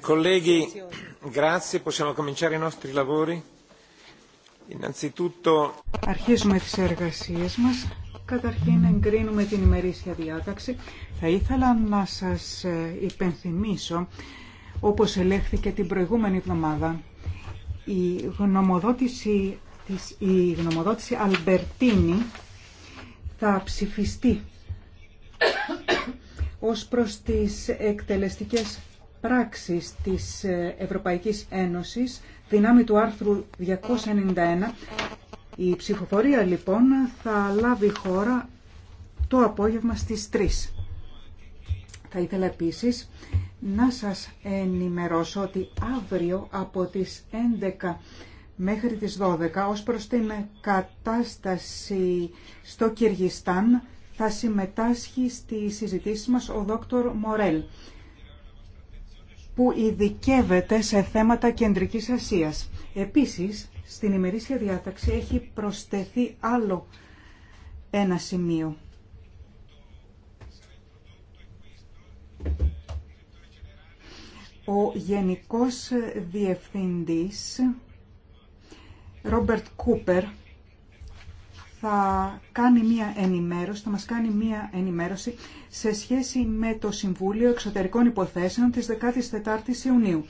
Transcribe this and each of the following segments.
Colleghi, grazie. Possiamo cominciare i nostri Αρχίζουμε τις εργασίες μας. Καταρχήν εγκρίνουμε την ημερήσια διάταξη. Θα ήθελα να σας ε, υπενθυμίσω, όπως ελέγχθηκε την προηγούμενη εβδομάδα, η γνωμοδότηση, της, η γνωμοδότηση Αλμπερτίνη θα ψηφιστεί ως προς τις εκτελεστικές πράξεις της ε, Ευρωπαϊκής Ένωσης, δυνάμει του άρθρου 291. Η ψηφοφορία λοιπόν θα λάβει χώρα το απόγευμα στις 3. Θα ήθελα επίσης να σας ενημερώσω ότι αύριο από τις 11 μέχρι τις 12 ως προς την κατάσταση στο Κυργιστάν θα συμμετάσχει στη συζητήση μας ο δόκτωρ Μορέλ που ειδικεύεται σε θέματα κεντρικής Ασίας. Επίσης, στην ημερήσια διάταξη έχει προσθεθεί άλλο ένα σημείο. Ο Γενικός Διευθυντής Ρόμπερτ Κούπερ θα κάνει μία ενημέρωση, θα μας κάνει μία ενημέρωση σε σχέση με το Συμβούλιο Εξωτερικών Υποθέσεων της 14ης Ιουνίου.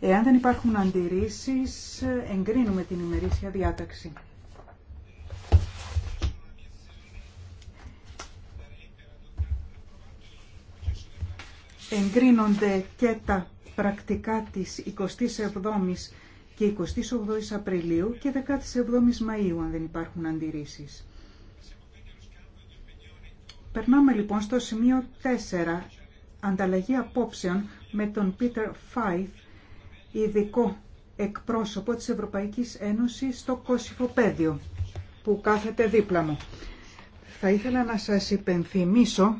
Εάν δεν υπάρχουν αντιρρήσεις, εγκρίνουμε την ημερήσια διάταξη. Εγκρίνονται και τα πρακτικά της 27ης και 28 Απριλίου και 17 Μαΐου, αν δεν υπάρχουν αντιρρήσεις. Περνάμε λοιπόν στο σημείο 4, ανταλλαγή απόψεων με τον Πίτερ Φάιθ, ειδικό εκπρόσωπο της Ευρωπαϊκής Ένωσης στο Κωσυφοπέδιο, που κάθεται δίπλα μου. Θα ήθελα να σας υπενθυμίσω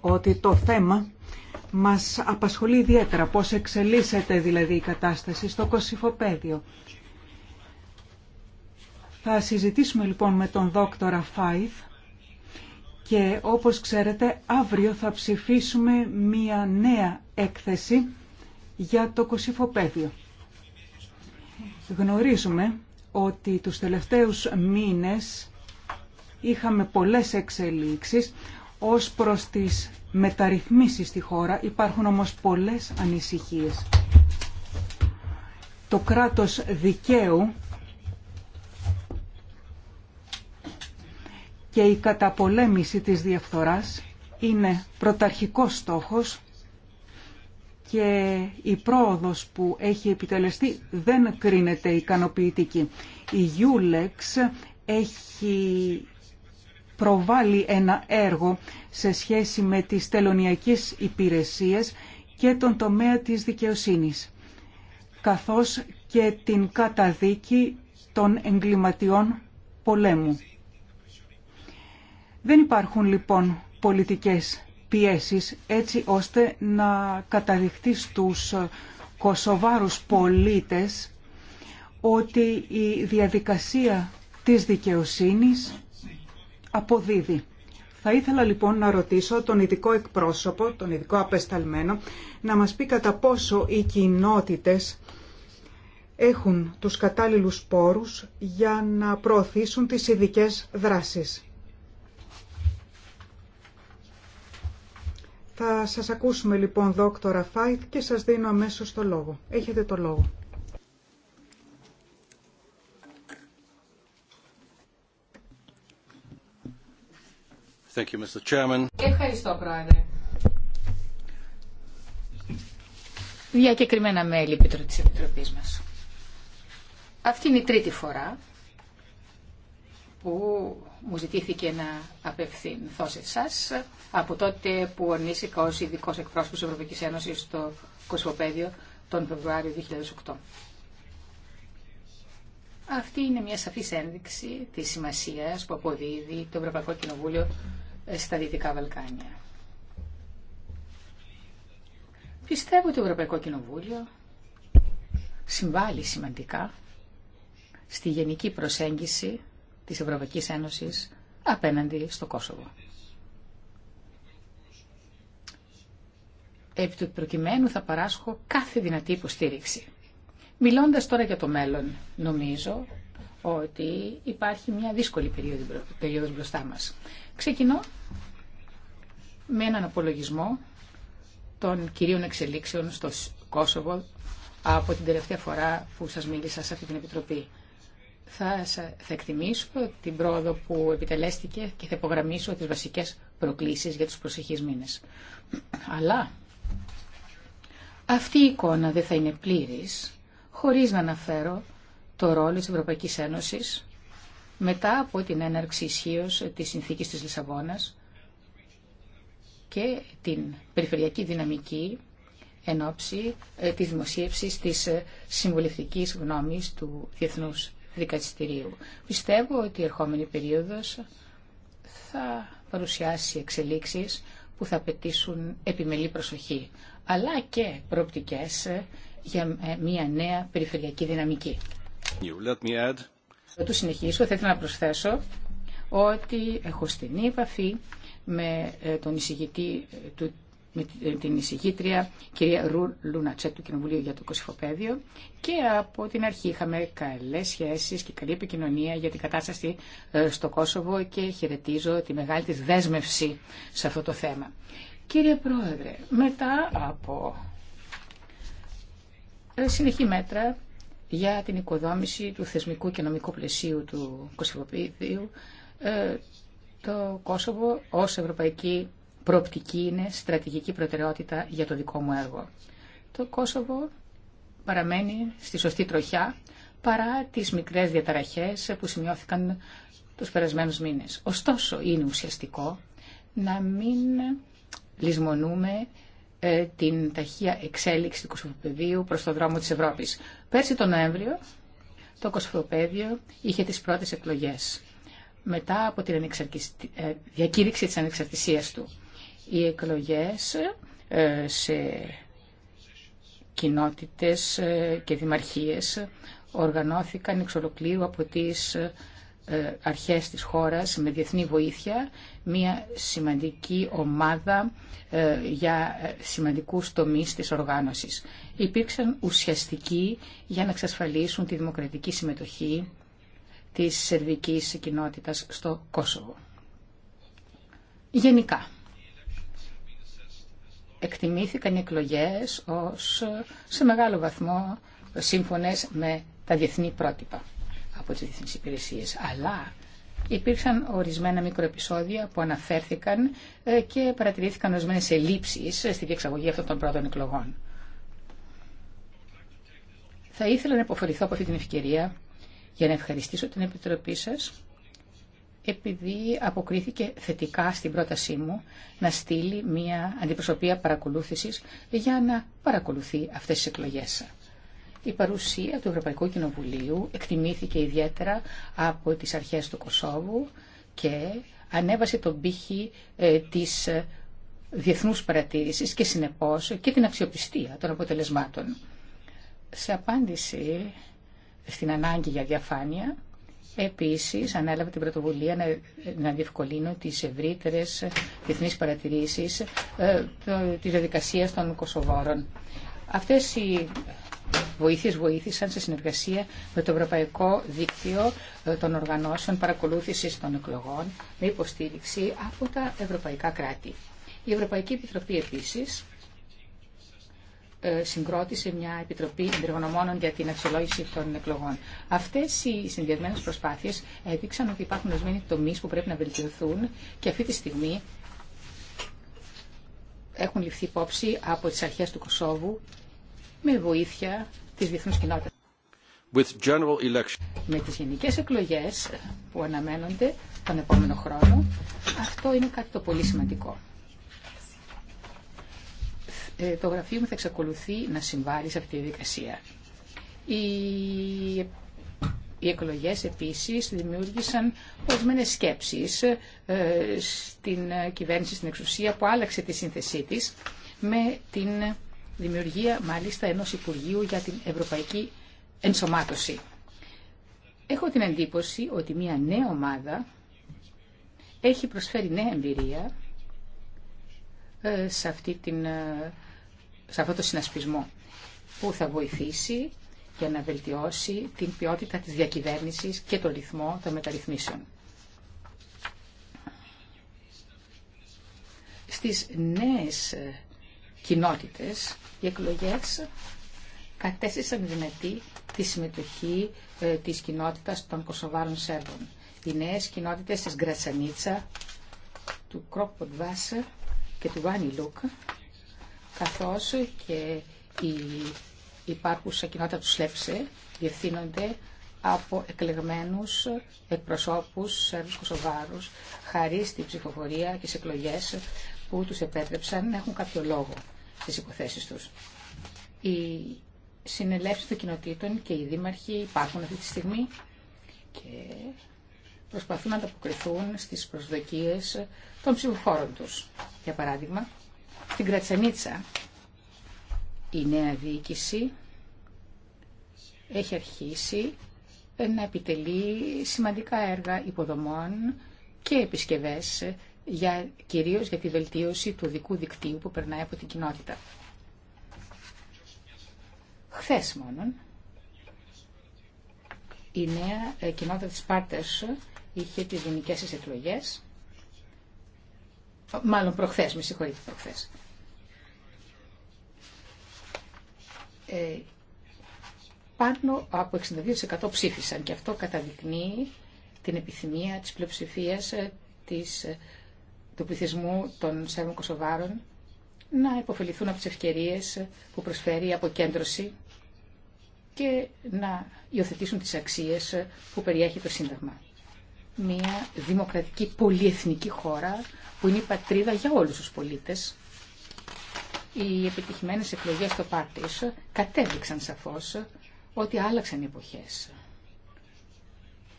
ότι το θέμα μας απασχολεί ιδιαίτερα πώς εξελίσσεται δηλαδή η κατάσταση στο Κωσυφοπαίδιο. Θα συζητήσουμε λοιπόν με τον δόκτορα Φάιθ και όπως ξέρετε αύριο θα ψηφίσουμε μία νέα έκθεση για το κοσυφοπέδιο. Γνωρίζουμε ότι τους τελευταίους μήνες είχαμε πολλές εξελίξεις ως προς τις μεταρρυθμίσεις στη χώρα υπάρχουν όμως πολλές ανησυχίες. Το κράτος δικαίου και η καταπολέμηση της διαφθοράς είναι πρωταρχικός στόχος και η πρόοδος που έχει επιτελεστεί δεν κρίνεται ικανοποιητική. Η Ulex έχει προβάλλει ένα έργο σε σχέση με τις τελωνιακές υπηρεσίες και τον τομέα της δικαιοσύνης, καθώς και την καταδίκη των εγκληματιών πολέμου. Δεν υπάρχουν λοιπόν πολιτικές πιέσεις έτσι ώστε να καταδειχθεί στους κοσοβάρους πολίτες ότι η διαδικασία της δικαιοσύνης αποδίδει. Θα ήθελα λοιπόν να ρωτήσω τον ειδικό εκπρόσωπο, τον ειδικό απεσταλμένο, να μας πει κατά πόσο οι κοινότητες έχουν τους κατάλληλους πόρους για να προωθήσουν τις ειδικέ δράσεις. Θα σας ακούσουμε λοιπόν δόκτωρα Φάιτ και σας δίνω αμέσως το λόγο. Έχετε το λόγο. Thank you, Ευχαριστώ, Πρόεδρε. Διακεκριμένα μέλη της Επιτροπής μας. Αυτή είναι η τρίτη φορά που μου ζητήθηκε να απευθυνθώ σε εσά από τότε που ορνήθηκα ως ειδικό εκπρόσωπος της Ευρωπαϊκής Ένωσης στο Κοσμοπέδιο τον Φεβρουάριο 2008. Αυτή είναι μια σαφής ένδειξη της σημασίας που αποδίδει το Ευρωπαϊκό Κοινοβούλιο στα Δυτικά Βαλκάνια. Πιστεύω ότι το Ευρωπαϊκό Κοινοβούλιο συμβάλλει σημαντικά στη γενική προσέγγιση της Ευρωπαϊκής Ένωσης απέναντι στο Κόσοβο. Επί του προκειμένου θα παράσχω κάθε δυνατή υποστήριξη. Μιλώντας τώρα για το μέλλον, νομίζω ότι υπάρχει μια δύσκολη περίοδος μπροστά μας. Ξεκινώ με έναν απολογισμό των κυρίων εξελίξεων στο Κόσοβο από την τελευταία φορά που σας μίλησα σε αυτή την Επιτροπή. Θα, θα εκτιμήσω την πρόοδο που επιτελέστηκε και θα υπογραμμίσω τις βασικές προκλήσεις για τους προσεχείς μήνες. Αλλά αυτή η εικόνα δεν θα είναι πλήρης χωρίς να αναφέρω το ρόλο της Ευρωπαϊκής Ένωσης μετά από την έναρξη ισχύω της συνθήκης της Λισαβόνας και την περιφερειακή δυναμική εν ώψη ε, της δημοσίευσης της ε, συμβουλευτικής γνώμης του Διεθνούς Δικαστηρίου. Πιστεύω ότι η ερχόμενη περίοδος θα παρουσιάσει εξελίξεις που θα απαιτήσουν επιμελή προσοχή, αλλά και προοπτικές ε, για ε, μια νέα περιφερειακή δυναμική. Θα του συνεχίσω, θα ήθελα να προσθέσω ότι έχω στην επαφή με ε, τον εισηγητή ε, του με την εισηγήτρια κυρία Ρου Λούνατσε του Κοινοβουλίου για το Κωσυφοπαίδιο και από την αρχή είχαμε καλές σχέσεις και καλή επικοινωνία για την κατάσταση στο Κόσοβο και χαιρετίζω τη μεγάλη της δέσμευση σε αυτό το θέμα. Κύριε Πρόεδρε, μετά από ε, συνεχή μέτρα για την οικοδόμηση του θεσμικού και νομικού πλαισίου του Ε, Το Κόσοβο ως ευρωπαϊκή προοπτική είναι στρατηγική προτεραιότητα για το δικό μου έργο. Το Κόσοβο παραμένει στη σωστή τροχιά παρά τις μικρές διαταραχές που σημειώθηκαν τους περασμένους μήνες. Ωστόσο, είναι ουσιαστικό να μην λησμονούμε ε, την ταχεία εξέλιξη του κοσμοπεδίου προς το δρόμο της Ευρώπης. Πέρσι τον Νοέμβριο το Κοσμοπέδιο είχε τις πρώτες εκλογές μετά από την ε, διακήρυξη τη ανεξαρτησία του. Οι εκλογές ε, σε κοινότητες και δημαρχίες οργανώθηκαν εξ ολοκλήρου από τις ε, αρχές της χώρας με διεθνή βοήθεια μια σημαντική ομάδα ε, για ε, σημαντικούς τομείς της οργάνωσης. Υπήρξαν ουσιαστικοί για να εξασφαλίσουν τη δημοκρατική συμμετοχή της σερβικής κοινότητας στο Κόσοβο. Γενικά, εκτιμήθηκαν οι εκλογές ως σε μεγάλο βαθμό σύμφωνες με τα διεθνή πρότυπα από τις διεθνείς υπηρεσίες. Αλλά υπήρξαν ορισμένα μικροεπισόδια που αναφέρθηκαν ε, και παρατηρήθηκαν ορισμένες ελλείψεις στη διεξαγωγή αυτών των πρώτων εκλογών. Θα ήθελα να υποφεληθώ από αυτή την ευκαιρία για να ευχαριστήσω την Επιτροπή σας επειδή αποκρίθηκε θετικά στην πρότασή μου να στείλει μια αντιπροσωπεία παρακολούθησης για να παρακολουθεί αυτές τις εκλογές. Η παρουσία του Ευρωπαϊκού Κοινοβουλίου εκτιμήθηκε ιδιαίτερα από τις αρχές του Κωσόβου και ανέβασε τον πύχη ε, της ε, διεθνούς παρατήρησης και συνεπώς και την αξιοπιστία των αποτελεσμάτων. Σε απάντηση στην ανάγκη για διαφάνεια, επίσης ανέλαβε την πρωτοβουλία να, να διευκολύνω τις ευρύτερες διεθνείς παρατηρήσεις ε, της διαδικασία των Κωσοβόρων. Αυτές οι βοήθειες βοήθησαν σε συνεργασία με το Ευρωπαϊκό Δίκτυο ε, των Οργανώσεων Παρακολούθησης των Εκλογών με υποστήριξη από τα ευρωπαϊκά κράτη. Η Ευρωπαϊκή Επιτροπή επίσης ε, συγκρότησε μια επιτροπή εντεργονομώνων για την αξιολόγηση των εκλογών. Αυτές οι συνδυασμένες προσπάθειες έδειξαν ότι υπάρχουν ορισμένοι τομεί που πρέπει να βελτιωθούν και αυτή τη στιγμή έχουν ληφθεί υπόψη από τις αρχές του Κωσόβου με βοήθεια της διεθνούς κοινότητας. Με τις γενικές εκλογές που αναμένονται τον επόμενο χρόνο, αυτό είναι κάτι το πολύ σημαντικό. Ε, το γραφείο μου θα εξακολουθεί να συμβάλλει σε αυτή τη διαδικασία. Οι, οι εκλογές επίσης δημιούργησαν ορισμένες σκέψεις ε, στην κυβέρνηση, στην εξουσία που άλλαξε τη σύνθεσή της με την δημιουργία μάλιστα ενός Υπουργείου για την Ευρωπαϊκή Ενσωμάτωση. Έχω την εντύπωση ότι μια νέα ομάδα έχει προσφέρει νέα εμπειρία ε, σε, την, ε, σε αυτό το συνασπισμό που θα βοηθήσει για να βελτιώσει την ποιότητα της διακυβέρνησης και το ρυθμό των μεταρρυθμίσεων. Στις νέες ε, κοινότητες, οι εκλογές κατέστησαν δυνατή τη συμμετοχή ε, της κοινότητας των Κωσοβάρων Σέρβων. Οι νέες κοινότητες της Γκρατσανίτσα, του Κρόκποντ Βάσερ και του Βάνι Λουκ, καθώς και η υπάρχουσα κοινότητα του Σλέψε, διευθύνονται από εκλεγμένους εκπροσώπους Σέρβους Κωσοβάρους, χαρίς την ψηφοφορία και τις εκλογές που τους επέτρεψαν να έχουν κάποιο λόγο τις υποθέσεις τους. Οι συνελεύσεις των κοινοτήτων και οι δήμαρχοι υπάρχουν αυτή τη στιγμή και προσπαθούν να ανταποκριθούν στις προσδοκίες των ψηφοφόρων τους. Για παράδειγμα, στην Κρατσανίτσα η νέα διοίκηση έχει αρχίσει να επιτελεί σημαντικά έργα υποδομών και επισκευές για, κυρίως για τη βελτίωση του δικού δικτύου που περνάει από την κοινότητα. Χθες μόνο η νέα ε, κοινότητα της Πάρτες είχε τις γενικές της ε, μάλλον προχθές, με συγχωρείτε, προχθές. Ε, πάνω από 62% ψήφισαν και αυτό καταδεικνύει την επιθυμία της πλειοψηφίας ε, της του πληθυσμού των Σέρβων Κωσοβάρων να υποφεληθούν από τις ευκαιρίες που προσφέρει η αποκέντρωση και να υιοθετήσουν τις αξίες που περιέχει το Σύνταγμα. Μια δημοκρατική πολυεθνική χώρα που είναι η πατρίδα για όλους τους πολίτες. Οι επιτυχημένες εκλογές στο Πάρτις κατέδειξαν σαφώς ότι άλλαξαν οι εποχές.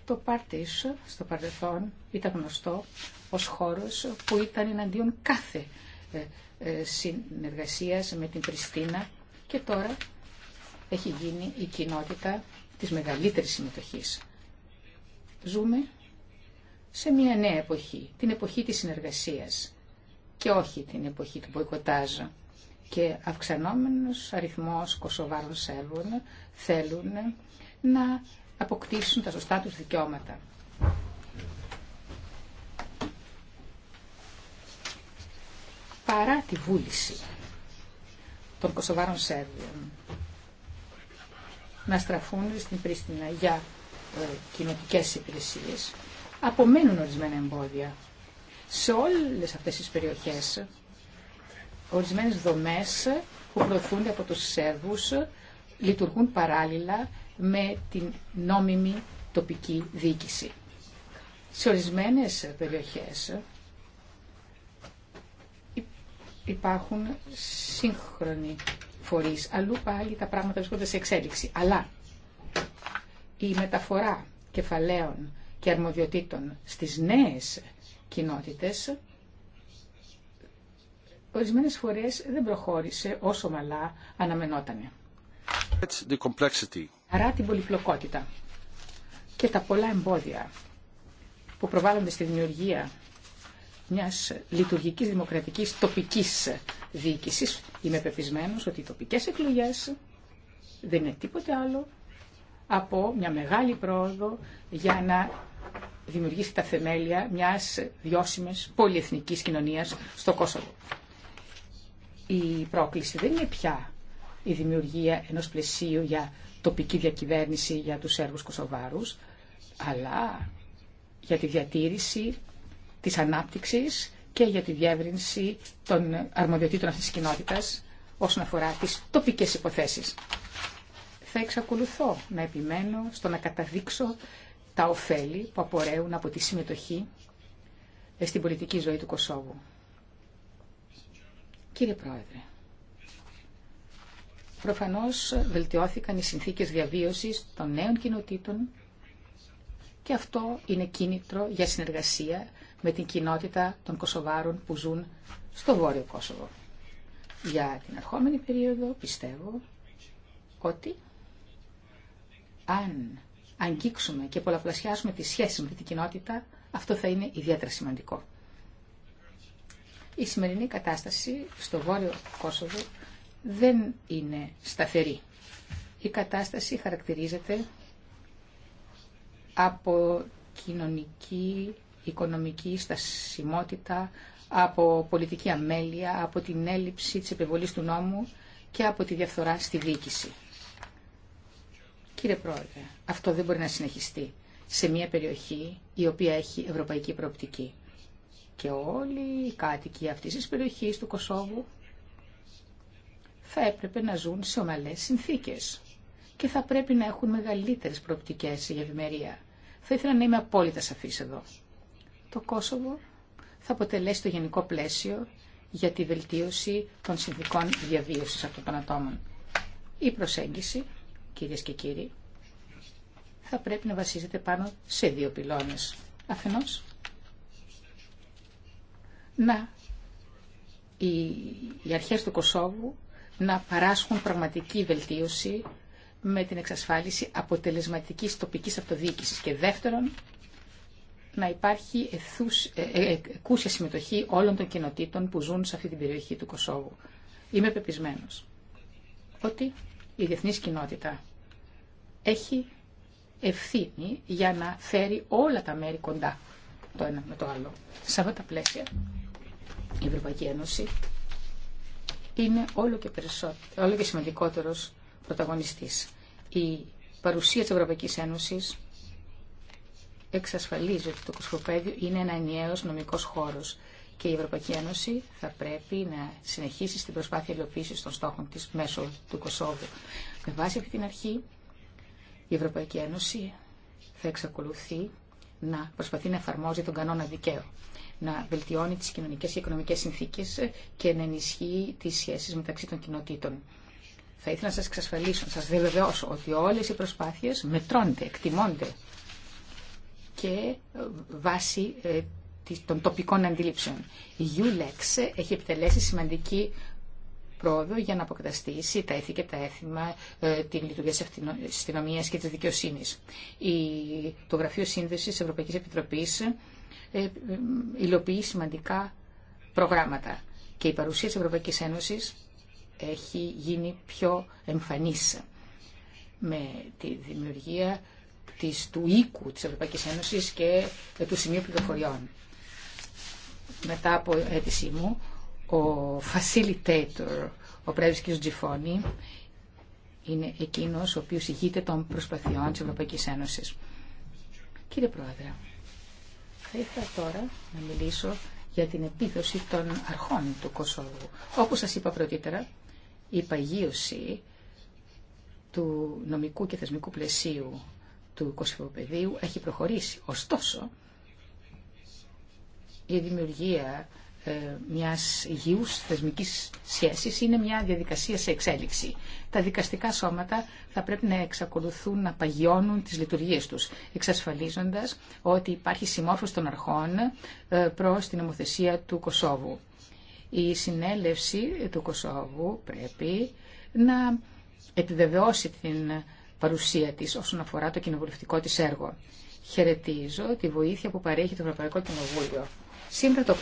Το Πάρτις στο παρελθόν ήταν γνωστό ως χώρος που ήταν εναντίον κάθε ε, ε, συνεργασίας με την Πριστίνα και τώρα έχει γίνει η κοινότητα της μεγαλύτερης συμμετοχής. Ζούμε σε μια νέα εποχή, την εποχή της συνεργασίας και όχι την εποχή του μποϊκοτάζ. Και αυξανόμενος αριθμός Κωσοβάρων Σέρβων θέλουν να αποκτήσουν τα σωστά τους δικαιώματα. Παρά τη βούληση των Κωσοβάρων Σέρβιων να στραφούν στην Πρίστινα για ε, κοινοτικές υπηρεσίες, απομένουν ορισμένα εμπόδια. Σε όλες αυτές τις περιοχές, ορισμένες δομές που προωθούνται από τους Σέρβους λειτουργούν παράλληλα με την νόμιμη τοπική διοίκηση. Σε ορισμένε περιοχέ υπάρχουν σύγχρονοι φορεί, αλλού πάλι τα πράγματα βρίσκονται σε εξέλιξη. Αλλά η μεταφορά κεφαλαίων και αρμοδιοτήτων στις νέες κοινότητες ορισμένες φορές δεν προχώρησε όσο μαλά αναμενότανε παρά την πολυπλοκότητα και τα πολλά εμπόδια που προβάλλονται στη δημιουργία μιας λειτουργικής δημοκρατικής τοπικής διοίκησης. Είμαι πεπισμένος ότι οι τοπικές εκλογές δεν είναι τίποτε άλλο από μια μεγάλη πρόοδο για να δημιουργήσει τα θεμέλια μιας βιώσιμης πολυεθνικής κοινωνίας στο Κόσοβο. Η πρόκληση δεν είναι πια η δημιουργία ενός πλαισίου για τοπική διακυβέρνηση για τους Σέρβους Κωσοβάρους, αλλά για τη διατήρηση της ανάπτυξης και για τη διεύρυνση των αρμοδιοτήτων αυτής της κοινότητας όσον αφορά τις τοπικές υποθέσεις. Θα εξακολουθώ να επιμένω στο να καταδείξω τα ωφέλη που απορρέουν από τη συμμετοχή στην πολιτική ζωή του Κωσόβου. Κύριε Πρόεδρε, Προφανώς βελτιώθηκαν οι συνθήκες διαβίωσης των νέων κοινοτήτων και αυτό είναι κίνητρο για συνεργασία με την κοινότητα των Κοσοβάρων που ζουν στο Βόρειο Κόσοβο. Για την ερχόμενη περίοδο πιστεύω ότι αν αγγίξουμε και πολλαπλασιάσουμε τη σχέση με την κοινότητα, αυτό θα είναι ιδιαίτερα σημαντικό. Η σημερινή κατάσταση στο Βόρειο Κόσοβο δεν είναι σταθερή. Η κατάσταση χαρακτηρίζεται από κοινωνική, οικονομική στασιμότητα, από πολιτική αμέλεια, από την έλλειψη της επιβολής του νόμου και από τη διαφθορά στη δίκηση. Κύριε Πρόεδρε, αυτό δεν μπορεί να συνεχιστεί σε μια περιοχή η οποία έχει ευρωπαϊκή προοπτική. Και όλοι οι κάτοικοι αυτής της περιοχής του Κωσόβου θα έπρεπε να ζουν σε ομαλές συνθήκες και θα πρέπει να έχουν μεγαλύτερες προοπτικές για ευημερία. Θα ήθελα να είμαι απόλυτα σαφής εδώ. Το Κόσοβο θα αποτελέσει το γενικό πλαίσιο για τη βελτίωση των συνθήκων διαβίωσης αυτών των ατόμων. Η προσέγγιση, κυρίες και κύριοι, θα πρέπει να βασίζεται πάνω σε δύο πυλώνες. Αφενός, να οι, οι αρχές του Κόσοβου να παράσχουν πραγματική βελτίωση με την εξασφάλιση αποτελεσματικής τοπικής αυτοδιοίκησης και δεύτερον να υπάρχει εθούς, ε, ε, εκούσια συμμετοχή όλων των κοινοτήτων που ζουν σε αυτή την περιοχή του Κωσόβου. Είμαι πεπισμένος ότι η διεθνή κοινότητα έχει ευθύνη για να φέρει όλα τα μέρη κοντά το ένα με το άλλο. Σε αυτά τα πλαίσια η Ευρωπαϊκή Ένωση είναι όλο και, σημαντικότερο όλο και σημαντικότερος πρωταγωνιστής. Η παρουσία της Ευρωπαϊκής Ένωσης εξασφαλίζει ότι το κοσμοπέδιο είναι ένα ενιαίος νομικός χώρος και η Ευρωπαϊκή Ένωση θα πρέπει να συνεχίσει στην προσπάθεια υλοποίησης των στόχων της μέσω του Κωσόβου. Με βάση αυτή την αρχή, η Ευρωπαϊκή Ένωση θα εξακολουθεί να προσπαθεί να εφαρμόζει τον κανόνα δικαίου να βελτιώνει τις κοινωνικές και οικονομικές συνθήκες και να ενισχύει τις σχέσεις μεταξύ των κοινοτήτων. Θα ήθελα να σας εξασφαλίσω, να σας βεβαιώσω ότι όλες οι προσπάθειες μετρώνται, εκτιμώνται και ε, βάσει ε, των τοπικών αντιλήψεων. Η ULEX έχει επιτελέσει σημαντική πρόοδο για να αποκαταστήσει τα έθη και τα έθιμα ε, τη λειτουργία τη αστυνομία και τη δικαιοσύνη. Το Γραφείο Σύνδεση Ευρωπαϊκή Επιτροπή ε, ε, υλοποιεί σημαντικά προγράμματα και η παρουσία τη Ευρωπαϊκή Ένωσης έχει γίνει πιο εμφανή με τη δημιουργία της, του οίκου της Ευρωπαϊκής Ένωσης και του Σημείου Πληροφοριών. Μετά από αίτησή μου, ο facilitator, ο πρέσβης κ. Τζιφόνη, είναι εκείνος ο οποίος ηγείται των προσπαθειών της Ευρωπαϊκής Ένωσης. Κύριε Πρόεδρε, θα ήθελα τώρα να μιλήσω για την επίδοση των αρχών του Κωσόβου. Όπως σας είπα πρωτήτερα, η παγίωση του νομικού και θεσμικού πλαισίου του Κωσυφοπεδίου έχει προχωρήσει. Ωστόσο, η δημιουργία ε, μιας υγιούς θεσμικής σχέσης είναι μια διαδικασία σε εξέλιξη. Τα δικαστικά σώματα θα πρέπει να εξακολουθούν να παγιώνουν τις λειτουργίες τους, εξασφαλίζοντας ότι υπάρχει συμμόρφωση των αρχών ε, προς την ομοθεσία του Κωσόβου. Η συνέλευση του Κωσόβου πρέπει να επιβεβαιώσει την παρουσία της όσον αφορά το κοινοβουλευτικό της έργο. Χαιρετίζω τη βοήθεια που παρέχει το Ευρωπαϊκό Κοινοβούλιο. Σήμερα το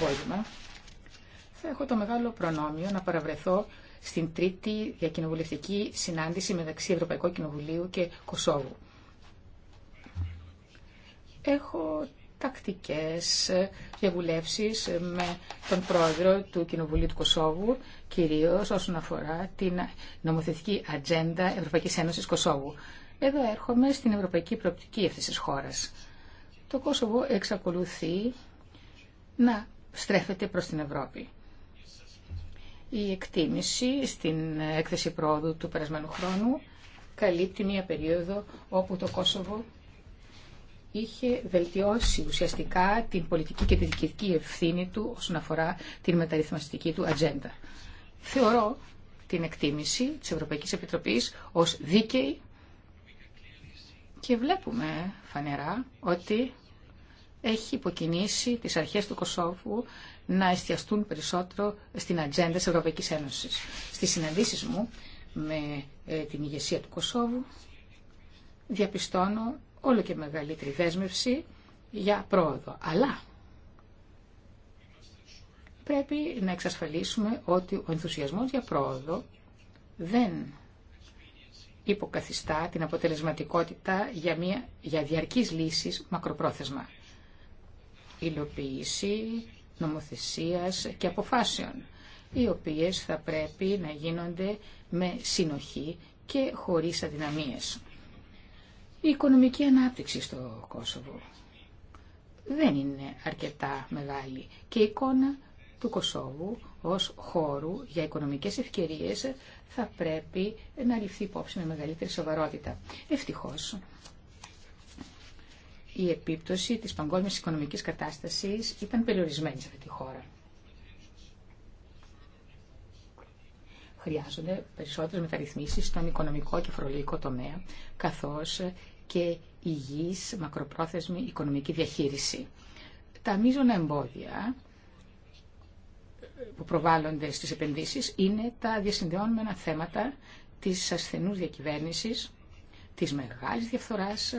θα έχω το μεγάλο προνόμιο να παραβρεθώ στην τρίτη διακοινοβουλευτική συνάντηση μεταξύ Ευρωπαϊκού Κοινοβουλίου και Κωσόβου. Έχω τακτικές διαβουλεύσεις με τον πρόεδρο του Κοινοβουλίου του Κωσόβου, κυρίως όσον αφορά την νομοθετική ατζέντα Ευρωπαϊκής Ένωσης Κωσόβου. Εδώ έρχομαι στην ευρωπαϊκή προοπτική αυτής της χώρας. Το Κόσοβο εξακολουθεί να στρέφεται προς την Ευρώπη. Η εκτίμηση στην έκθεση πρόοδου του περασμένου χρόνου καλύπτει μια περίοδο όπου το Κόσοβο είχε βελτιώσει ουσιαστικά την πολιτική και τη διοικητική ευθύνη του όσον αφορά την μεταρρυθμιστική του ατζέντα. Θεωρώ την εκτίμηση της Ευρωπαϊκής Επιτροπής ως δίκαιη και βλέπουμε φανερά ότι έχει υποκινήσει τις αρχές του Κόσοβου να εστιαστούν περισσότερο στην ατζέντα της Ευρωπαϊκής Ένωσης. Στις συναντήσεις μου με ε, την ηγεσία του Κωσόβου διαπιστώνω όλο και μεγαλύτερη δέσμευση για πρόοδο. Αλλά πρέπει να εξασφαλίσουμε ότι ο ενθουσιασμός για πρόοδο δεν υποκαθιστά την αποτελεσματικότητα για, μια, για διαρκείς λύσεις μακροπρόθεσμα. Υλοποίηση νομοθεσίας και αποφάσεων, οι οποίες θα πρέπει να γίνονται με συνοχή και χωρίς αδυναμίες. Η οικονομική ανάπτυξη στο Κόσοβο δεν είναι αρκετά μεγάλη και η εικόνα του Κοσόβου ως χώρου για οικονομικές ευκαιρίες θα πρέπει να ληφθεί υπόψη με μεγαλύτερη σοβαρότητα. Ευτυχώς, η επίπτωση της παγκόσμιας οικονομικής κατάστασης ήταν περιορισμένη σε αυτή τη χώρα. Χρειάζονται περισσότερες μεταρρυθμίσεις στον οικονομικό και φορολογικό τομέα, καθώς και υγιής μακροπρόθεσμη οικονομική διαχείριση. Τα μείζωνα εμπόδια που προβάλλονται στις επενδύσεις είναι τα διασυνδεόμενα θέματα της ασθενούς διακυβέρνησης, της μεγάλης διαφθοράς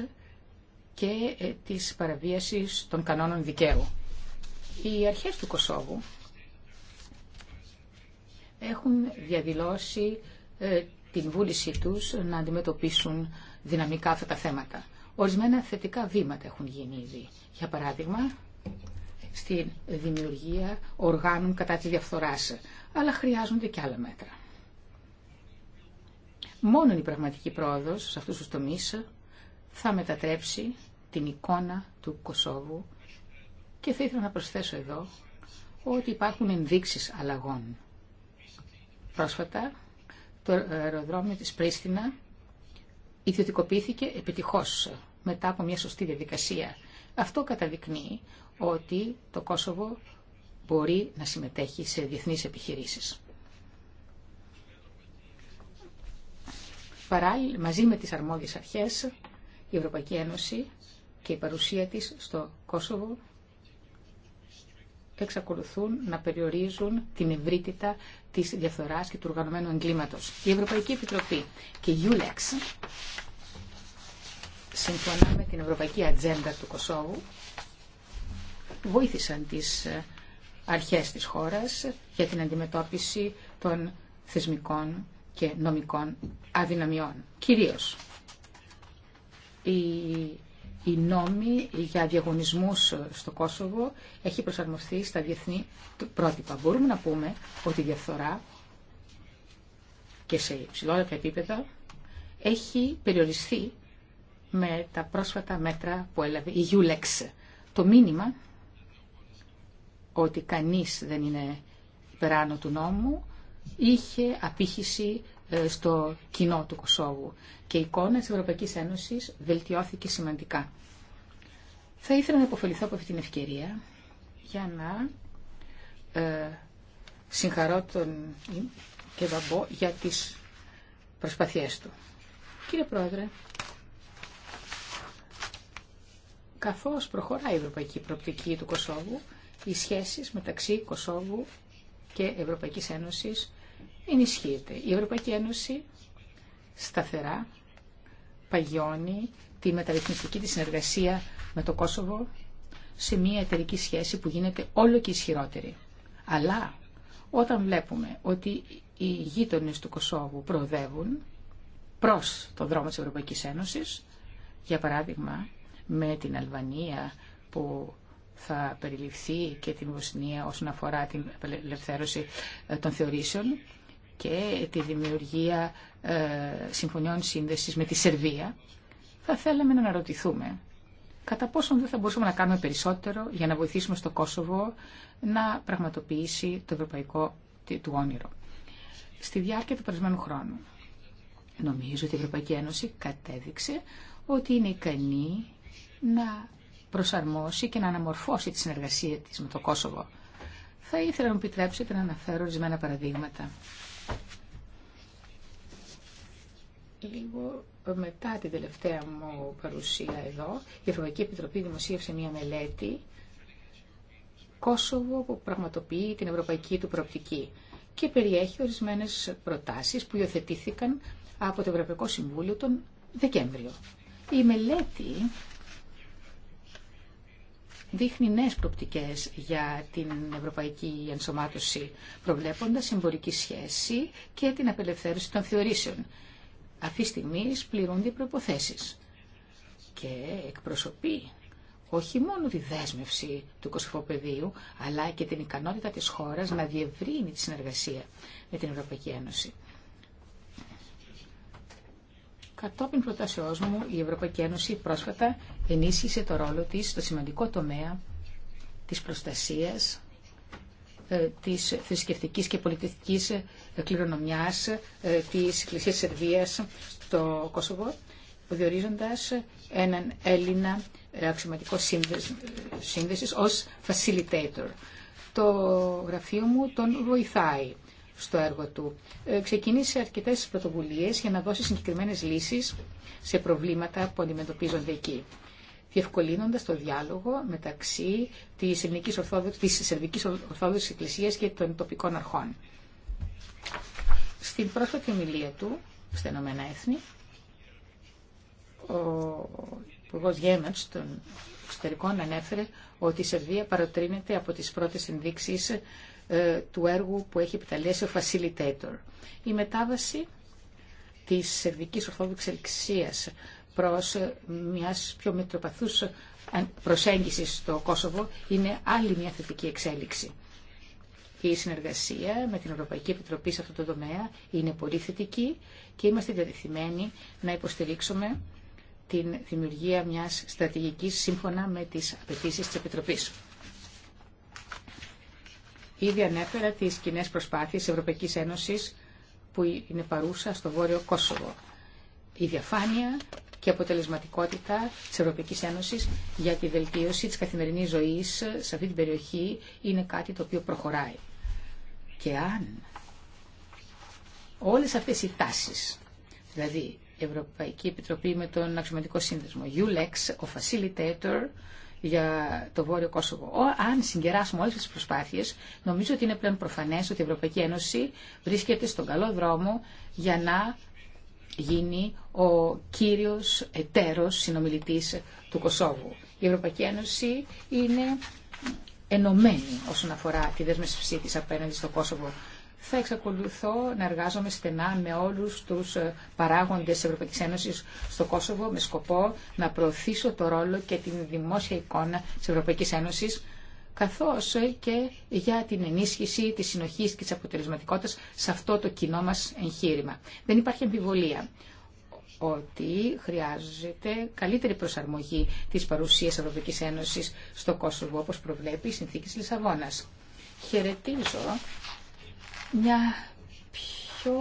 και ε, της παραβίασης των κανόνων δικαίου. Οι αρχές του Κωσόβου έχουν διαδηλώσει ε, την βούλησή τους να αντιμετωπίσουν δυναμικά αυτά τα θέματα. Ορισμένα θετικά βήματα έχουν γίνει ήδη. Για παράδειγμα, στην δημιουργία οργάνων κατά τη διαφθοράς, αλλά χρειάζονται και άλλα μέτρα. Μόνο η πραγματική πρόοδος σε αυτούς τους τομείς θα μετατρέψει την εικόνα του Κωσόβου και θα ήθελα να προσθέσω εδώ ότι υπάρχουν ενδείξεις αλλαγών. Πρόσφατα το αεροδρόμιο της Πρίστινα ιδιωτικοποιήθηκε επιτυχώς μετά από μια σωστή διαδικασία. Αυτό καταδεικνύει ότι το Κόσοβο μπορεί να συμμετέχει σε διεθνείς επιχειρήσεις. Παράλληλα, μαζί με τις αρμόδιες αρχές, η Ευρωπαϊκή Ένωση και η παρουσία της στο Κόσοβο εξακολουθούν να περιορίζουν την ευρύτητα της διαφθοράς και του οργανωμένου εγκλήματος. Η Ευρωπαϊκή Επιτροπή και η Ιούλεξ, σύμφωνα με την Ευρωπαϊκή Ατζέντα του Κόσοβου βοήθησαν τις ε, αρχές της χώρας για την αντιμετώπιση των θεσμικών και νομικών αδυναμιών. Κυρίως η οι νόμοι για διαγωνισμούς στο Κόσοβο έχει προσαρμοστεί στα διεθνή πρότυπα. Μπορούμε να πούμε ότι η διαφθορά και σε υψηλότερα επίπεδα έχει περιοριστεί με τα πρόσφατα μέτρα που έλαβε η Γιούλεξ. Το μήνυμα ότι κανείς δεν είναι υπεράνω του νόμου είχε απήχηση ε, στο κοινό του Κωσόβου και η εικόνα της Ευρωπαϊκής Ένωσης βελτιώθηκε σημαντικά. Θα ήθελα να υποφεληθώ από αυτή την ευκαιρία για να ε, συγχαρώ τον και Βαμπό για τις προσπαθίες του. Κύριε Πρόεδρε, καθώς προχωράει η ευρωπαϊκή προοπτική του Κωσόβου, οι σχέσεις μεταξύ Κωσόβου και Ευρωπαϊκής Ένωσης ενισχύεται. Η Ευρωπαϊκή Ένωση σταθερά παγιώνει τη μεταρρυθμιστική της συνεργασία με το Κόσοβο σε μια εταιρική σχέση που γίνεται όλο και ισχυρότερη. Αλλά όταν βλέπουμε ότι οι γείτονες του Κόσοβου προοδεύουν προς τον δρόμο της Ευρωπαϊκής Ένωσης, για παράδειγμα με την Αλβανία που θα περιληφθεί και την Βοσνία όσον αφορά την απελευθέρωση ε, των θεωρήσεων και τη δημιουργία ε, συμφωνιών σύνδεσης με τη Σερβία, θα θέλαμε να αναρωτηθούμε κατά πόσον δεν θα μπορούσαμε να κάνουμε περισσότερο για να βοηθήσουμε στο Κόσοβο να πραγματοποιήσει το ευρωπαϊκό του όνειρο. Στη διάρκεια του περασμένου χρόνου, νομίζω ότι η Ευρωπαϊκή Ένωση κατέδειξε ότι είναι ικανή να προσαρμόσει και να αναμορφώσει τη συνεργασία της με το Κόσοβο. Θα ήθελα να μου επιτρέψετε να αναφέρω ορισμένα παραδείγματα. Λίγο μετά την τελευταία μου παρουσία εδώ, η Ευρωπαϊκή Επιτροπή δημοσίευσε μία μελέτη Κόσοβο που πραγματοποιεί την ευρωπαϊκή του προοπτική και περιέχει ορισμένες προτάσεις που υιοθετήθηκαν από το Ευρωπαϊκό Συμβούλιο τον Δεκέμβριο. Η μελέτη δείχνει νέε προπτικές για την ευρωπαϊκή ενσωμάτωση, προβλέποντας εμπορική σχέση και την απελευθέρωση των θεωρήσεων. Αυτή τη στιγμή πληρούνται οι προποθέσει. και εκπροσωπεί όχι μόνο τη δέσμευση του κοσμοπεδίου, αλλά και την ικανότητα της χώρας να διευρύνει τη συνεργασία με την Ευρωπαϊκή Ένωση. Κατόπιν προτάσεώς μου, η Ευρωπαϊκή Ένωση πρόσφατα ενίσχυσε το ρόλο της στο σημαντικό τομέα της προστασίας ε, της θρησκευτική και πολιτιστικής ε, κληρονομιάς ε, της Εκκλησίας Σερβίας στο Κόσοβο, διορίζοντας έναν Έλληνα αξιωματικό σύνδεσης ως facilitator. Το γραφείο μου τον βοηθάει στο έργο του. Ε, Ξεκίνησε αρκετές πρωτοβουλίες για να δώσει συγκεκριμένες λύσεις σε προβλήματα που αντιμετωπίζονται εκεί διευκολύνοντας το διάλογο μεταξύ της, σερβική ορθόδοξη Ορθόδοξης Εκκλησίας και των τοπικών αρχών. Στην πρόσφατη ομιλία του, στα Ηνωμένα Έθνη, ο Υπουργό Γέμετς των Εξωτερικών ανέφερε ότι η Σερβία παροτρύνεται από τι πρώτε ενδείξει ε, του έργου που έχει επιταλέσει ο facilitator. Η μετάβαση της Σερβικής Ορθόδοξης Ελξίας προς ε, μιας πιο μετροπαθούς ε, προσέγγισης στο Κόσοβο είναι άλλη μια θετική εξέλιξη. Η συνεργασία με την Ευρωπαϊκή Επιτροπή σε αυτό το τομέα είναι πολύ θετική και είμαστε διατεθειμένοι να υποστηρίξουμε την δημιουργία μιας στρατηγικής σύμφωνα με τις απαιτήσεις της Επιτροπής. Ήδη ανέφερα τι κοινέ προσπάθειες Ευρωπαϊκής Ένωσης που είναι παρούσα στο Βόρειο Κόσοβο. Η διαφάνεια και αποτελεσματικότητα τη Ευρωπαϊκής Ένωσης για τη βελτίωση της καθημερινής ζωής σε αυτή την περιοχή είναι κάτι το οποίο προχωράει. Και αν όλες αυτές οι τάσεις, δηλαδή η Ευρωπαϊκή Επιτροπή με τον Αξιωματικό Σύνδεσμο, ULEX, ο Facilitator, για το Βόρειο Κόσοβο. Αν συγκεράσουμε όλες τι προσπάθειε, νομίζω ότι είναι πλέον προφανές ότι η Ευρωπαϊκή Ένωση βρίσκεται στον καλό δρόμο για να γίνει ο κύριος εταίρο συνομιλητή του Κόσοβου. Η Ευρωπαϊκή Ένωση είναι ενωμένη όσον αφορά τη δέσμευσή τη απέναντι στο Κόσοβο θα εξακολουθώ να εργάζομαι στενά με όλους τους ε, παράγοντες της Ευρωπαϊκής Ένωσης στο Κόσοβο με σκοπό να προωθήσω το ρόλο και την δημόσια εικόνα της Ευρωπαϊκής Ένωσης καθώς ε, και για την ενίσχυση της συνοχής και της αποτελεσματικότητας σε αυτό το κοινό μας εγχείρημα. Δεν υπάρχει αμφιβολία ότι χρειάζεται καλύτερη προσαρμογή της παρουσίας Ευρωπαϊκής Ένωσης στο Κόσοβο, όπως προβλέπει η Συνθήκη της Λισαβόνας. Χαιρετίζω μια πιο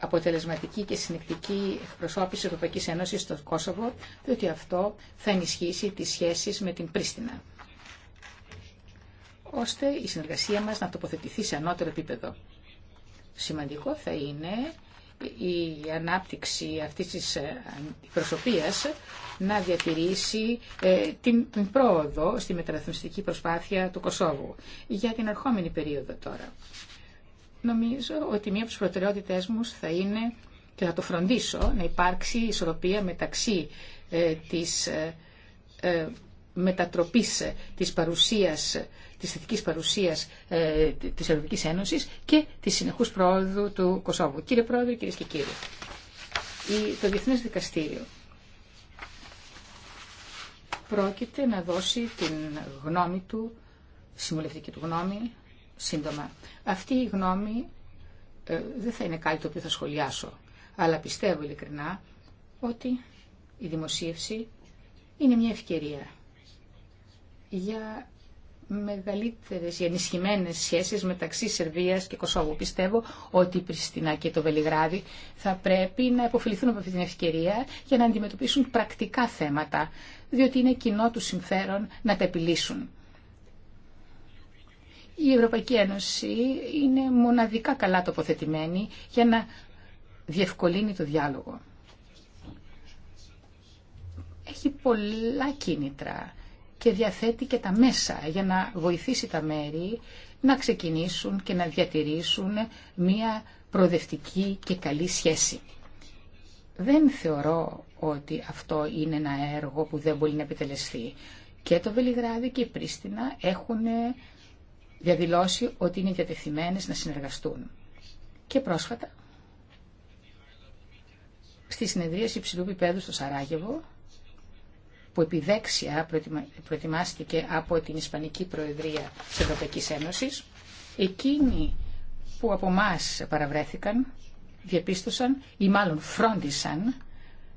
αποτελεσματική και συνεκτική προσώπηση της Ευρωπαϊκής Ένωσης στο Κόσοβο, διότι αυτό θα ενισχύσει τις σχέσεις με την Πρίστινα, ώστε η συνεργασία μας να τοποθετηθεί σε ανώτερο επίπεδο. Σημαντικό θα είναι η ανάπτυξη αυτής της ε, προσωπίας να διατηρήσει ε, την, πρόοδο στη μεταρρυθμιστική προσπάθεια του Κωσόβου. Για την ερχόμενη περίοδο τώρα. Νομίζω ότι μία από τις προτεραιότητές μου θα είναι και θα το φροντίσω να υπάρξει ισορροπία μεταξύ ε, της μετατροπής της παρουσίας της θετικής παρουσίας ε, της Ευρωπαϊκής Ένωσης και της συνεχούς πρόοδου του Κωσόβου. Κύριε Πρόεδρε, κυρίες και κύριοι, το Διεθνές Δικαστήριο πρόκειται να δώσει την γνώμη του, συμβουλευτική του γνώμη, σύντομα. Αυτή η γνώμη ε, δεν θα είναι κάτι το οποίο θα σχολιάσω, αλλά πιστεύω ειλικρινά ότι η δημοσίευση είναι μια ευκαιρία για μεγαλύτερες ή ενισχυμένες σχέσεις μεταξύ Σερβίας και Κωσόβου. Πιστεύω ότι η Πριστινά και το Βελιγράδι θα πρέπει να υποφεληθούν από αυτή την ευκαιρία για να αντιμετωπίσουν πρακτικά θέματα, διότι είναι κοινό του συμφέρον να τα επιλύσουν. Η Ευρωπαϊκή Ένωση είναι μοναδικά καλά τοποθετημένη για να διευκολύνει το διάλογο. Έχει πολλά κίνητρα και διαθέτει και τα μέσα για να βοηθήσει τα μέρη να ξεκινήσουν και να διατηρήσουν μία προοδευτική και καλή σχέση. Δεν θεωρώ ότι αυτό είναι ένα έργο που δεν μπορεί να επιτελεστεί. Και το Βελιγράδι και η Πρίστινα έχουν διαδηλώσει ότι είναι διατεθειμένες να συνεργαστούν. Και πρόσφατα, στη συνεδρίαση υψηλού πιπέδου στο Σαράγεβο, που επιδέξια προετοιμάστηκε από την Ισπανική Προεδρία της Ευρωπαϊκής Ένωσης, εκείνοι που από εμά παραβρέθηκαν, διαπίστωσαν ή μάλλον φρόντισαν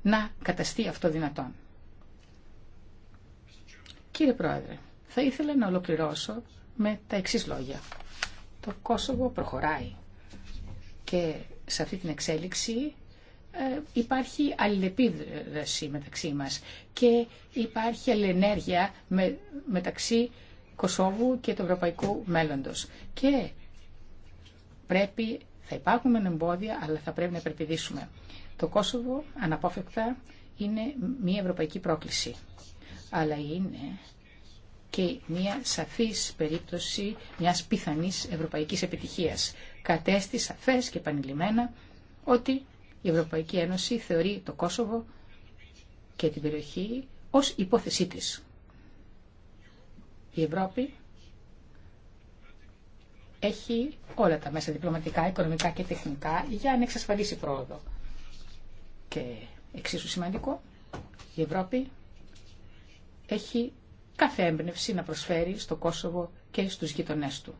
να καταστεί αυτό δυνατόν. Κύριε Πρόεδρε, θα ήθελα να ολοκληρώσω με τα εξής λόγια. Το Κόσοβο προχωράει και σε αυτή την εξέλιξη ε, υπάρχει αλληλεπίδραση μεταξύ μας και υπάρχει αλληλενέργεια μεταξύ Κωσόβου και του ευρωπαϊκού μέλλοντος. Και πρέπει, θα υπάρχουν εμπόδια, αλλά θα πρέπει να υπερπηδήσουμε. Το Κόσοβο αναπόφευκτα είναι μια ευρωπαϊκή πρόκληση, αλλά είναι και μια σαφής περίπτωση μιας πιθανής ευρωπαϊκής επιτυχίας. Κατέστη σαφές και επανειλημμένα ότι η Ευρωπαϊκή Ένωση θεωρεί το Κόσοβο και την περιοχή ως υπόθεσή της. Η Ευρώπη έχει όλα τα μέσα διπλωματικά, οικονομικά και τεχνικά για να εξασφαλίσει πρόοδο. Και εξίσου σημαντικό, η Ευρώπη έχει κάθε έμπνευση να προσφέρει στο Κόσοβο και στους γειτονές του.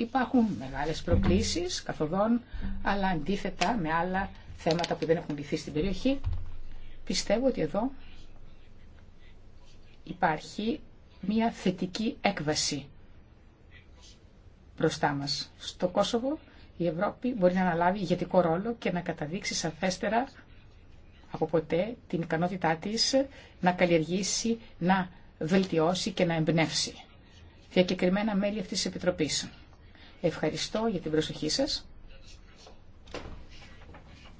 Υπάρχουν μεγάλες προκλήσεις καθοδόν, αλλά αντίθετα με άλλα θέματα που δεν έχουν λυθεί στην περιοχή. Πιστεύω ότι εδώ υπάρχει μια θετική έκβαση μπροστά μας. Στο Κόσοβο η Ευρώπη μπορεί να αναλάβει ηγετικό ρόλο και να καταδείξει σαφέστερα από ποτέ την ικανότητά της να καλλιεργήσει, να βελτιώσει και να εμπνεύσει. Διακεκριμένα μέλη αυτής της Επιτροπής. Ευχαριστώ για την προσοχή σας.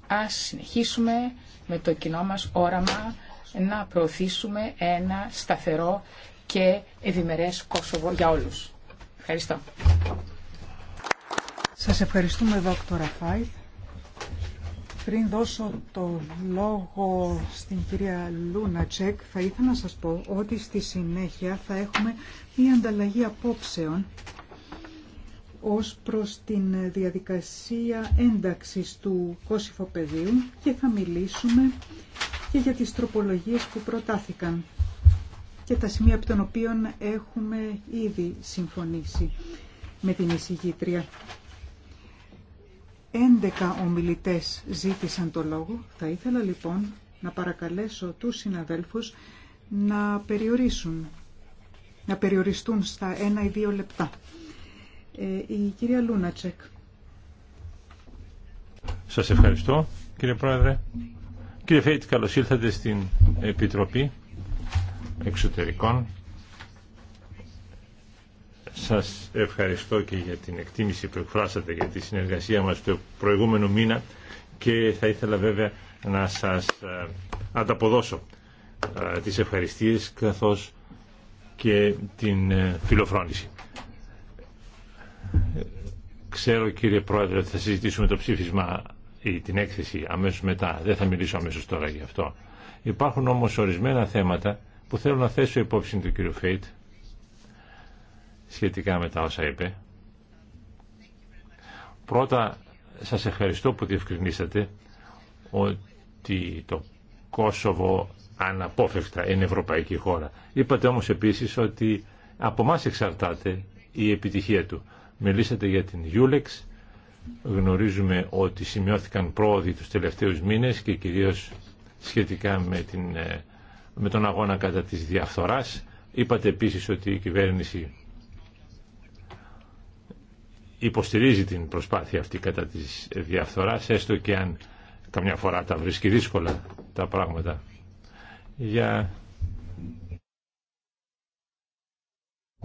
Ας συνεχίσουμε με το κοινό μας όραμα να προωθήσουμε ένα σταθερό και ευημερές Κόσοβο για όλους. Ευχαριστώ. Σας ευχαριστούμε, δόκτωρα Φάιθ. Πριν δώσω το λόγο στην κυρία Λούνα Τσεκ, θα ήθελα να σας πω ότι στη συνέχεια θα έχουμε μία ανταλλαγή απόψεων ως προς την διαδικασία ένταξης του πεδίου και θα μιλήσουμε και για τις τροπολογίες που προτάθηκαν και τα σημεία από των οποία έχουμε ήδη συμφωνήσει με την εισηγήτρια. 11 ομιλητές ζήτησαν το λόγο. Θα ήθελα λοιπόν να παρακαλέσω τους συναδέλφους να περιορίσουν, να περιοριστούν στα ένα ή δύο λεπτά. Ε, η κυρία Λούνατσεκ. Σας ευχαριστώ κύριε Πρόεδρε. Κύριε Φέιτ, καλώς ήλθατε στην Επιτροπή Εξωτερικών. Σας ευχαριστώ και για την εκτίμηση που εκφράσατε για τη συνεργασία μας το προηγούμενο μήνα και θα ήθελα βέβαια να σας ε, ανταποδώσω ε, τις ευχαριστίες καθώς και την φιλοφρόνηση. Ξέρω κύριε Πρόεδρε ότι θα συζητήσουμε το ψήφισμα ή την έκθεση αμέσως μετά. Δεν θα μιλήσω αμέσως τώρα γι' αυτό. Υπάρχουν όμως ορισμένα θέματα που θέλω να θέσω υπόψη του κύριου Φέιτ σχετικά με τα όσα είπε. Πρώτα σας ευχαριστώ που διευκρινίσατε ότι το Κόσοβο αναπόφευκτα είναι ευρωπαϊκή χώρα. Είπατε όμως επίσης ότι από εμά εξαρτάται η επιτυχία του. Μιλήσατε για την Ιούλεξ. Γνωρίζουμε ότι σημειώθηκαν πρόοδοι τους τελευταίους μήνες και κυρίως σχετικά με, ε, με τον αγώνα κατά της διαφθοράς. Είπατε επίσης ότι η κυβέρνηση υποστηρίζει την προσπάθεια αυτή κατά της διαφθοράς, έστω και αν καμιά φορά τα βρίσκει δύσκολα τα πράγματα. Για...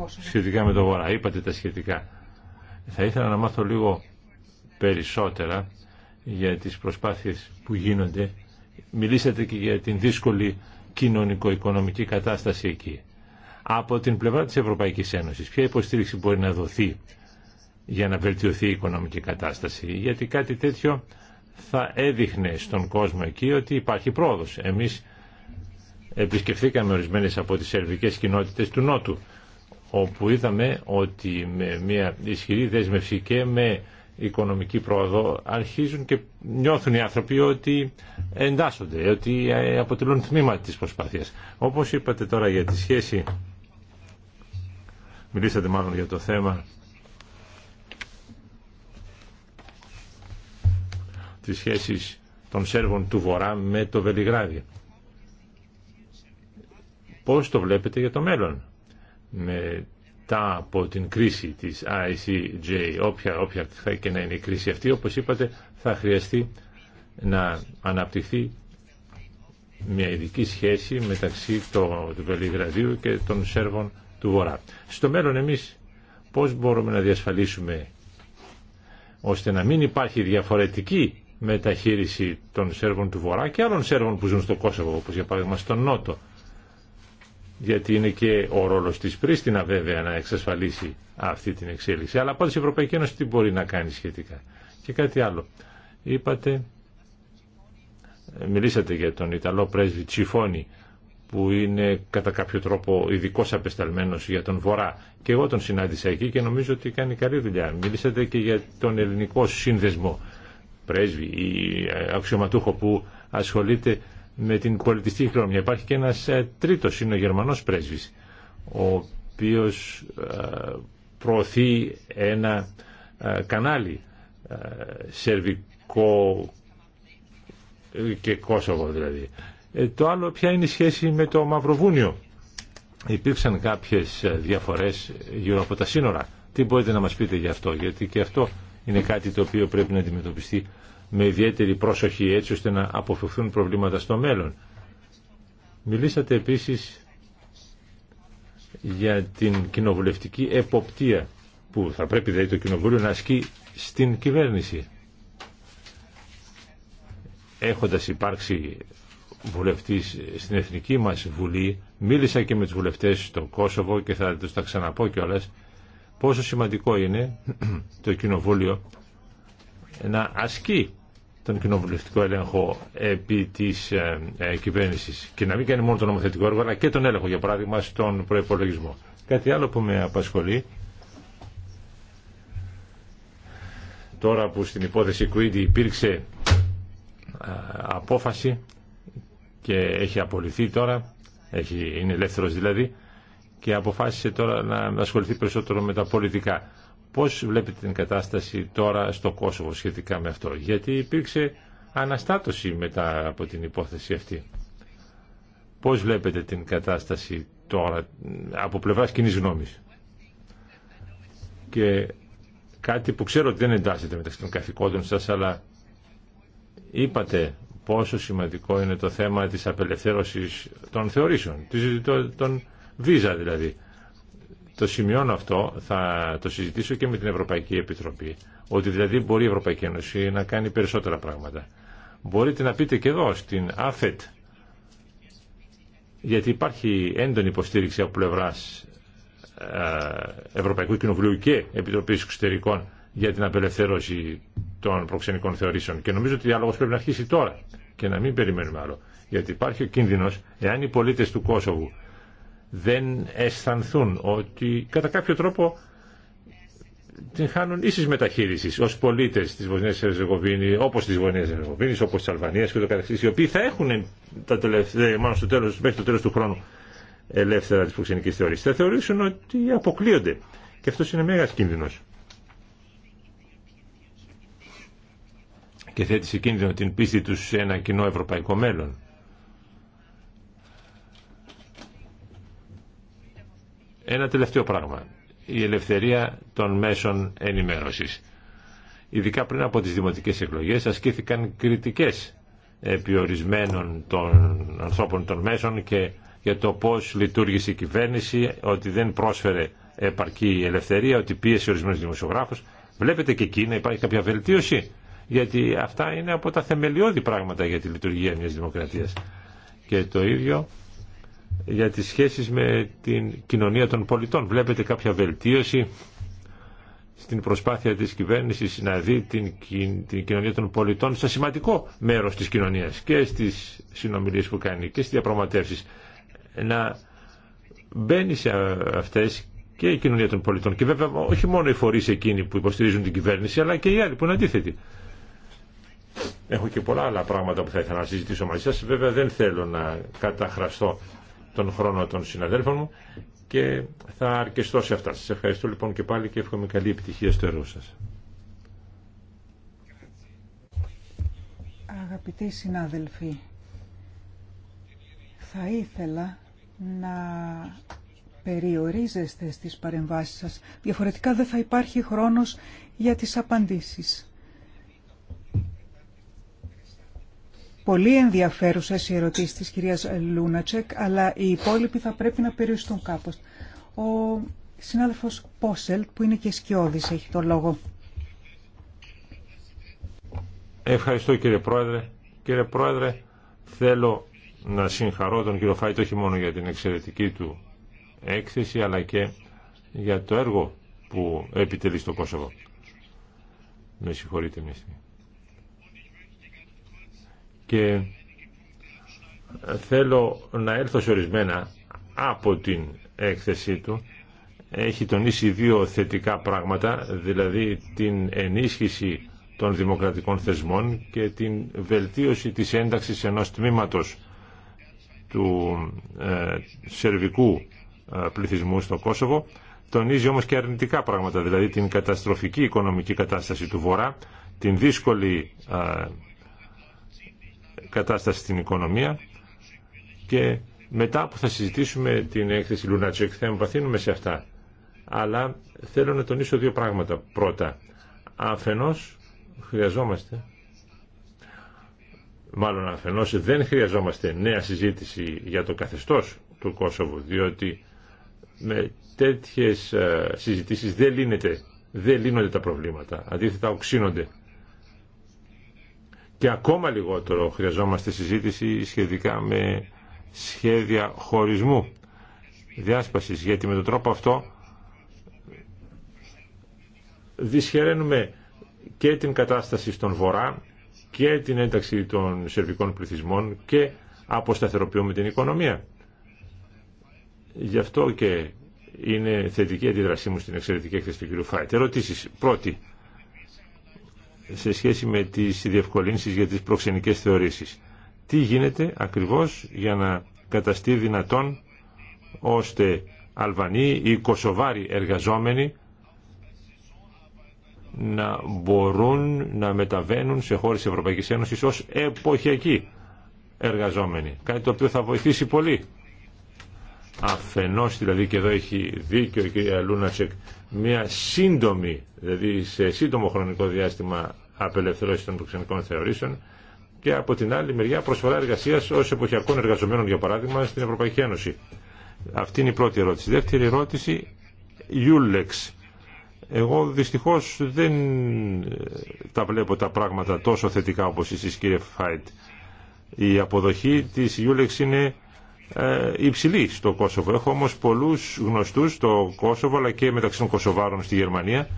Σχετικά με το Βορρά, είπατε τα σχετικά. Θα ήθελα να μάθω λίγο περισσότερα για τις προσπάθειες που γίνονται. Μιλήσατε και για την δύσκολη κοινωνικο-οικονομική κατάσταση εκεί. Από την πλευρά της Ευρωπαϊκής Ένωσης, ποια υποστήριξη μπορεί να δοθεί για να βελτιωθεί η οικονομική κατάσταση, γιατί κάτι τέτοιο θα έδειχνε στον κόσμο εκεί ότι υπάρχει πρόοδος. Εμείς επισκεφθήκαμε ορισμένες από τις σερβικές κοινότητες του Νότου όπου είδαμε ότι με μια ισχυρή δέσμευση και με οικονομική πρόοδο αρχίζουν και νιώθουν οι άνθρωποι ότι εντάσσονται, ότι ε, αποτελούν τμήμα της προσπάθειας. Όπως είπατε τώρα για τη σχέση, μιλήσατε μάλλον για το θέμα της σχέσης των Σέρβων του Βορρά με το Βελιγράδι. Πώς το βλέπετε για το μέλλον μετά από την κρίση της ICJ, όποια, όποια και να είναι η κρίση αυτή, όπως είπατε, θα χρειαστεί να αναπτυχθεί μια ειδική σχέση μεταξύ το, του Βελιγραδίου και των Σέρβων του Βορρά. Στο μέλλον εμείς πώς μπορούμε να διασφαλίσουμε ώστε να μην υπάρχει διαφορετική μεταχείριση των Σέρβων του Βορρά και άλλων Σέρβων που ζουν στο Κόσοβο, όπως για παράδειγμα στον Νότο γιατί είναι και ο ρόλος της Πρίστινα βέβαια να εξασφαλίσει αυτή την εξέλιξη. Αλλά πάντω η Ευρωπαϊκή Ένωση τι μπορεί να κάνει σχετικά. Και κάτι άλλο. Είπατε, μιλήσατε για τον Ιταλό πρέσβη Τσιφόνη που είναι κατά κάποιο τρόπο ειδικό απεσταλμένο για τον Βορρά. Και εγώ τον συνάντησα εκεί και νομίζω ότι κάνει καλή δουλειά. Μιλήσατε και για τον ελληνικό σύνδεσμο πρέσβη ή αξιωματούχο που ασχολείται με την πολιτιστική χρονιά. Υπάρχει και ένας ε, τρίτος, είναι ο Γερμανός πρέσβης, ο οποίος ε, προωθεί ένα ε, κανάλι σερβικό και Κόσοβο δηλαδή. Το άλλο ποια είναι η σχέση με το Μαυροβούνιο. Υπήρξαν κάποιες διαφορές γύρω από τα σύνορα. Τι μπορείτε να μας πείτε γι' αυτό, γιατί και αυτό είναι κάτι το οποίο πρέπει να αντιμετωπιστεί με ιδιαίτερη πρόσοχη έτσι ώστε να αποφευθούν προβλήματα στο μέλλον. Μιλήσατε επίσης για την κοινοβουλευτική εποπτεία που θα πρέπει δηλαδή το κοινοβούλιο να ασκεί στην κυβέρνηση. Έχοντας υπάρξει βουλευτής στην Εθνική μας Βουλή, μίλησα και με τους βουλευτές στο Κόσοβο και θα τους τα ξαναπώ κιόλα. πόσο σημαντικό είναι το κοινοβούλιο να ασκεί τον κοινοβουλευτικό έλεγχο επί της ε, ε, κυβέρνησης και να μην κάνει μόνο το νομοθετικό έργο αλλά και τον έλεγχο για παράδειγμα στον προπολογισμό. Κάτι άλλο που με απασχολεί τώρα που στην υπόθεση Κουίντι υπήρξε ε, απόφαση και έχει απολυθεί τώρα, έχει, είναι ελεύθερος δηλαδή και αποφάσισε τώρα να ασχοληθεί περισσότερο με τα πολιτικά. Πώς βλέπετε την κατάσταση τώρα στο Κόσοβο σχετικά με αυτό, γιατί υπήρξε αναστάτωση μετά από την υπόθεση αυτή. Πώς βλέπετε την κατάσταση τώρα από πλευράς κοινή γνώμης. Και κάτι που ξέρω ότι δεν εντάσσεται μεταξύ των καθηκόντων σας, αλλά είπατε πόσο σημαντικό είναι το θέμα της απελευθέρωσης των θεωρήσεων, των βίζα δηλαδή. Το σημειώνω αυτό, θα το συζητήσω και με την Ευρωπαϊκή Επιτροπή, ότι δηλαδή μπορεί η Ευρωπαϊκή Ένωση να κάνει περισσότερα πράγματα. Μπορείτε να πείτε και εδώ, στην ΑΦΕΤ, γιατί υπάρχει έντονη υποστήριξη από πλευρά ε, Ευρωπαϊκού Κοινοβουλίου και Επιτροπής Εξωτερικών για την απελευθέρωση των προξενικών θεωρήσεων. Και νομίζω ότι ο διάλογο πρέπει να αρχίσει τώρα και να μην περιμένουμε άλλο. Γιατί υπάρχει ο κίνδυνο, εάν οι πολίτε του Κόσοβου δεν αισθανθούν ότι κατά κάποιο τρόπο την χάνουν ίση μεταχείριση ω πολίτε τη Βοσνία Ερζεγοβίνη, όπω τη Βοσνία Ερζεγοβίνη, όπω τη Αλβανία κ.ο.κ. οι οποίοι θα έχουν τα τελευταία, ε, μάλλον στο τέλος, μέχρι το τέλο του χρόνου ελεύθερα τη προξενική θεωρία, Θα θεωρήσουν ότι αποκλείονται. Και αυτό είναι μέγα κίνδυνο. Και θέτει σε κίνδυνο την πίστη του σε ένα κοινό ευρωπαϊκό μέλλον. Ένα τελευταίο πράγμα. Η ελευθερία των μέσων ενημέρωσης. Ειδικά πριν από τις δημοτικές εκλογές ασκήθηκαν κριτικές επιορισμένων των ανθρώπων των μέσων και για το πώς λειτουργήσε η κυβέρνηση, ότι δεν πρόσφερε επαρκή ελευθερία, ότι πίεσε ορισμένους δημοσιογράφους. Βλέπετε και εκεί να υπάρχει κάποια βελτίωση, γιατί αυτά είναι από τα θεμελιώδη πράγματα για τη λειτουργία μιας δημοκρατίας. Και το ίδιο για τις σχέσεις με την κοινωνία των πολιτών. Βλέπετε κάποια βελτίωση στην προσπάθεια της κυβέρνησης να δει την, την κοινωνία των πολιτών σε σημαντικό μέρος της κοινωνίας και στις συνομιλίες που κάνει και στις διαπραγματεύσεις να μπαίνει σε αυτές και η κοινωνία των πολιτών και βέβαια όχι μόνο οι φορείς εκείνοι που υποστηρίζουν την κυβέρνηση αλλά και οι άλλοι που είναι αντίθετοι. Έχω και πολλά άλλα πράγματα που θα ήθελα να συζητήσω μαζί σας. Βέβαια δεν θέλω να καταχραστώ τον χρόνο των συναδέλφων μου και θα αρκεστώ σε αυτά. Σας ευχαριστώ λοιπόν και πάλι και εύχομαι καλή επιτυχία στο έργο σας. Αγαπητοί συνάδελφοι, θα ήθελα να περιορίζεστε στις παρεμβάσεις σας. Διαφορετικά δεν θα υπάρχει χρόνος για τις απαντήσεις. Πολύ ενδιαφέρουσες οι ερωτήσεις της κυρίας Λούνατσεκ, αλλά οι υπόλοιποι θα πρέπει να περιοριστούν κάπως. Ο συνάδελφο Πόσελτ, που είναι και σκιώδη, έχει το λόγο. Ευχαριστώ κύριε Πρόεδρε. Κύριε Πρόεδρε, θέλω να συγχαρώ τον κύριο Φάιτ όχι μόνο για την εξαιρετική του έκθεση, αλλά και για το έργο που επιτελεί στο Κόσοβο. Με συγχωρείτε μια και θέλω να έρθω σε ορισμένα από την έκθεσή του έχει τονίσει δύο θετικά πράγματα, δηλαδή την ενίσχυση των δημοκρατικών θεσμών και την βελτίωση της ένταξης ενός τμήματος του ε, σερβικού ε, πληθυσμού στο Κόσοβο. Τονίζει όμως και αρνητικά πράγματα, δηλαδή την καταστροφική οικονομική κατάσταση του Βορρά, την δύσκολη ε, κατάσταση στην οικονομία και μετά που θα συζητήσουμε την έκθεση Λουνατσέκ θα εμβαθύνουμε σε αυτά. Αλλά θέλω να τονίσω δύο πράγματα. Πρώτα, αφενός χρειαζόμαστε μάλλον αφενός δεν χρειαζόμαστε νέα συζήτηση για το καθεστώς του Κόσοβου διότι με τέτοιες ε, συζητήσεις δεν λύνεται δεν λύνονται τα προβλήματα αντίθετα οξύνονται και ακόμα λιγότερο χρειαζόμαστε συζήτηση σχετικά με σχέδια χωρισμού διάσπασης γιατί με τον τρόπο αυτό δυσχεραίνουμε και την κατάσταση στον Βορρά και την ένταξη των σερβικών πληθυσμών και αποσταθεροποιούμε την οικονομία. Γι' αυτό και είναι θετική αντίδρασή μου στην εξαιρετική έκθεση του κ. Φάιτ. Ερωτήσεις. Πρώτη, σε σχέση με τις διευκολύνσεις για τις προξενικές θεωρήσεις. Τι γίνεται ακριβώς για να καταστεί δυνατόν ώστε Αλβανοί ή Κωσοβάροι εργαζόμενοι να μπορούν να μεταβαίνουν σε χώρες της Ευρωπαϊκής Ένωσης ως εποχιακοί εργαζόμενοι. Κάτι το οποίο θα βοηθήσει πολύ αφενός δηλαδή και εδώ έχει δίκιο η κυρία Λούνατσεκ μια σύντομη δηλαδή σε σύντομο χρονικό διάστημα απελευθερώση των προξενικών θεωρήσεων και από την άλλη μεριά προσφορά εργασία ω εποχιακών εργαζομένων για παράδειγμα στην Ευρωπαϊκή Ένωση. Αυτή είναι η πρώτη ερώτηση. δεύτερη ερώτηση, Ιούλεξ. Εγώ δυστυχώ δεν ε, τα βλέπω τα πράγματα τόσο θετικά όπω εσείς κύριε Φάιτ. Η αποδοχή τη Ιούλεξ είναι ε, υψηλή στο Κόσοβο. Έχω όμως πολλούς γνωστούς στο Κόσοβο αλλά και μεταξύ των Κοσοβάρων στη Γερμανία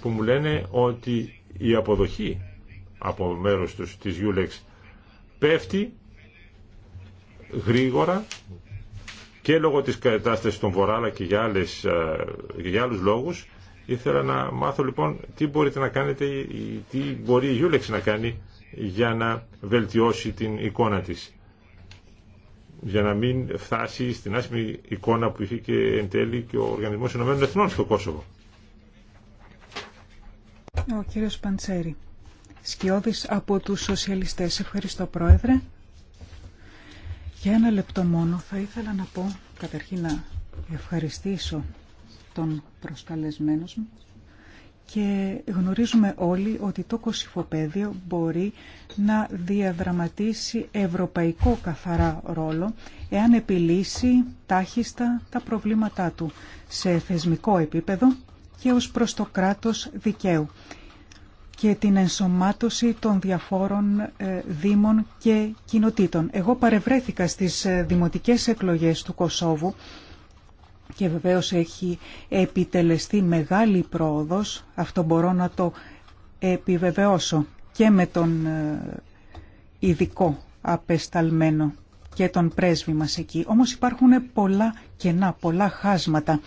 που μου λένε ότι η αποδοχή από μέρος τους της Γιούλεξ πέφτει γρήγορα και λόγω της κατάστασης των Βορρά αλλά και για, άλλες, ε, άλλους λόγους ήθελα να μάθω λοιπόν τι μπορείτε να κάνετε τι μπορεί η Γιούλεξ να κάνει για να βελτιώσει την εικόνα της για να μην φτάσει στην άσχημη εικόνα που είχε και εν τέλει και ο Οργανισμός Ηνωμένων Εθνών στο Κόσοβο. Ο κύριος Παντσέρη. Σκιώδης από τους σοσιαλιστές. Ευχαριστώ πρόεδρε. Για ένα λεπτό μόνο θα ήθελα να πω καταρχήν να ευχαριστήσω τον προσκαλεσμένο μου και γνωρίζουμε όλοι ότι το κοσυφοπέδιο μπορεί να διαδραματίσει ευρωπαϊκό καθαρά ρόλο εάν επιλύσει τάχιστα τα προβλήματά του σε θεσμικό επίπεδο και ως προς το κράτος δικαίου και την ενσωμάτωση των διαφόρων ε, δήμων και κοινοτήτων. Εγώ παρευρέθηκα στις ε, δημοτικές εκλογές του Κωσόβου και βεβαίως έχει επιτελεστεί μεγάλη πρόοδος, αυτό μπορώ να το επιβεβαιώσω και με τον ε, ειδικό απεσταλμένο και τον πρέσβη μας εκεί. Όμως υπάρχουν πολλά κενά, πολλά χάσματα.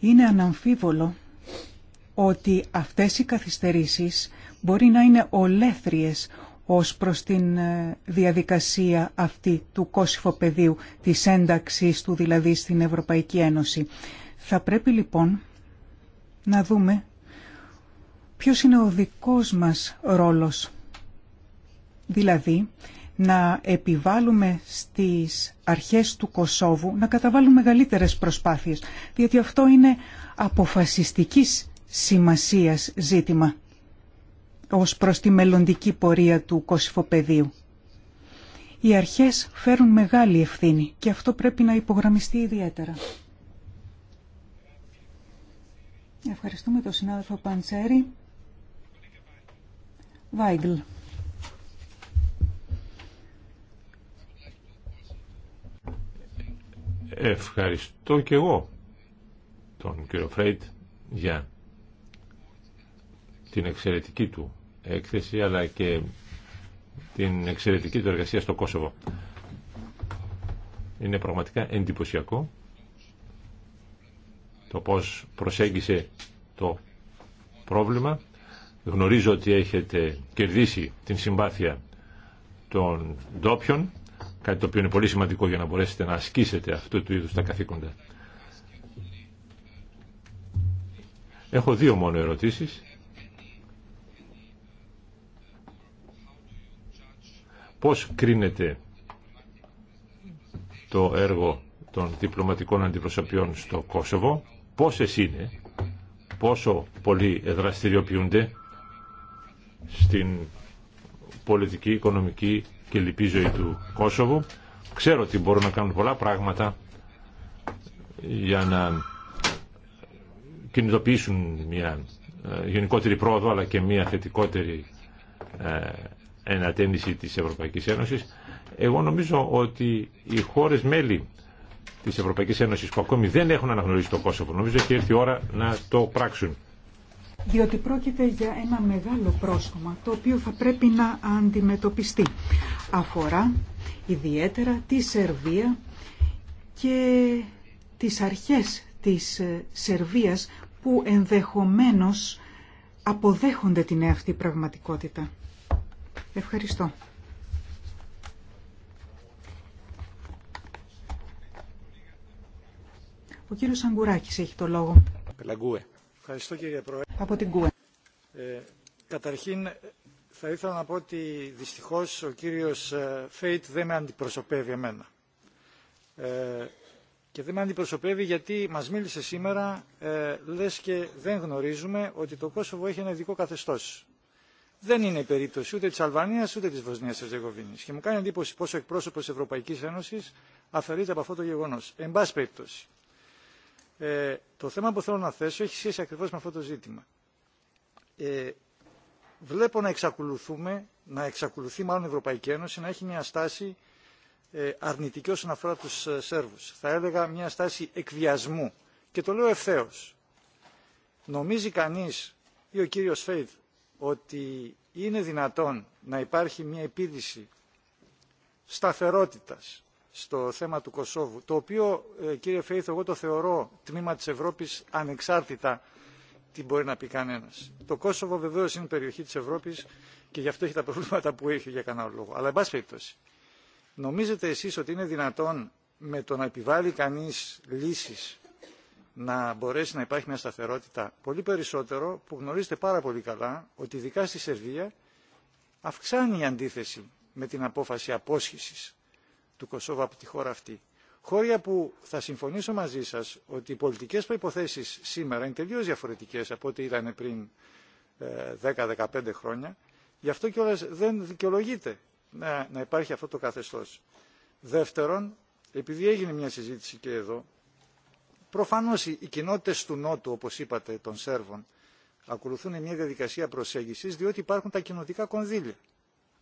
Είναι αναμφίβολο ότι αυτές οι καθυστερήσεις μπορεί να είναι ολέθριες ως προς την ε, διαδικασία αυτή του πεδίου, της ένταξης του δηλαδή στην Ευρωπαϊκή Ένωση. Θα πρέπει λοιπόν να δούμε ποιος είναι ο δικός μας ρόλος. Δηλαδή, να επιβάλλουμε στις αρχές του Κωσόβου να καταβάλουμε μεγαλύτερες προσπάθειες, διότι αυτό είναι αποφασιστικής σημασίας ζήτημα ως προς τη μελλοντική πορεία του κοσυφοπεδίου. Οι αρχές φέρουν μεγάλη ευθύνη και αυτό πρέπει να υπογραμμιστεί ιδιαίτερα. Ευχαριστούμε τον συνάδελφο Παντσέρη. Βάιγκλ. Ευχαριστώ και εγώ τον κύριο Φρέιτ για την εξαιρετική του έκθεση αλλά και την εξαιρετική του εργασία στο Κόσοβο. Είναι πραγματικά εντυπωσιακό το πώς προσέγγισε το πρόβλημα. Γνωρίζω ότι έχετε κερδίσει την συμπάθεια των ντόπιων, κάτι το οποίο είναι πολύ σημαντικό για να μπορέσετε να ασκήσετε αυτού του είδους τα καθήκοντα. Έχω δύο μόνο ερωτήσεις. Πώς κρίνεται το έργο των διπλωματικών αντιπροσωπιών στο Κόσοβο, πόσες είναι, πόσο πολύ δραστηριοποιούνται στην πολιτική, οικονομική και λοιπή ζωή του Κόσοβου. Ξέρω ότι μπορούν να κάνουν πολλά πράγματα για να κινητοποιήσουν μια ε, γενικότερη πρόοδο αλλά και μια θετικότερη ε, ενατένιση της Ευρωπαϊκής Ένωσης. Εγώ νομίζω ότι οι χώρες μέλη της Ευρωπαϊκής Ένωσης που ακόμη δεν έχουν αναγνωρίσει το Κόσοβο, νομίζω έχει έρθει η ώρα να το πράξουν. Διότι πρόκειται για ένα μεγάλο πρόσκομα το οποίο θα πρέπει να αντιμετωπιστεί. Αφορά ιδιαίτερα τη Σερβία και τις αρχές της ε, Σερβίας που ενδεχομένως αποδέχονται την αυτή πραγματικότητα. Ευχαριστώ. Ο κύριος Αγκουράκης έχει το λόγο. Ευχαριστώ κύριε Πρόεδρε. Από την Ε, Καταρχήν θα ήθελα να πω ότι δυστυχώς ο κύριος ε, Φέιτ δεν με αντιπροσωπεύει εμένα. Ε, και δεν με αντιπροσωπεύει γιατί μας μίλησε σήμερα ε, λες και δεν γνωρίζουμε ότι το Κόσοβο έχει ένα ειδικό καθεστώς δεν είναι η περίπτωση ούτε τη Αλβανία ούτε τη Βοσνία Ερζεγοβίνη. Και μου κάνει εντύπωση πόσο εκπρόσωπο τη Ευρωπαϊκή Ένωση αφαιρείται από αυτό το γεγονό. Εν πάση περιπτώσει, ε, το θέμα που θέλω να θέσω έχει σχέση ακριβώ με αυτό το ζήτημα. Ε, βλέπω να εξακολουθούμε, να εξακολουθεί μάλλον η Ευρωπαϊκή Ένωση να έχει μια στάση ε, αρνητική όσον αφορά του ε, Σέρβου. Θα έλεγα μια στάση εκβιασμού. Και το λέω ευθέω. Νομίζει κανεί ή ο κύριο Φέιτ ότι είναι δυνατόν να υπάρχει μια επίδυση σταθερότητας στο θέμα του Κωσόβου, το οποίο, ε, κύριε Φέιθ, εγώ το θεωρώ τμήμα της Ευρώπης ανεξάρτητα τι μπορεί να πει κανένας. Το Κόσοβο βεβαίως είναι περιοχή της Ευρώπης και γι' αυτό έχει τα προβλήματα που έχει για κανένα λόγο. Αλλά, εν πάση περιπτώσει, νομίζετε εσείς ότι είναι δυνατόν με το να επιβάλλει κανείς λύσεις να μπορέσει να υπάρχει μια σταθερότητα. Πολύ περισσότερο που γνωρίζετε πάρα πολύ καλά ότι ειδικά στη Σερβία αυξάνει η αντίθεση με την απόφαση απόσχησης του Κωσόβου από τη χώρα αυτή. Χώρια που θα συμφωνήσω μαζί σας ότι οι πολιτικές προϋποθέσεις σήμερα είναι τελείως διαφορετικές από ό,τι ήταν πριν 10-15 ε, χρόνια. Γι' αυτό κιόλας δεν δικαιολογείται να, να υπάρχει αυτό το καθεστώς. Δεύτερον, επειδή έγινε μια συζήτηση και εδώ, Προφανώς οι κοινότητες του Νότου, όπως είπατε, των Σέρβων, ακολουθούν μια διαδικασία προσέγγισης διότι υπάρχουν τα κοινοτικά κονδύλια.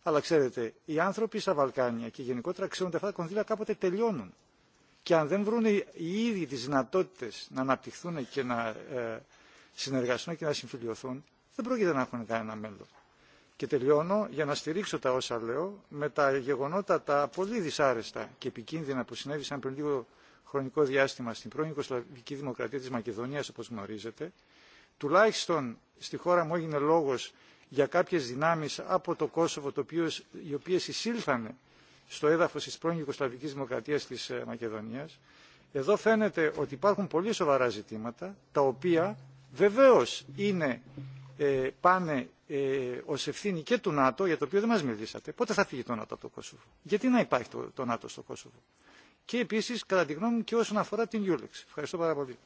Αλλά ξέρετε, οι άνθρωποι στα Βαλκάνια και γενικότερα ξέρουν ότι αυτά τα κονδύλια κάποτε τελειώνουν. Και αν δεν βρουν οι ίδιοι τις δυνατότητες να αναπτυχθούν και να ε, συνεργαστούν και να συμφιλειωθούν, δεν πρόκειται να έχουν κανένα μέλλον. Και τελειώνω για να στηρίξω τα όσα λέω με τα γεγονότα τα πολύ δυσάρεστα και επικίνδυνα που συνέβησαν πριν λίγο χρονικό διάστημα στην πρώην Οικοσλαβική Δημοκρατία της Μακεδονίας, όπως γνωρίζετε, τουλάχιστον στη χώρα μου έγινε λόγος για κάποιες δυνάμεις από το Κόσοβο, το οι οποίες εισήλθανε στο έδαφος της πρώην Οικοσλαβικής Δημοκρατίας της ε, Μακεδονίας. Εδώ φαίνεται ότι υπάρχουν πολύ σοβαρά ζητήματα, τα οποία βεβαίως είναι, ε, πάνε ε, ω ευθύνη και του ΝΑΤΟ, για το οποίο δεν μα μιλήσατε. Πότε θα φύγει το ΝΑΤΟ από το Κόσοβο. Γιατί να υπάρχει το, το ΝΑΤΟ στο Κόσοβο και επίση, κατά τη γνώμη μου και όσον αφορά την Ιούλεξ. Ευχαριστώ πάρα πολύ.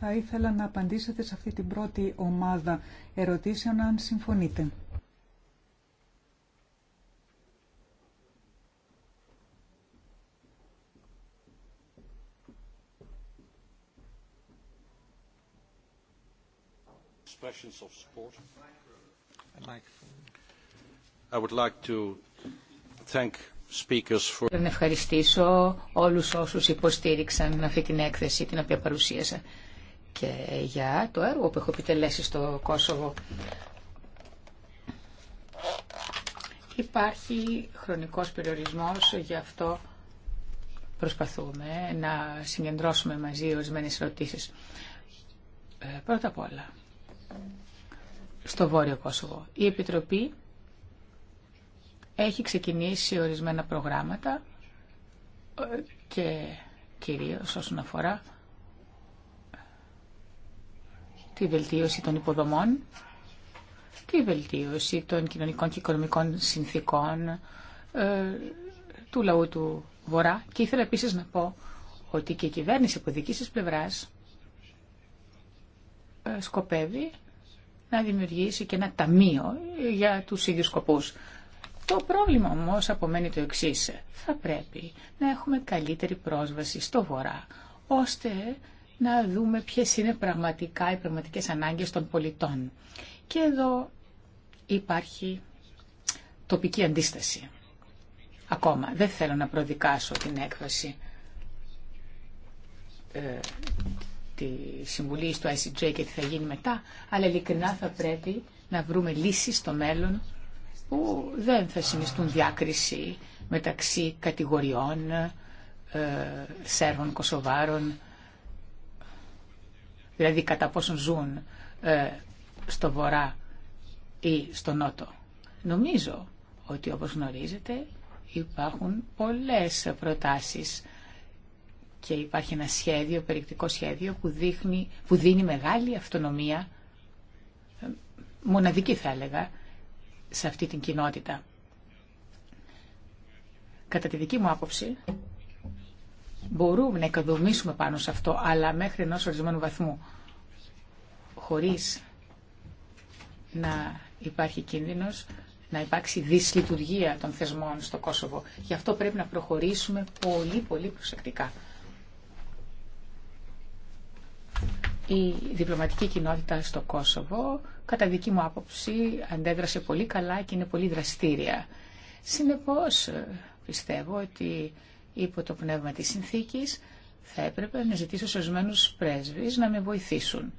Θα ήθελα να απαντήσετε σε αυτή την πρώτη ομάδα ερωτήσεων αν συμφωνείτε. expressions of to thank speakers for... Να ευχαριστήσω όλους όσους υποστήριξαν αυτή την έκθεση την οποία παρουσίασα και για το έργο που έχω επιτελέσει στο Κόσοβο. Υπάρχει χρονικός περιορισμός, γι' αυτό προσπαθούμε να συγκεντρώσουμε μαζί ορισμένε ερωτήσει. Ε, πρώτα απ' όλα, στο Βόρειο Κόσοβο. Η Επιτροπή έχει ξεκινήσει ορισμένα προγράμματα ε, και κυρίως όσον αφορά τη βελτίωση των υποδομών, τη βελτίωση των κοινωνικών και οικονομικών συνθήκων ε, του λαού του Βορρά. Και ήθελα επίσης να πω ότι και η κυβέρνηση από δική πλευράς ε, σκοπεύει να δημιουργήσει και ένα ταμείο για τους ίδιους σκοπούς. Το πρόβλημα όμως απομένει το εξή. Θα πρέπει να έχουμε καλύτερη πρόσβαση στο βορρά, ώστε να δούμε ποιες είναι πραγματικά οι πραγματικές ανάγκες των πολιτών. Και εδώ υπάρχει τοπική αντίσταση. Ακόμα, δεν θέλω να προδικάσω την έκφραση ε, τη συμβουλή στο ICJ και τι θα γίνει μετά, αλλά ειλικρινά θα πρέπει να βρούμε λύσεις στο μέλλον που δεν θα συνιστούν διάκριση μεταξύ κατηγοριών, ε, Σέρβων, Κωσοβάρων, δηλαδή κατά πόσον ζουν ε, στο βορρά ή στο νότο. Νομίζω ότι όπως γνωρίζετε υπάρχουν πολλές προτάσεις και υπάρχει ένα σχέδιο, περιεκτικό σχέδιο που, δίνει μεγάλη αυτονομία, μοναδική θα έλεγα, σε αυτή την κοινότητα. Κατά τη δική μου άποψη, μπορούμε να οικοδομήσουμε πάνω σε αυτό, αλλά μέχρι ενός ορισμένου βαθμού, χωρίς να υπάρχει κίνδυνος να υπάρξει δυσλειτουργία των θεσμών στο Κόσοβο. Γι' αυτό πρέπει να προχωρήσουμε πολύ πολύ προσεκτικά. η διπλωματική κοινότητα στο Κόσοβο, κατά δική μου άποψη, αντέδρασε πολύ καλά και είναι πολύ δραστήρια. Συνεπώς, ε, πιστεύω ότι υπό το πνεύμα της συνθήκης θα έπρεπε να ζητήσω σε ορισμένου πρέσβεις να με βοηθήσουν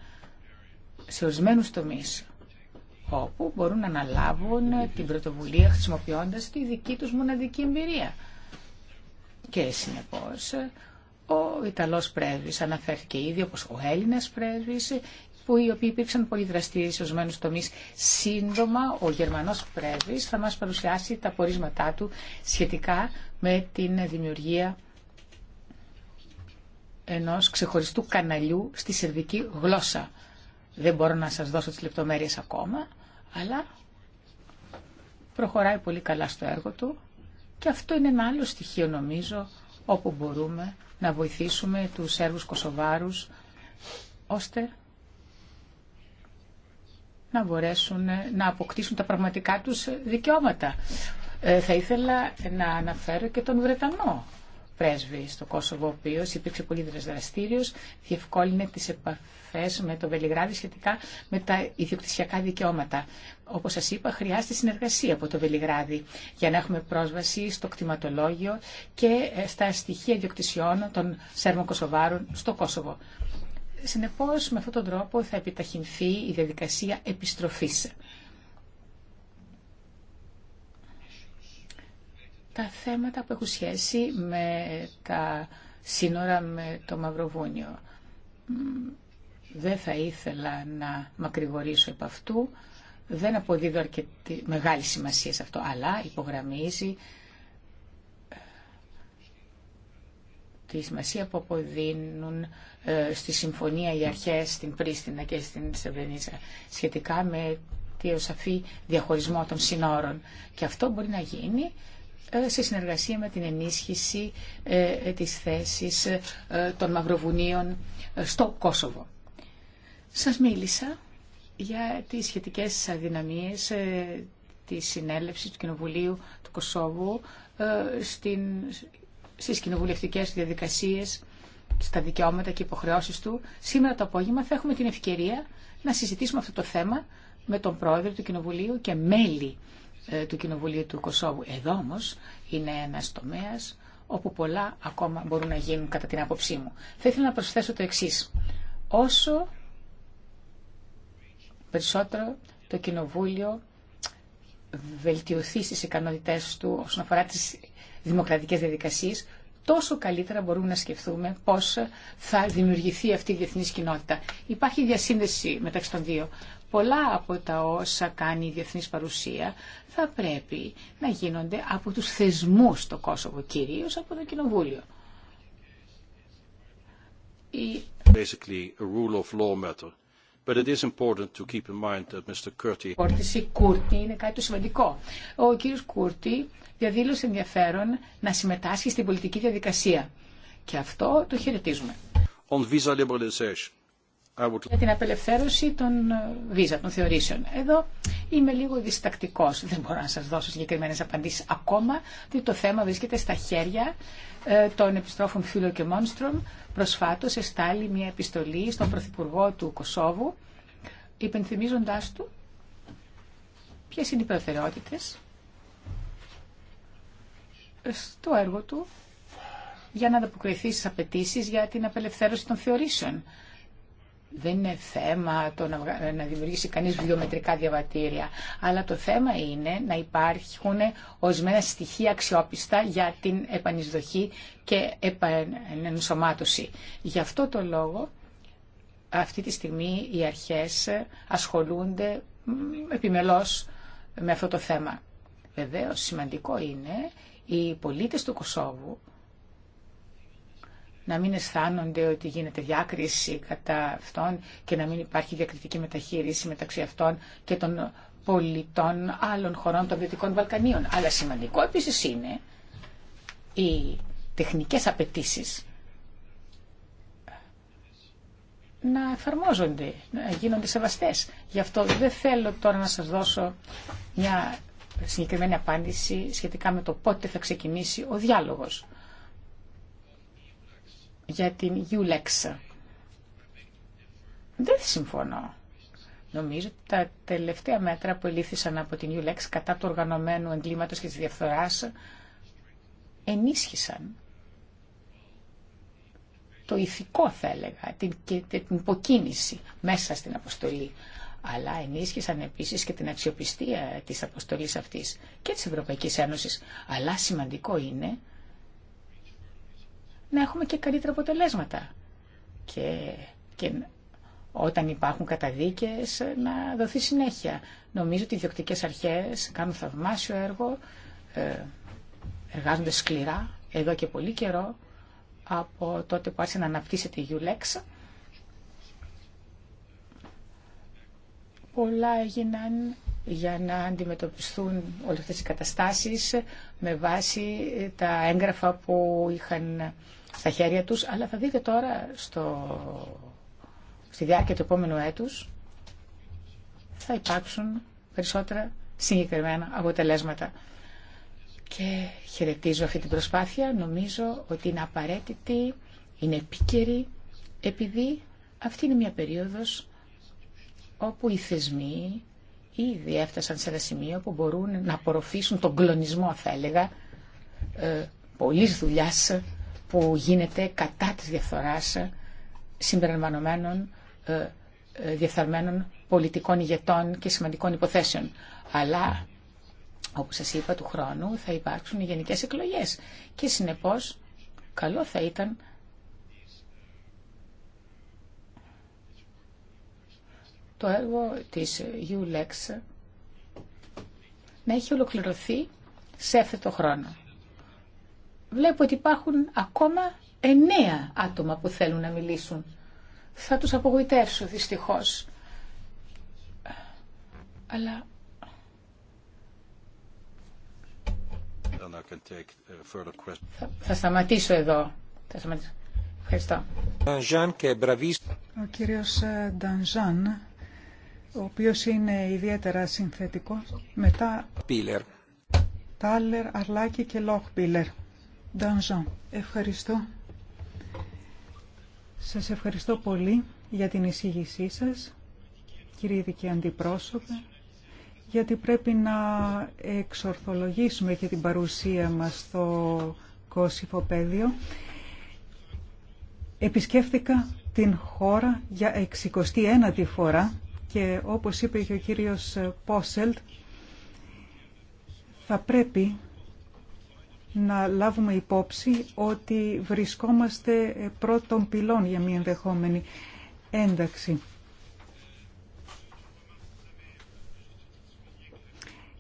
σε ορισμένου τομεί όπου μπορούν να αναλάβουν την πρωτοβουλία χρησιμοποιώντας τη δική τους μοναδική εμπειρία. Και συνεπώς ο Ιταλός πρέσβης αναφέρθηκε ήδη, όπως ο Έλληνας πρέσβης, που οι οποίοι υπήρξαν πολύ δραστήριοι σε ορισμένου τομεί. Σύντομα, ο Γερμανό πρέσβη θα μα παρουσιάσει τα πορίσματά του σχετικά με την δημιουργία ενός ξεχωριστού καναλιού στη σερβική γλώσσα. Δεν μπορώ να σας δώσω τις λεπτομέρειες ακόμα, αλλά προχωράει πολύ καλά στο έργο του και αυτό είναι ένα άλλο στοιχείο νομίζω όπου μπορούμε να βοηθήσουμε τους Σέρβους Κοσοβάρους ώστε να μπορέσουν να αποκτήσουν τα πραγματικά τους δικαιώματα. Ε, θα ήθελα να αναφέρω και τον Βρετανό πρέσβη στο Κόσοβο, ο οποίο υπήρξε πολύ δραστήριο, διευκόλυνε τι επαφέ με το Βελιγράδι σχετικά με τα ιδιοκτησιακά δικαιώματα. Όπω σα είπα, χρειάζεται συνεργασία από το Βελιγράδι για να έχουμε πρόσβαση στο κτηματολόγιο και στα στοιχεία ιδιοκτησιών των Σέρμων Κοσοβάρων στο Κόσοβο. Συνεπώ, με αυτόν τον τρόπο θα επιταχυνθεί η διαδικασία επιστροφή τα θέματα που έχουν σχέση με τα σύνορα με το Μαυροβούνιο. Δεν θα ήθελα να μακρηγορήσω επ' αυτού. Δεν αποδίδω αρκετή μεγάλη σημασία σε αυτό, αλλά υπογραμμίζει ε, τη σημασία που αποδίνουν ε, στη Συμφωνία οι αρχές στην Πρίστινα και στην Σεβενίζα σχετικά με τη σαφή διαχωρισμό των συνόρων. Και αυτό μπορεί να γίνει ε, σε συνεργασία με την ενίσχυση ε, ε, της θέσης των Μαυροβουνίων στο Κόσοβο. Σας μίλησα για τις σχετικές αδυναμίες της συνέλευσης του Κοινοβουλίου του Κοσόβου στην, στις κοινοβουλευτικές διαδικασίες, στα δικαιώματα και υποχρεώσεις του. Σήμερα το απόγευμα θα έχουμε την ευκαιρία να συζητήσουμε αυτό το θέμα με τον Πρόεδρο του Κοινοβουλίου και μέλη ε, του Κοινοβουλίου του Κωσόβου. Εδώ όμω, είναι ένας τομέα όπου πολλά ακόμα μπορούν να γίνουν κατά την άποψή μου. Θα ήθελα να προσθέσω το εξή. Όσο περισσότερο το Κοινοβούλιο βελτιωθεί στις ικανότητές του όσον αφορά τις δημοκρατικές διαδικασίες, τόσο καλύτερα μπορούμε να σκεφτούμε πώς θα δημιουργηθεί αυτή η διεθνής κοινότητα. Υπάρχει διασύνδεση μεταξύ των δύο πολλά από τα όσα κάνει η διεθνής παρουσία θα πρέπει να γίνονται από τους θεσμούς στο Κόσοβο, κυρίως από το Κοινοβούλιο. Η a rule Κούρτη είναι κάτι το σημαντικό. Ο κύριος Κούρτη διαδήλωσε ενδιαφέρον να συμμετάσχει στην πολιτική διαδικασία. Και αυτό το χαιρετίζουμε για την απελευθέρωση των ε, βίζα, των θεωρήσεων. Εδώ είμαι λίγο διστακτικό. Δεν μπορώ να σα δώσω συγκεκριμένε απαντήσει ακόμα, διότι το θέμα βρίσκεται στα χέρια ε, των επιστρόφων Φίλο και Μόνστρομ. Προσφάτω εστάλει μια επιστολή στον Πρωθυπουργό του Κωσόβου, υπενθυμίζοντά του ποιε είναι οι προτεραιότητε στο έργο του για να ανταποκριθεί στι απαιτήσει για την απελευθέρωση των θεωρήσεων. Δεν είναι θέμα το να, να δημιουργήσει κανείς βιομετρικά διαβατήρια, αλλά το θέμα είναι να υπάρχουν ορισμένα στοιχεία αξιόπιστα για την επανεισδοχή και επανενσωμάτωση. Γι' αυτό το λόγο αυτή τη στιγμή οι αρχές ασχολούνται επιμελώς με αυτό το θέμα. Βεβαίως σημαντικό είναι οι πολίτες του Κωσόβου να μην αισθάνονται ότι γίνεται διάκριση κατά αυτών και να μην υπάρχει διακριτική μεταχείριση μεταξύ αυτών και των πολιτών άλλων χωρών των Δυτικών Βαλκανίων. Αλλά σημαντικό επίσης είναι οι τεχνικές απαιτήσει να εφαρμόζονται, να γίνονται σεβαστές. Γι' αυτό δεν θέλω τώρα να σας δώσω μια συγκεκριμένη απάντηση σχετικά με το πότε θα ξεκινήσει ο διάλογος για την Ulex. Δεν συμφωνώ. Νομίζω ότι τα τελευταία μέτρα που ελήφθησαν από την Ulex κατά του οργανωμένου εγκλήματος και της διαφθοράς ενίσχυσαν το ηθικό θα έλεγα, την, και, την υποκίνηση μέσα στην αποστολή. Αλλά ενίσχυσαν επίσης και την αξιοπιστία της αποστολής αυτής και της Ευρωπαϊκής Ένωσης. Αλλά σημαντικό είναι να έχουμε και καλύτερα αποτελέσματα. Και, και όταν υπάρχουν καταδίκες να δοθεί συνέχεια. Νομίζω ότι οι διοκτικές αρχές κάνουν θαυμάσιο έργο, ε, εργάζονται σκληρά εδώ και πολύ καιρό από τότε που άρχισε να αναπτύσσεται η Ulex. Πολλά έγιναν για να αντιμετωπιστούν όλες αυτές οι καταστάσεις με βάση τα έγγραφα που είχαν στα χέρια τους, αλλά θα δείτε τώρα στο, στη διάρκεια του επόμενου έτους θα υπάρξουν περισσότερα συγκεκριμένα αποτελέσματα. Και χαιρετίζω αυτή την προσπάθεια. Νομίζω ότι είναι απαραίτητη, είναι επίκαιρη, επειδή αυτή είναι μια περίοδος όπου οι θεσμοί ήδη έφτασαν σε ένα σημείο που μπορούν να απορροφήσουν τον κλονισμό, θα έλεγα, ε, πολλής δουλειάς που γίνεται κατά της διαφθοράς συμπεριλαμβανομένων ε, ε, πολιτικών ηγετών και σημαντικών υποθέσεων. Αλλά, όπως σας είπα, του χρόνου θα υπάρξουν οι γενικές εκλογές. Και συνεπώς, καλό θα ήταν το έργο της ULEX να έχει ολοκληρωθεί σε αυτό το χρόνο βλέπω ότι υπάρχουν ακόμα εννέα άτομα που θέλουν να μιλήσουν. Θα τους απογοητεύσω δυστυχώς. Αλλά... Θα, σταματήσω εδώ. Θα σταματήσω. Ευχαριστώ. Ο κύριος Ντανζάν, ε, ο οποίος είναι ιδιαίτερα συνθετικός, μετά... Πίλερ. Τάλερ, Αρλάκη και Πίλερ. Ντανζόν. Ευχαριστώ. Σας ευχαριστώ πολύ για την εισήγησή σας, κύριε ειδική αντιπρόσωπε, γιατί πρέπει να εξορθολογήσουμε και την παρουσία μας στο Κόσυφο Πέδιο. Επισκέφθηκα την χώρα για 69η φορά και όπως είπε και ο κύριος Πόσελτ, θα πρέπει να λάβουμε υπόψη ότι βρισκόμαστε πρώτων πυλών για μια ενδεχόμενη ένταξη.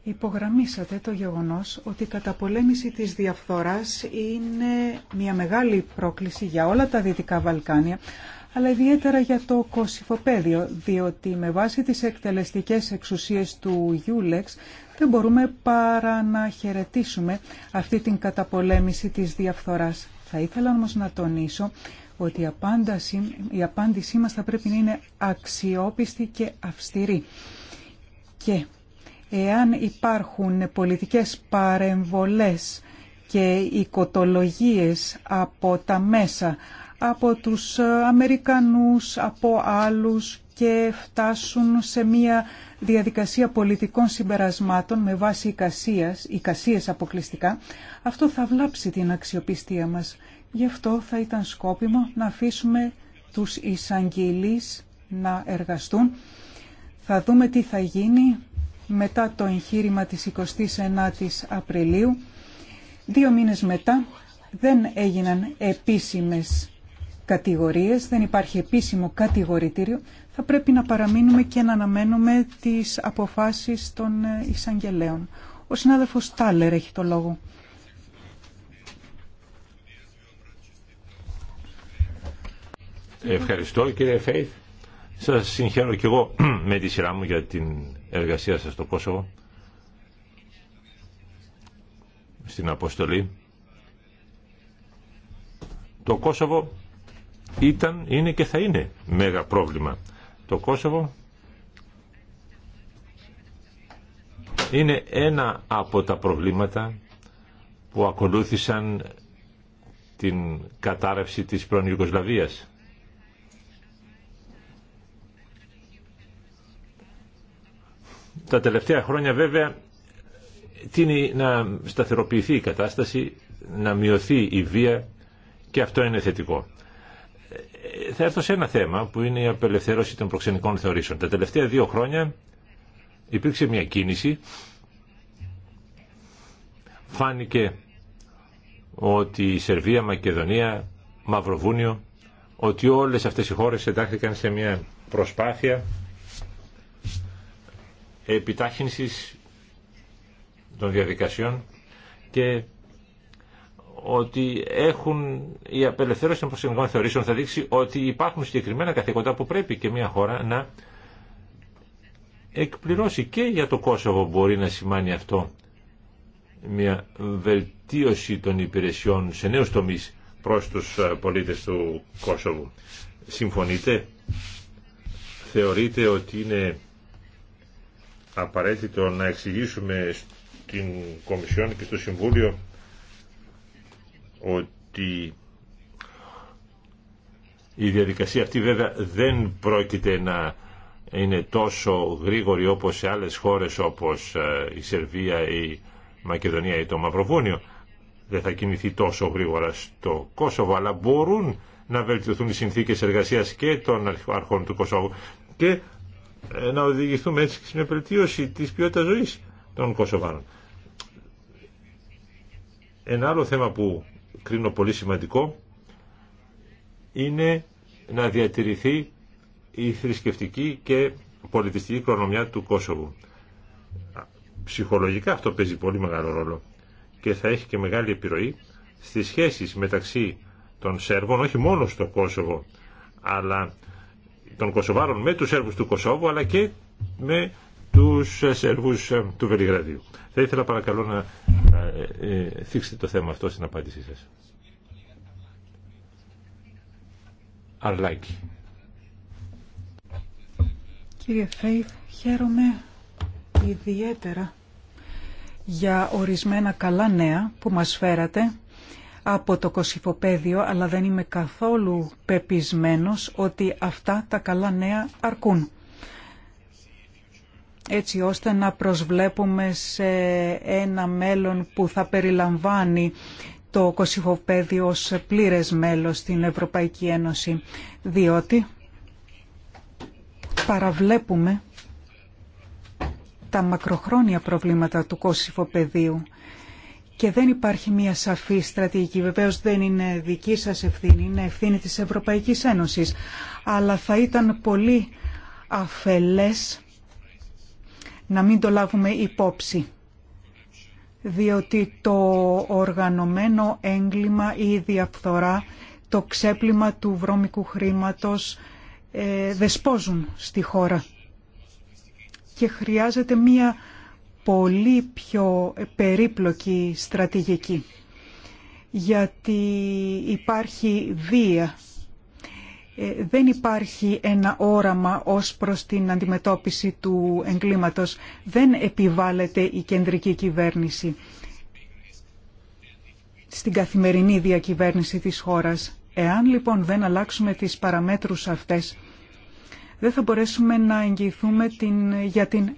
Υπογραμμίσατε το γεγονός ότι η καταπολέμηση της διαφθοράς είναι μια μεγάλη πρόκληση για όλα τα Δυτικά Βαλκάνια, αλλά ιδιαίτερα για το κοσυφοπέδιο, διότι με βάση τις εκτελεστικές εξουσίες του Γιούλεξ δεν μπορούμε παρά να χαιρετήσουμε αυτή την καταπολέμηση της διαφθοράς. Θα ήθελα όμως να τονίσω ότι η απάντηση, η απάντησή μας θα πρέπει να είναι αξιόπιστη και αυστηρή. Και εάν υπάρχουν πολιτικές παρεμβολές και οικοτολογίες από τα μέσα, από τους Αμερικανούς, από άλλους και φτάσουν σε μια διαδικασία πολιτικών συμπερασμάτων με βάση εικασίας, εικασίες αποκλειστικά, αυτό θα βλάψει την αξιοπιστία μας. Γι' αυτό θα ήταν σκόπιμο να αφήσουμε τους εισαγγελείς να εργαστούν. Θα δούμε τι θα γίνει μετά το εγχείρημα της 29ης Απριλίου. Δύο μήνες μετά δεν έγιναν επίσημες κατηγορίες, δεν υπάρχει επίσημο κατηγορητήριο, θα πρέπει να παραμείνουμε και να αναμένουμε τις αποφάσεις των ε, εισαγγελέων. Ο συνάδελφος Τάλερ έχει το λόγο. Ευχαριστώ κύριε Φέιθ. Σας συγχαίρω και εγώ με τη σειρά μου για την εργασία σας στο Κόσοβο στην αποστολή. Το Κόσοβο ήταν, είναι και θα είναι μέγα πρόβλημα. Το Κόσοβο είναι ένα από τα προβλήματα που ακολούθησαν την κατάρρευση της πρώην Ιουγκοσλαβίας. Τα τελευταία χρόνια βέβαια τίνει να σταθεροποιηθεί η κατάσταση, να μειωθεί η βία και αυτό είναι θετικό θα έρθω σε ένα θέμα που είναι η απελευθέρωση των προξενικών θεωρήσεων. Τα τελευταία δύο χρόνια υπήρξε μια κίνηση. Φάνηκε ότι η Σερβία, Μακεδονία, Μαυροβούνιο, ότι όλες αυτές οι χώρες εντάχθηκαν σε μια προσπάθεια επιτάχυνσης των διαδικασιών και ότι έχουν η απελευθέρωση των προσεγγικών θεωρήσεων θα δείξει ότι υπάρχουν συγκεκριμένα καθήκοντα που πρέπει και μια χώρα να εκπληρώσει και για το Κόσοβο μπορεί να σημάνει αυτό μια βελτίωση των υπηρεσιών σε νέους τομείς προς τους ε, πολίτες του Κόσοβου. Συμφωνείτε, θεωρείτε ότι είναι απαραίτητο να εξηγήσουμε στην Κομισιόν και στο Συμβούλιο ότι η διαδικασία αυτή βέβαια δεν πρόκειται να είναι τόσο γρήγορη όπως σε άλλες χώρες όπως ε, η Σερβία, η Μακεδονία ή το Μαυροβούνιο. Δεν θα κινηθεί τόσο γρήγορα στο Κόσοβο, αλλά μπορούν να βελτιωθούν οι συνθήκες εργασίας και των αρχών του Κόσοβου και ε, να οδηγηθούμε έτσι στην στην της ποιότητας ζωής των Κόσοβάνων. Ένα άλλο θέμα που κρίνω πολύ σημαντικό είναι να διατηρηθεί η θρησκευτική και πολιτιστική κληρονομιά του Κόσοβου. Ψυχολογικά αυτό παίζει πολύ μεγάλο ρόλο και θα έχει και μεγάλη επιρροή στις σχέσεις μεταξύ των Σέρβων, όχι μόνο στο Κόσοβο, αλλά των Κωσοβάρων με τους Σέρβους του Κοσόβου, αλλά και με τους Σέρβους ε, του Βελιγραδίου. Θα ήθελα παρακαλώ να ε, ε, θίξετε το θέμα αυτό στην απάντησή σας. Αρλάκη. Κύριε Φέιθ, χαίρομαι ιδιαίτερα για ορισμένα καλά νέα που μας φέρατε από το κοσυφοπέδιο, αλλά δεν είμαι καθόλου πεπισμένος ότι αυτά τα καλά νέα αρκούν έτσι ώστε να προσβλέπουμε σε ένα μέλλον που θα περιλαμβάνει το Κωσυχοπέδιο ως πλήρες μέλος στην Ευρωπαϊκή Ένωση, διότι παραβλέπουμε τα μακροχρόνια προβλήματα του Κωσυφοπέδιου και δεν υπάρχει μια σαφή στρατηγική. Βεβαίως δεν είναι δική σας ευθύνη, είναι ευθύνη της Ευρωπαϊκής Ένωσης, αλλά θα ήταν πολύ αφελές να μην το λάβουμε υπόψη διότι το οργανωμένο έγκλημα ή η διαφθορά, το ξέπλυμα του βρώμικου χρήματος ε, δεσπόζουν στη χώρα. Και χρειάζεται μία πολύ πιο περίπλοκη στρατηγική, γιατί υπάρχει βία ε, δεν υπάρχει ένα όραμα ως προς την αντιμετώπιση του εγκλήματος. Δεν επιβάλλεται η κεντρική κυβέρνηση στην καθημερινή διακυβέρνηση της χώρας. Εάν λοιπόν δεν αλλάξουμε τις παραμέτρους αυτές, δεν θα μπορέσουμε να εγγυηθούμε την, για την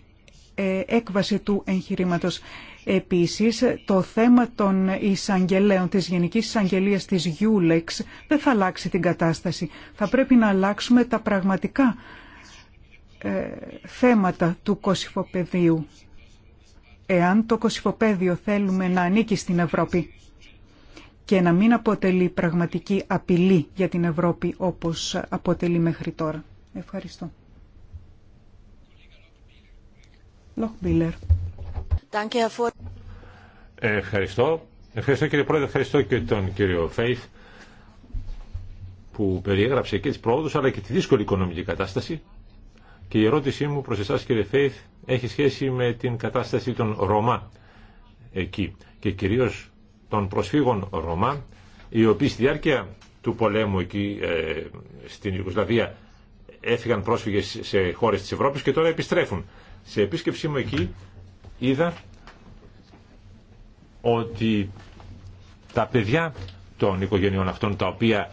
ε, έκβαση του εγχειρήματος. Επίσης, το θέμα των εισαγγελέων, της Γενικής Εισαγγελίας της Γιούλεξ δεν θα αλλάξει την κατάσταση. Θα πρέπει να αλλάξουμε τα πραγματικά ε, θέματα του κοσυφοπεδίου, εάν το κοσυφοπέδιο θέλουμε να ανήκει στην Ευρώπη και να μην αποτελεί πραγματική απειλή για την Ευρώπη όπως αποτελεί μέχρι τώρα. Ευχαριστώ. Ευχαριστώ. Ευχαριστώ κύριε Πρόεδρε, ευχαριστώ και τον κύριο Φέιθ που περιέγραψε και τις πρόοδους αλλά και τη δύσκολη οικονομική κατάσταση και η ερώτησή μου προς εσάς κύριε Φέιθ έχει σχέση με την κατάσταση των Ρωμά εκεί και κυρίως των προσφύγων Ρωμά οι οποίοι στη διάρκεια του πολέμου εκεί ε, στην Ιουγκοσλαβία έφυγαν πρόσφυγες σε χώρες της Ευρώπης και τώρα επιστρέφουν. Σε επίσκεψή μου εκεί είδα ότι τα παιδιά των οικογενειών αυτών τα οποία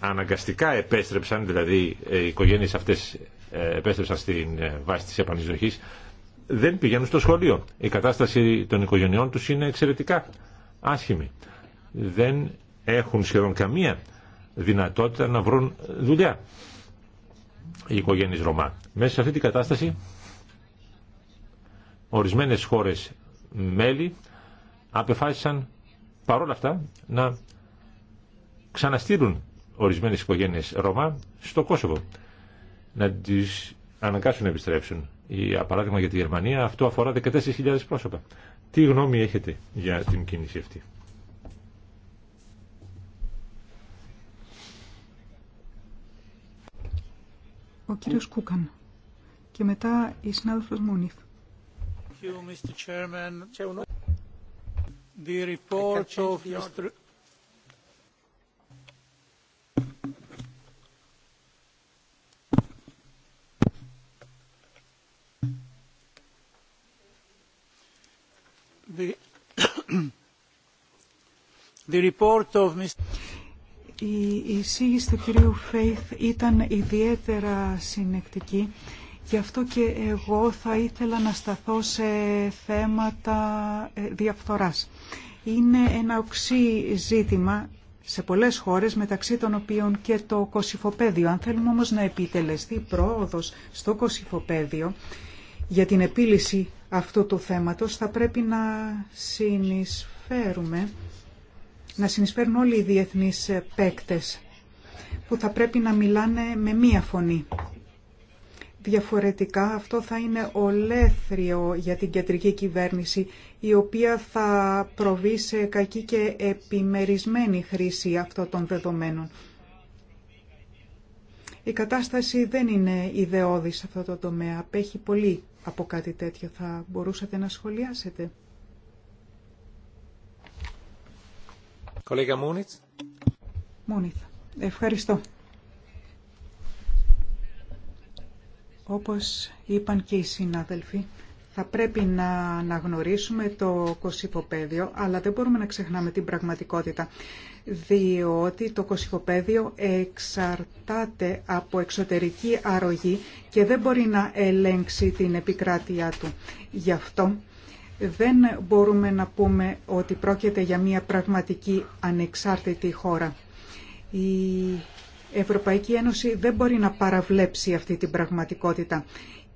αναγκαστικά επέστρεψαν, δηλαδή ε, οι οικογένειες αυτές ε, επέστρεψαν στην ε, βάση της επανεισδοχής, δεν πηγαίνουν στο σχολείο. Η κατάσταση των οικογενειών τους είναι εξαιρετικά άσχημη. Δεν έχουν σχεδόν καμία δυνατότητα να βρουν δουλειά οι οικογένειες Ρωμά. Μέσα σε αυτή την κατάσταση Ορισμένες χώρες μέλη απεφάσισαν παρόλα αυτά να ξαναστήρουν ορισμένες οικογένειες Ρωμά στο Κόσοβο. Να τις αναγκάσουν να επιστρέψουν. Για παράδειγμα για τη Γερμανία αυτό αφορά 14.000 πρόσωπα. Τι γνώμη έχετε για την κίνηση αυτή. Ο κύριος Κούκαν και μετά η συνάδελφος Μονίφ Mr. Η εισήγηση του κυρίου Φέιθ ήταν ιδιαίτερα συνεκτική Γι' αυτό και εγώ θα ήθελα να σταθώ σε θέματα ε, διαφθοράς. Είναι ένα οξύ ζήτημα σε πολλές χώρες, μεταξύ των οποίων και το κοσυφοπέδιο. Αν θέλουμε όμως να επιτελεστεί πρόοδος στο κοσυφοπέδιο για την επίλυση αυτού του θέματος, θα πρέπει να συνεισφέρουμε, να συνεισφέρουν όλοι οι διεθνείς παίκτες, που θα πρέπει να μιλάνε με μία φωνή Διαφορετικά αυτό θα είναι ολέθριο για την κεντρική κυβέρνηση, η οποία θα προβεί σε κακή και επιμερισμένη χρήση αυτών των δεδομένων. Η κατάσταση δεν είναι ιδεώδη σε αυτό το τομέα. Απέχει πολύ από κάτι τέτοιο. Θα μπορούσατε να σχολιάσετε. Ευχαριστώ. Όπως είπαν και οι συνάδελφοι, θα πρέπει να αναγνωρίσουμε το κοσυφοπαίδιο, αλλά δεν μπορούμε να ξεχνάμε την πραγματικότητα, διότι το κοσυφοπαίδιο εξαρτάται από εξωτερική αρρωγή και δεν μπορεί να ελέγξει την επικράτειά του. Γι' αυτό δεν μπορούμε να πούμε ότι πρόκειται για μια πραγματική ανεξάρτητη χώρα. Η Ευρωπαϊκή Ένωση δεν μπορεί να παραβλέψει αυτή την πραγματικότητα.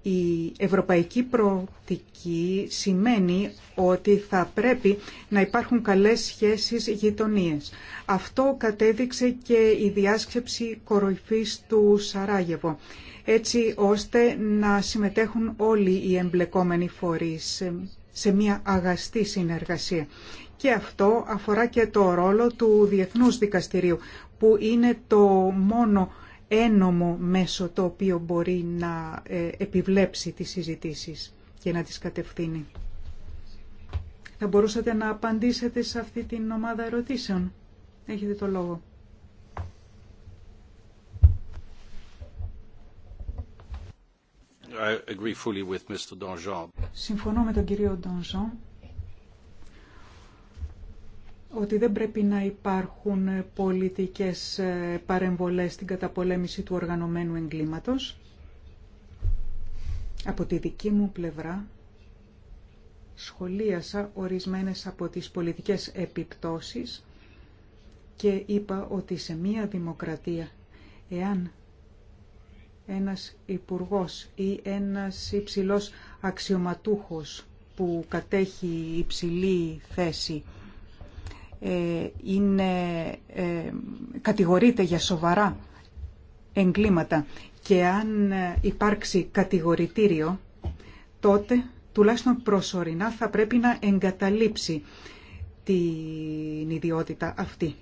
Η ευρωπαϊκή προοπτική σημαίνει ότι θα πρέπει να υπάρχουν καλές σχέσεις γειτονίες. Αυτό κατέδειξε και η διάσκεψη κοροϊφής του Σαράγεβο, έτσι ώστε να συμμετέχουν όλοι οι εμπλεκόμενοι φορείς σε μια αγαστή συνεργασία. Και αυτό αφορά και το ρόλο του Διεθνούς Δικαστηρίου που είναι το μόνο ένομο μέσο το οποίο μπορεί να ε, επιβλέψει τις συζητήσεις και να τις κατευθύνει. Θα μπορούσατε να απαντήσετε σε αυτή την ομάδα ερωτήσεων. Έχετε το λόγο. I agree fully with Mr. Συμφωνώ με τον κύριο Ντονζόν ότι δεν πρέπει να υπάρχουν πολιτικές παρεμβολές στην καταπολέμηση του οργανωμένου εγκλήματος. Από τη δική μου πλευρά σχολίασα ορισμένες από τις πολιτικές επιπτώσεις και είπα ότι σε μία δημοκρατία, εάν ένας υπουργός ή ένας υψηλός αξιωματούχος που κατέχει υψηλή θέση ε, είναι, ε, κατηγορείται για σοβαρά εγκλήματα και αν ε, υπάρξει κατηγορητήριο, τότε τουλάχιστον προσωρινά θα πρέπει να εγκαταλείψει την ιδιότητα αυτή.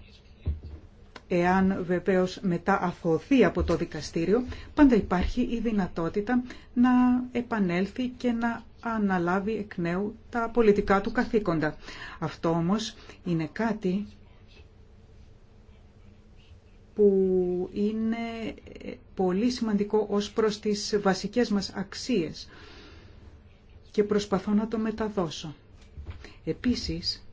Εάν βεβαίως μετά αθωωθεί από το δικαστήριο, πάντα υπάρχει η δυνατότητα να επανέλθει και να αναλάβει εκ νέου τα πολιτικά του καθήκοντα. Αυτό όμως είναι κάτι που είναι πολύ σημαντικό ως προς τις βασικές μας αξίες και προσπαθώ να το μεταδώσω. Επίσης,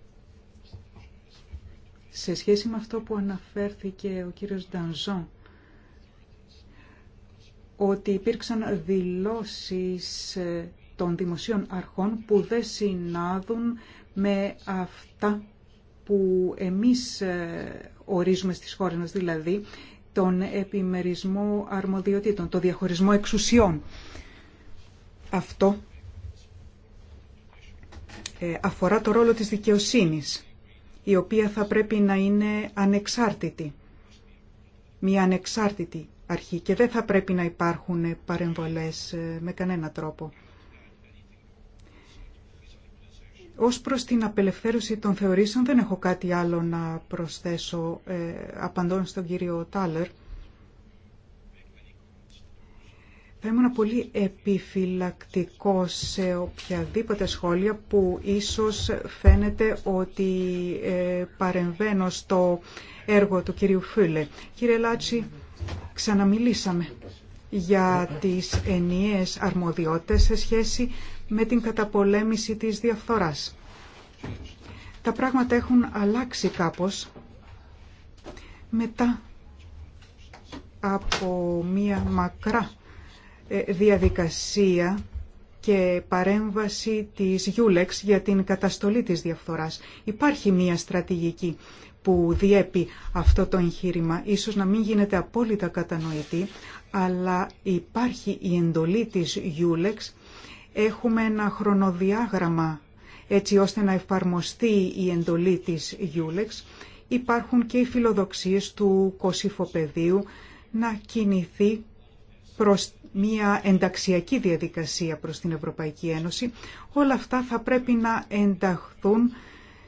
σε σχέση με αυτό που αναφέρθηκε ο κύριος Ντανζό ότι υπήρξαν δηλώσεις ε, των δημοσίων αρχών που δεν συνάδουν με αυτά που εμείς ε, ορίζουμε στις χώρες μας, δηλαδή τον επιμερισμό αρμοδιοτήτων, τον διαχωρισμό εξουσιών. Αυτό ε, αφορά το ρόλο της δικαιοσύνης, η οποία θα πρέπει να είναι ανεξάρτητη, μια ανεξάρτητη αρχή και δεν θα πρέπει να υπάρχουν παρεμβολές ε, με κανένα τρόπο. Ως προς την απελευθέρωση των θεωρήσεων δεν έχω κάτι άλλο να προσθέσω ε, απαντών στον κύριο Τάλερ. Θα ήμουν πολύ επιφυλακτικό σε οποιαδήποτε σχόλια που ίσως φαίνεται ότι ε, παρεμβαίνω στο έργο του κυρίου Φούλε. Κύριε Λάτσι, ξαναμιλήσαμε για τις ενιαίες αρμοδιότητες σε σχέση με την καταπολέμηση της διαφθοράς. Τα πράγματα έχουν αλλάξει κάπως μετά από μία μακρά ε, διαδικασία και παρέμβαση της Γιούλεξ για την καταστολή της διαφθοράς. Υπάρχει μία στρατηγική που διέπει αυτό το εγχείρημα, ίσως να μην γίνεται απόλυτα κατανοητή, αλλά υπάρχει η εντολή της Γιούλεξ έχουμε ένα χρονοδιάγραμμα έτσι ώστε να εφαρμοστεί η εντολή της Γιούλεξ. Υπάρχουν και οι φιλοδοξίες του κοσυφοπεδίου να κινηθεί προς μια ενταξιακή διαδικασία προς την Ευρωπαϊκή Ένωση. Όλα αυτά θα πρέπει να ενταχθούν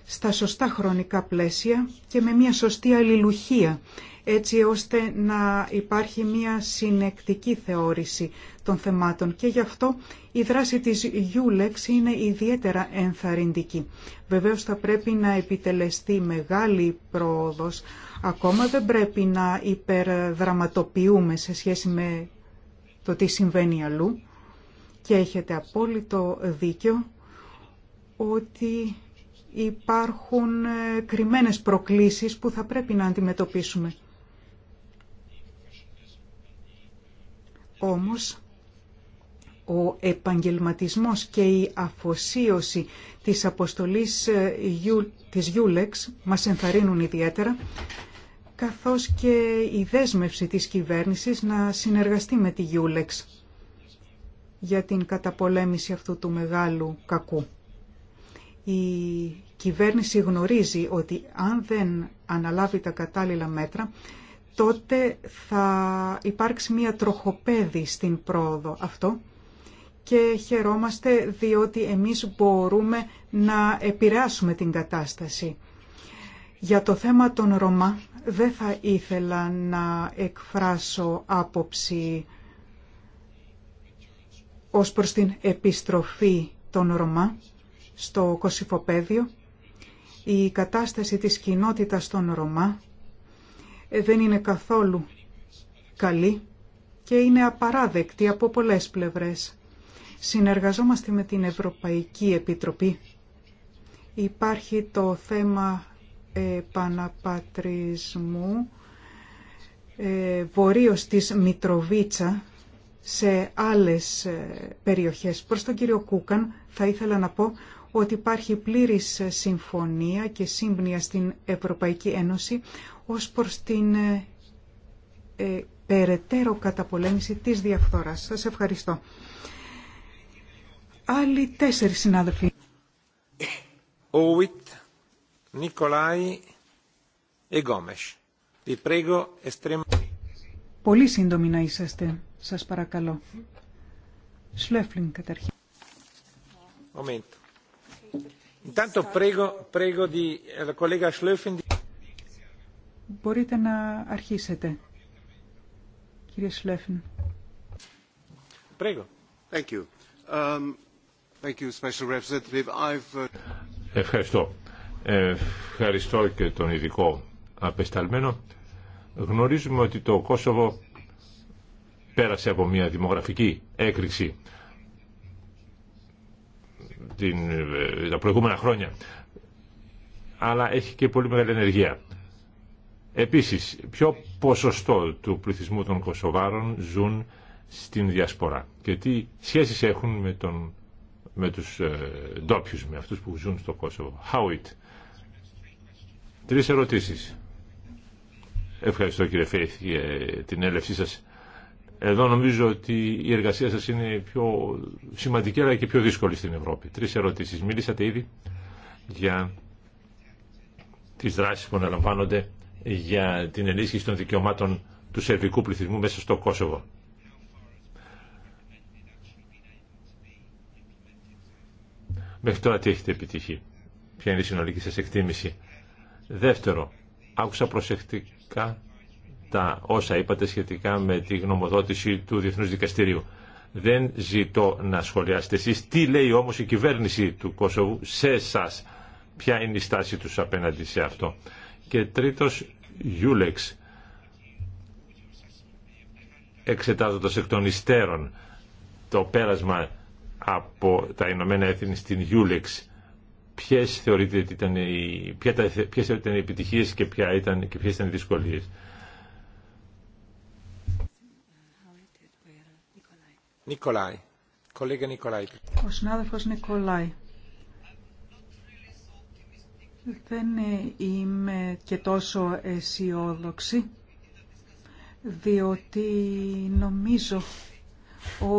στα σωστά χρονικά πλαίσια και με μια σωστή αλληλουχία, έτσι ώστε να υπάρχει μια συνεκτική θεώρηση των θεμάτων και γι' αυτό η δράση της Γιούλεξ είναι ιδιαίτερα ενθαρρυντική. Βεβαίως θα πρέπει να επιτελεστεί μεγάλη πρόοδος, ακόμα δεν πρέπει να υπερδραματοποιούμε σε σχέση με το τι συμβαίνει αλλού και έχετε απόλυτο δίκιο ότι υπάρχουν ε, κρυμμένες προκλήσεις που θα πρέπει να αντιμετωπίσουμε. Όμως, ο επαγγελματισμός και η αφοσίωση της αποστολής ε, της Γιούλεξ μας ενθαρρύνουν ιδιαίτερα, καθώς και η δέσμευση της κυβέρνησης να συνεργαστεί με τη Γιούλεξ για την καταπολέμηση αυτού του μεγάλου κακού η κυβέρνηση γνωρίζει ότι αν δεν αναλάβει τα κατάλληλα μέτρα, τότε θα υπάρξει μια τροχοπέδη στην πρόοδο αυτό και χαιρόμαστε διότι εμείς μπορούμε να επηρεάσουμε την κατάσταση. Για το θέμα των Ρωμά δεν θα ήθελα να εκφράσω άποψη ως προς την επιστροφή των Ρωμά στο Κωσυφοπαίδιο Η κατάσταση της κοινότητας των Ρωμά ε, δεν είναι καθόλου καλή και είναι απαράδεκτη από πολλές πλευρές. Συνεργαζόμαστε με την Ευρωπαϊκή Επιτροπή. Υπάρχει το θέμα επαναπατρισμού ε, βορείως της Μητροβίτσα σε άλλες ε, περιοχές. Προς τον κύριο Κούκαν θα ήθελα να πω ότι υπάρχει πλήρης συμφωνία και σύμπνοια στην Ευρωπαϊκή Ένωση ως προς την ε, ε, περαιτέρω καταπολέμηση της διαφθοράς. Σας ευχαριστώ. Άλλοι τέσσερις συνάδελφοι. E Πολύ σύντομοι να είσαστε, σας παρακαλώ. Σλέφλιν καταρχήν. Ομέντο. Eh, Μπορείτε να αρχίσετε. Κύριε Σλέφεν. Um, uh, Ευχαριστώ. Ευχαριστώ και τον ειδικό απεσταλμένο. Γνωρίζουμε ότι το Κόσοβο πέρασε από μια δημογραφική έκρηξη την, ε, τα προηγούμενα χρόνια αλλά έχει και πολύ μεγάλη ενεργεία. Επίσης, ποιο ποσοστό του πληθυσμού των Κωσοβάρων ζουν στην διασπορά και τι σχέσεις έχουν με, τον, με τους ε, ντόπιου, με αυτούς που ζουν στο Κόσοβο. How it. Τρεις ερωτήσεις. Ευχαριστώ κύριε Φέιθ για την έλευσή σας. Εδώ νομίζω ότι η εργασία σας είναι πιο σημαντική αλλά και πιο δύσκολη στην Ευρώπη. Τρεις ερωτήσεις. Μίλησατε ήδη για τις δράσεις που αναλαμβάνονται για την ενίσχυση των δικαιωμάτων του σερβικού πληθυσμού μέσα στο Κόσοβο. Μέχρι τώρα τι έχετε επιτυχεί. Ποια είναι η συνολική σας εκτίμηση. Δεύτερο, άκουσα προσεκτικά τα όσα είπατε σχετικά με τη γνωμοδότηση του Διεθνούς Δικαστηρίου. Δεν ζητώ να σχολιάσετε εσείς. Τι λέει όμως η κυβέρνηση του Κόσοβου σε εσά. Ποια είναι η στάση τους απέναντι σε αυτό. Και τρίτος, Γιούλεξ. Εξετάζοντας εκ των υστέρων το πέρασμα από τα Ηνωμένα Έθνη στην Γιούλεξ ποιες θεωρείτε ότι ήταν οι, επιτυχίες και, ήταν, και ποιες ήταν οι δυσκολίες. Ο συνάδελφος Νικολάη. Δεν ε, είμαι και τόσο αισιόδοξη, διότι νομίζω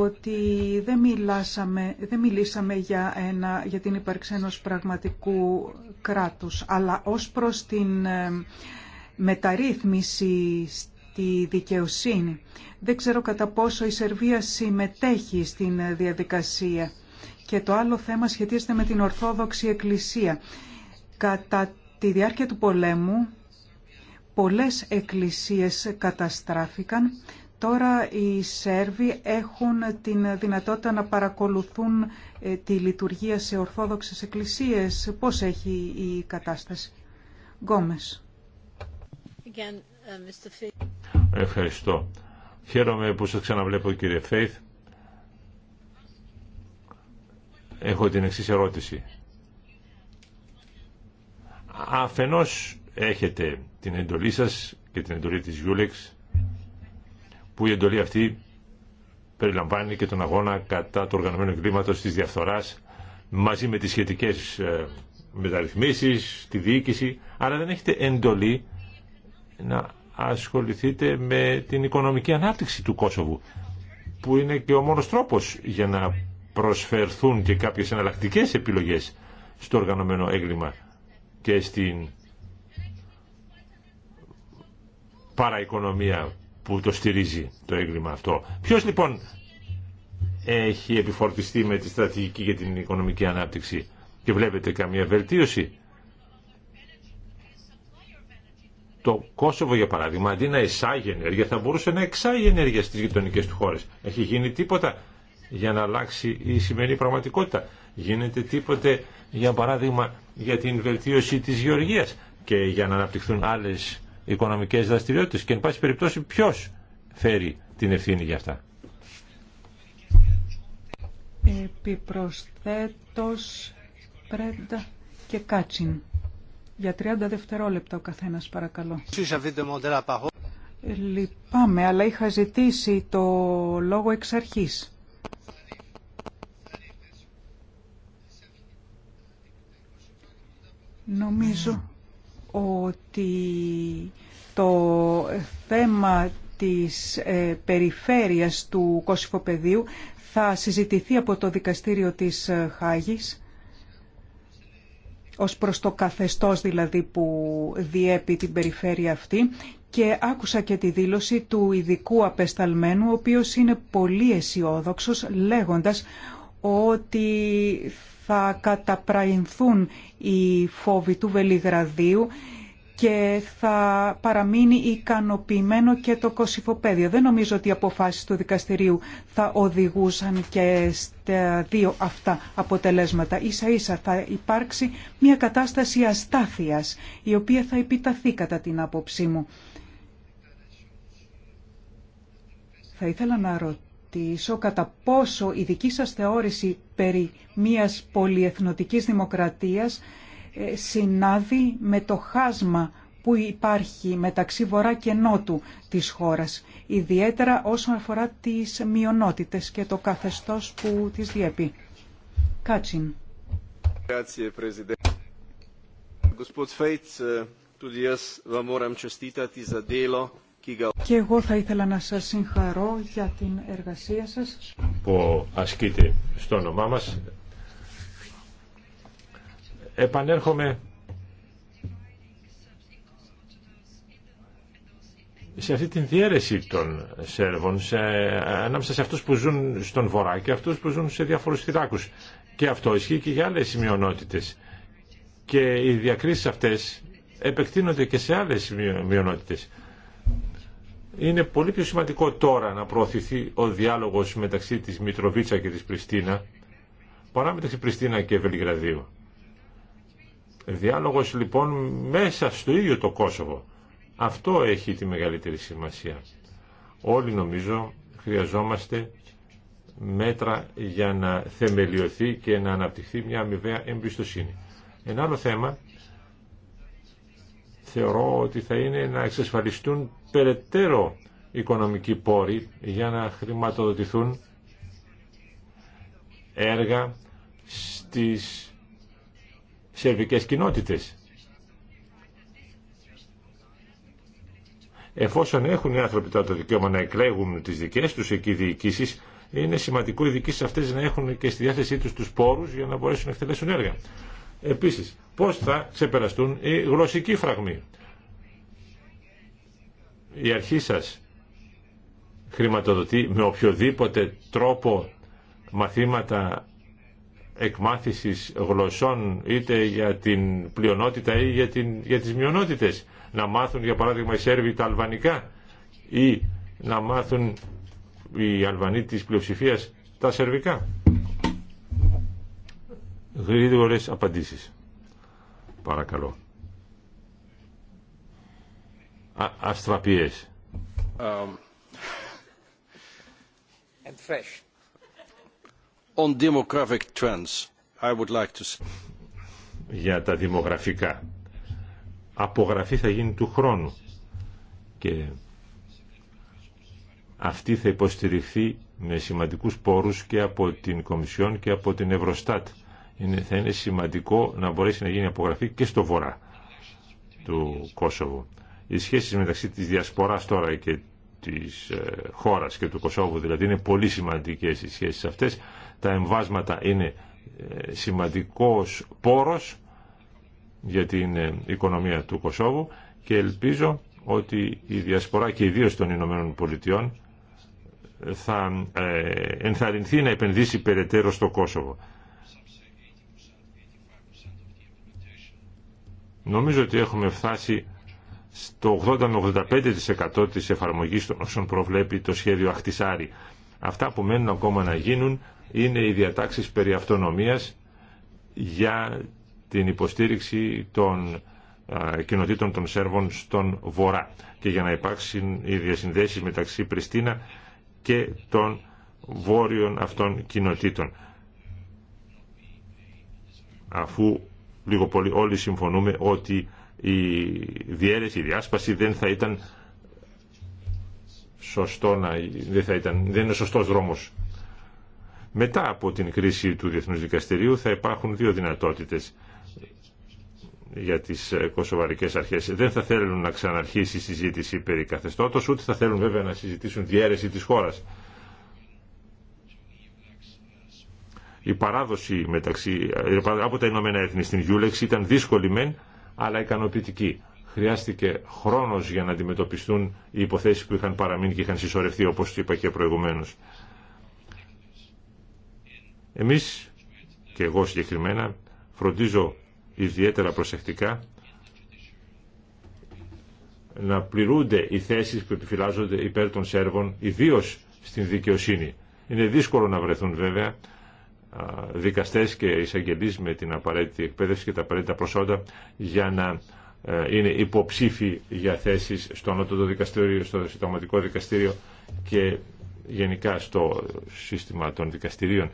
ότι δεν, μιλάσαμε, δεν μιλήσαμε για, ένα, για την ύπαρξη ενός πραγματικού κράτους, αλλά ως προς την ε, μεταρρύθμιση τη δικαιοσύνη. Δεν ξέρω κατά πόσο η Σερβία συμμετέχει στην διαδικασία. Και το άλλο θέμα σχετίζεται με την Ορθόδοξη Εκκλησία. Κατά τη διάρκεια του πολέμου, πολλές εκκλησίες καταστράφηκαν. Τώρα οι Σέρβοι έχουν την δυνατότητα να παρακολουθούν ε, τη λειτουργία σε Ορθόδοξες Εκκλησίες. Πώς έχει η κατάσταση. Γκόμες. Ευχαριστώ. Χαίρομαι που σας ξαναβλέπω κύριε Φέιθ. Έχω την εξής ερώτηση. Αφενός έχετε την εντολή σας και την εντολή της Γιούλεξ που η εντολή αυτή περιλαμβάνει και τον αγώνα κατά του οργανωμένου κλίματος της διαφθοράς μαζί με τις σχετικές ε, μεταρρυθμίσεις, τη διοίκηση, αλλά δεν έχετε εντολή να ασχοληθείτε με την οικονομική ανάπτυξη του Κόσοβου που είναι και ο μόνος τρόπος για να προσφερθούν και κάποιες εναλλακτικές επιλογές στο οργανωμένο έγκλημα και στην παραοικονομία που το στηρίζει το έγκλημα αυτό. Ποιος λοιπόν έχει επιφορτιστεί με τη στρατηγική για την οικονομική ανάπτυξη και βλέπετε καμία βελτίωση. το Κόσοβο, για παράδειγμα, αντί να εισάγει ενέργεια, θα μπορούσε να εξάγει ενέργεια στι γειτονικέ του χώρε. Έχει γίνει τίποτα για να αλλάξει η σημερινή πραγματικότητα. Γίνεται τίποτε, για παράδειγμα, για την βελτίωση τη γεωργία και για να αναπτυχθούν άλλε οικονομικέ δραστηριότητε. Και, εν πάση περιπτώσει, ποιο φέρει την ευθύνη για αυτά. Επιπροσθέτως, πρέντα και κάτσιν. Για 30 δευτερόλεπτα ο καθένας παρακαλώ. Ε, λυπάμαι, αλλά είχα ζητήσει το λόγο εξ αρχής. Νομίζω ότι το θέμα της ε, περιφέρειας του Κωσυφοπεδίου θα συζητηθεί από το δικαστήριο της ε, Χάγης ως προς το καθεστώς δηλαδή που διέπει την περιφέρεια αυτή και άκουσα και τη δήλωση του ειδικού απεσταλμένου, ο οποίος είναι πολύ αισιόδοξο λέγοντας ότι θα καταπραϊνθούν οι φόβοι του Βελιγραδίου και θα παραμείνει ικανοποιημένο και το κοσυφοπέδιο. Δεν νομίζω ότι οι αποφάσεις του δικαστηρίου θα οδηγούσαν και στα δύο αυτά αποτελέσματα. Ίσα ίσα θα υπάρξει μια κατάσταση αστάθειας η οποία θα επιταθεί κατά την άποψή μου. Θα ήθελα να ρωτήσω κατά πόσο η δική σας θεώρηση περί μιας πολυεθνοτικής δημοκρατίας ε, συνάδει με το χάσμα που υπάρχει μεταξύ βορρά και νότου της χώρας, ιδιαίτερα όσον αφορά τις μειονότητες και το καθεστώς που τις διέπει. Κάτσιν. Eh, και εγώ θα ήθελα να σας συγχαρώ για την εργασία σας που ασκείτε στο όνομά μας επανέρχομαι σε αυτή την διαίρεση των Σέρβων σε, ανάμεσα σε αυτούς που ζουν στον Βορρά και αυτούς που ζουν σε διάφορους Και αυτό ισχύει και για άλλες μειονότητες. Και οι διακρίσεις αυτές επεκτείνονται και σε άλλες μειονότητες. Είναι πολύ πιο σημαντικό τώρα να προωθηθεί ο διάλογος μεταξύ της Μητροβίτσα και της Πριστίνα παρά μεταξύ Πριστίνα και Βελιγραδίου. Διάλογος λοιπόν μέσα στο ίδιο το Κόσοβο. Αυτό έχει τη μεγαλύτερη σημασία. Όλοι νομίζω χρειαζόμαστε μέτρα για να θεμελιωθεί και να αναπτυχθεί μια αμοιβαία εμπιστοσύνη. Ένα άλλο θέμα θεωρώ ότι θα είναι να εξασφαλιστούν περαιτέρω οικονομικοί πόροι για να χρηματοδοτηθούν έργα στις σερβικές κοινότητες. Εφόσον έχουν οι άνθρωποι τώρα το δικαίωμα να εκλέγουν τις δικές τους εκεί διοικήσεις, είναι σημαντικό οι διοικήσεις αυτές να έχουν και στη διάθεσή τους τους πόρους για να μπορέσουν να εκτελέσουν έργα. Επίσης, πώς θα ξεπεραστούν οι γλωσσικοί φραγμοί. Η αρχή σας χρηματοδοτεί με οποιοδήποτε τρόπο μαθήματα εκμάθησης γλωσσών είτε για την πλειονότητα ή για, την, για τις μειονότητες. Να μάθουν για παράδειγμα οι Σέρβοι τα αλβανικά ή να μάθουν οι Αλβανοί της πλειοψηφίας τα σερβικά. Γρήγορες απαντήσεις. Παρακαλώ. Α, αστραπιές. Um, Για τα δημογραφικά. Απογραφή θα γίνει του χρόνου και αυτή θα υποστηριχθεί με σημαντικούς πόρους και από την Κομισιόν και από την Ευρωστάτ. Είναι, θα είναι σημαντικό να μπορέσει να γίνει απογραφή και στο βορρά του Κόσοβου. Οι σχέσεις μεταξύ της διασποράς τώρα και της ε, χώρας και του Κωσόβου δηλαδή είναι πολύ σημαντικές οι σχέσεις αυτές τα εμβάσματα είναι ε, σημαντικός πόρος για την ε, οικονομία του Κωσόβου και ελπίζω ότι η διασπορά και ιδίω των Ηνωμένων Πολιτειών ε, θα ενθαρρυνθεί να επενδύσει περαιτέρω στο Κόσοβο. Νομίζω ότι έχουμε φτάσει στο 80-85% της εφαρμογής των όσων προβλέπει το σχέδιο Αχτισάρη. Αυτά που μένουν ακόμα να γίνουν είναι οι διατάξεις περί αυτονομίας για την υποστήριξη των κοινοτήτων των Σέρβων στον Βορρά και για να υπάρξουν οι διασυνδέσεις μεταξύ Πριστίνα και των βόρειων αυτών κοινοτήτων. Αφού λίγο πολύ όλοι συμφωνούμε ότι η διέρεση η διάσπαση δεν θα ήταν σωστό να, δεν, θα ήταν, δεν είναι σωστός δρόμος μετά από την κρίση του Διεθνούς Δικαστηρίου θα υπάρχουν δύο δυνατότητες για τις ε, κοσοβαρικές αρχές. Δεν θα θέλουν να ξαναρχίσει η συζήτηση περί καθεστώτος, ούτε θα θέλουν βέβαια να συζητήσουν διαίρεση της χώρας. Η παράδοση μεταξύ, ε, από τα Ηνωμένα Έθνη στην Γιούλεξ ήταν δύσκολη μεν, αλλά ικανοποιητική. Χρειάστηκε χρόνος για να αντιμετωπιστούν οι υποθέσεις που είχαν παραμείνει και είχαν συσσωρευτεί, όπως είπα και προηγουμένως. Εμείς και εγώ συγκεκριμένα φροντίζω ιδιαίτερα προσεκτικά να πληρούνται οι θέσεις που επιφυλάζονται υπέρ των Σέρβων, ιδίω στην δικαιοσύνη. Είναι δύσκολο να βρεθούν βέβαια δικαστές και εισαγγελείς με την απαραίτητη εκπαίδευση και τα απαραίτητα προσόντα για να ε, είναι υποψήφοι για θέσεις στο Ανώτατο Δικαστήριο, στο Συνταγματικό Δικαστήριο και γενικά στο σύστημα των δικαστηρίων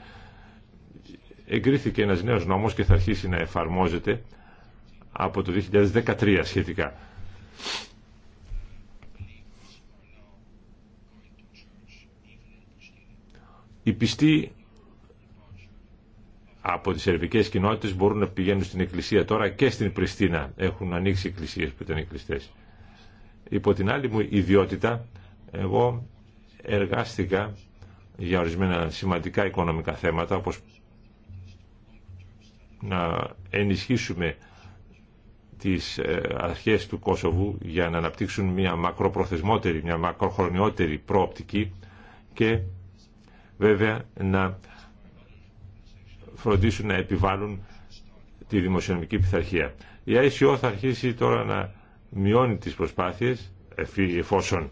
εγκρίθηκε ένας νέος νόμος και θα αρχίσει να εφαρμόζεται από το 2013 σχετικά. Οι πιστοί από τις ερβικές κοινότητες μπορούν να πηγαίνουν στην εκκλησία τώρα και στην Πριστίνα. Έχουν ανοίξει εκκλησίες που ήταν εκκλησίες. Υπό την άλλη μου ιδιότητα, εγώ εργάστηκα για ορισμένα σημαντικά οικονομικά θέματα, όπως να ενισχύσουμε τις ε, αρχές του Κόσοβου για να αναπτύξουν μια μακροπροθεσμότερη, μια μακροχρονιότερη προοπτική και βέβαια να φροντίσουν να επιβάλλουν τη δημοσιονομική πειθαρχία. Η ICO θα αρχίσει τώρα να μειώνει τις προσπάθειες εφόσον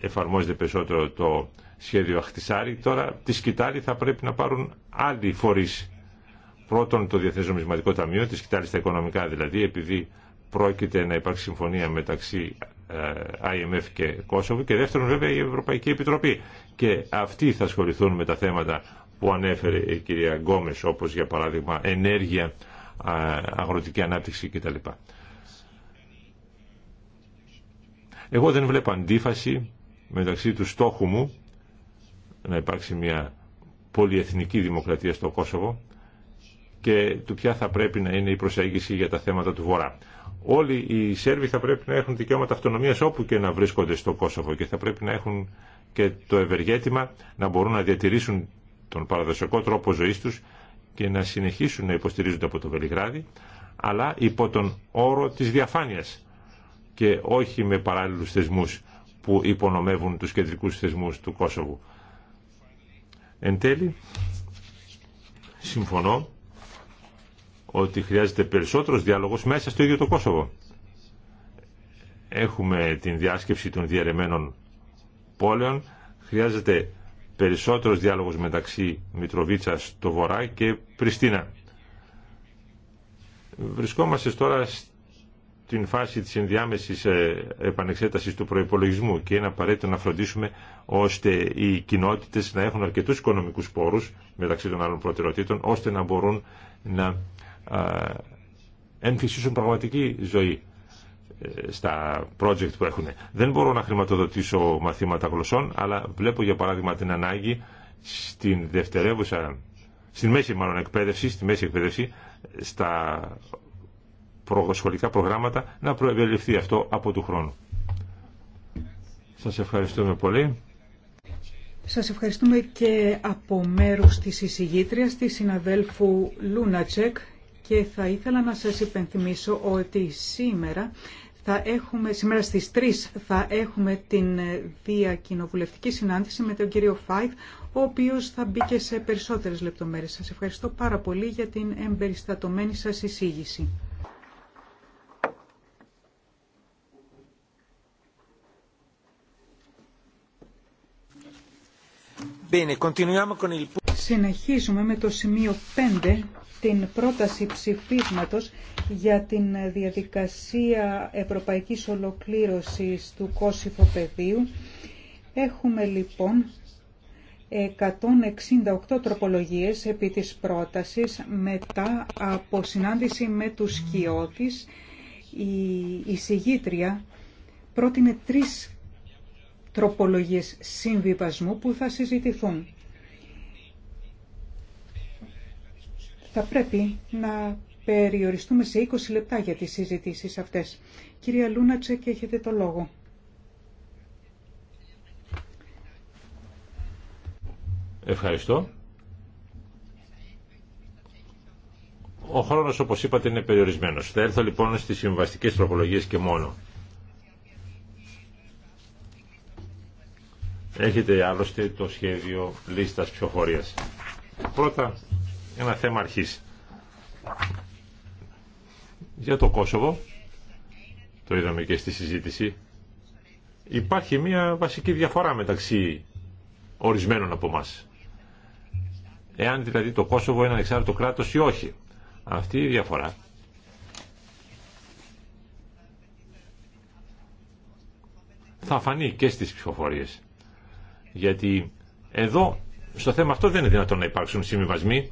εφαρμόζεται περισσότερο το σχέδιο Αχτισάρη. Τώρα τη σκητάλη θα πρέπει να πάρουν άλλοι φορείς Πρώτον, το Διεθνές Νομισματικό Ταμείο, τη κοιτάλη στα οικονομικά δηλαδή, επειδή πρόκειται να υπάρξει συμφωνία μεταξύ ε, IMF και Κόσοβου και δεύτερον βέβαια η Ευρωπαϊκή Επιτροπή. Και αυτοί θα ασχοληθούν με τα θέματα που ανέφερε η κυρία Γκόμες, όπως για παράδειγμα ενέργεια, αγροτική ανάπτυξη κτλ. Εγώ δεν βλέπω αντίφαση μεταξύ του στόχου μου να υπάρξει μια πολυεθνική δημοκρατία στο Κόσοβο και του ποια θα πρέπει να είναι η προσέγγιση για τα θέματα του Βορρά. Όλοι οι Σέρβοι θα πρέπει να έχουν δικαιώματα αυτονομία όπου και να βρίσκονται στο Κόσοβο και θα πρέπει να έχουν και το ευεργέτημα να μπορούν να διατηρήσουν τον παραδοσιακό τρόπο ζωή του και να συνεχίσουν να υποστηρίζονται από το Βελιγράδι, αλλά υπό τον όρο τη διαφάνεια και όχι με παράλληλου θεσμού που υπονομεύουν του κεντρικού θεσμού του Κόσοβου. Εν συμφωνώ ότι χρειάζεται περισσότερος διάλογος μέσα στο ίδιο το Κόσοβο. Έχουμε την διάσκεψη των διαρεμένων πόλεων, χρειάζεται περισσότερος διάλογος μεταξύ Μητροβίτσας στο βορρά και Πριστίνα. Βρισκόμαστε τώρα στην φάση της ενδιάμεσης ε, επανεξέτασης του προϋπολογισμού και είναι απαραίτητο να φροντίσουμε ώστε οι κοινότητες να έχουν αρκετούς οικονομικούς πόρους μεταξύ των άλλων προτεραιοτήτων ώστε να μπορούν να εμφυσίσουν πραγματική ζωή ε, στα project που έχουν. Δεν μπορώ να χρηματοδοτήσω μαθήματα γλωσσών, αλλά βλέπω για παράδειγμα την ανάγκη στην δευτερεύουσα, στην μέση μάλλον εκπαίδευση, στη μέση εκπαίδευση, στα σχολικά προγράμματα να προεμπεριληφθεί αυτό από του χρόνου. Σας ευχαριστούμε πολύ. Σας ευχαριστούμε και από μέρους της εισηγήτριας, της συναδέλφου Λούνατσεκ, και θα ήθελα να σας υπενθυμίσω ότι σήμερα θα έχουμε, σήμερα στις 3 θα έχουμε την ε, διακοινοβουλευτική συνάντηση με τον κύριο Φάιθ ο οποίος θα μπει και σε περισσότερες λεπτομέρειες. Σας ευχαριστώ πάρα πολύ για την εμπεριστατωμένη σας εισήγηση. Συνεχίζουμε με το σημείο 5 την πρόταση ψηφίσματος για την διαδικασία ευρωπαϊκής ολοκλήρωσης του Κόσυφο Πεδίου. Έχουμε λοιπόν 168 τροπολογίες επί της πρότασης μετά από συνάντηση με τους Κιώτης. Η συγγήτρια πρότεινε τρεις τροπολογίες συμβιβασμού που θα συζητηθούν. Θα πρέπει να περιοριστούμε σε 20 λεπτά για τις συζητήσεις αυτές. Κυρία Λούνατσεκ, έχετε το λόγο. Ευχαριστώ. Ο χρόνος, όπως είπατε, είναι περιορισμένος. Θα έρθω λοιπόν στις συμβαστικές τροπολογίες και μόνο. Έχετε άλλωστε το σχέδιο λίστας ψηφοφορίας. Πρώτα ένα θέμα αρχής. Για το Κόσοβο, το είδαμε και στη συζήτηση, υπάρχει μια βασική διαφορά μεταξύ ορισμένων από εμά. Εάν δηλαδή το Κόσοβο είναι ανεξάρτητο κράτος ή όχι. Αυτή η διαφορά θα φανεί και στις ψηφοφορίες. Γιατί εδώ στο θέμα αυτό δεν είναι δυνατόν να υπάρξουν συμβιβασμοί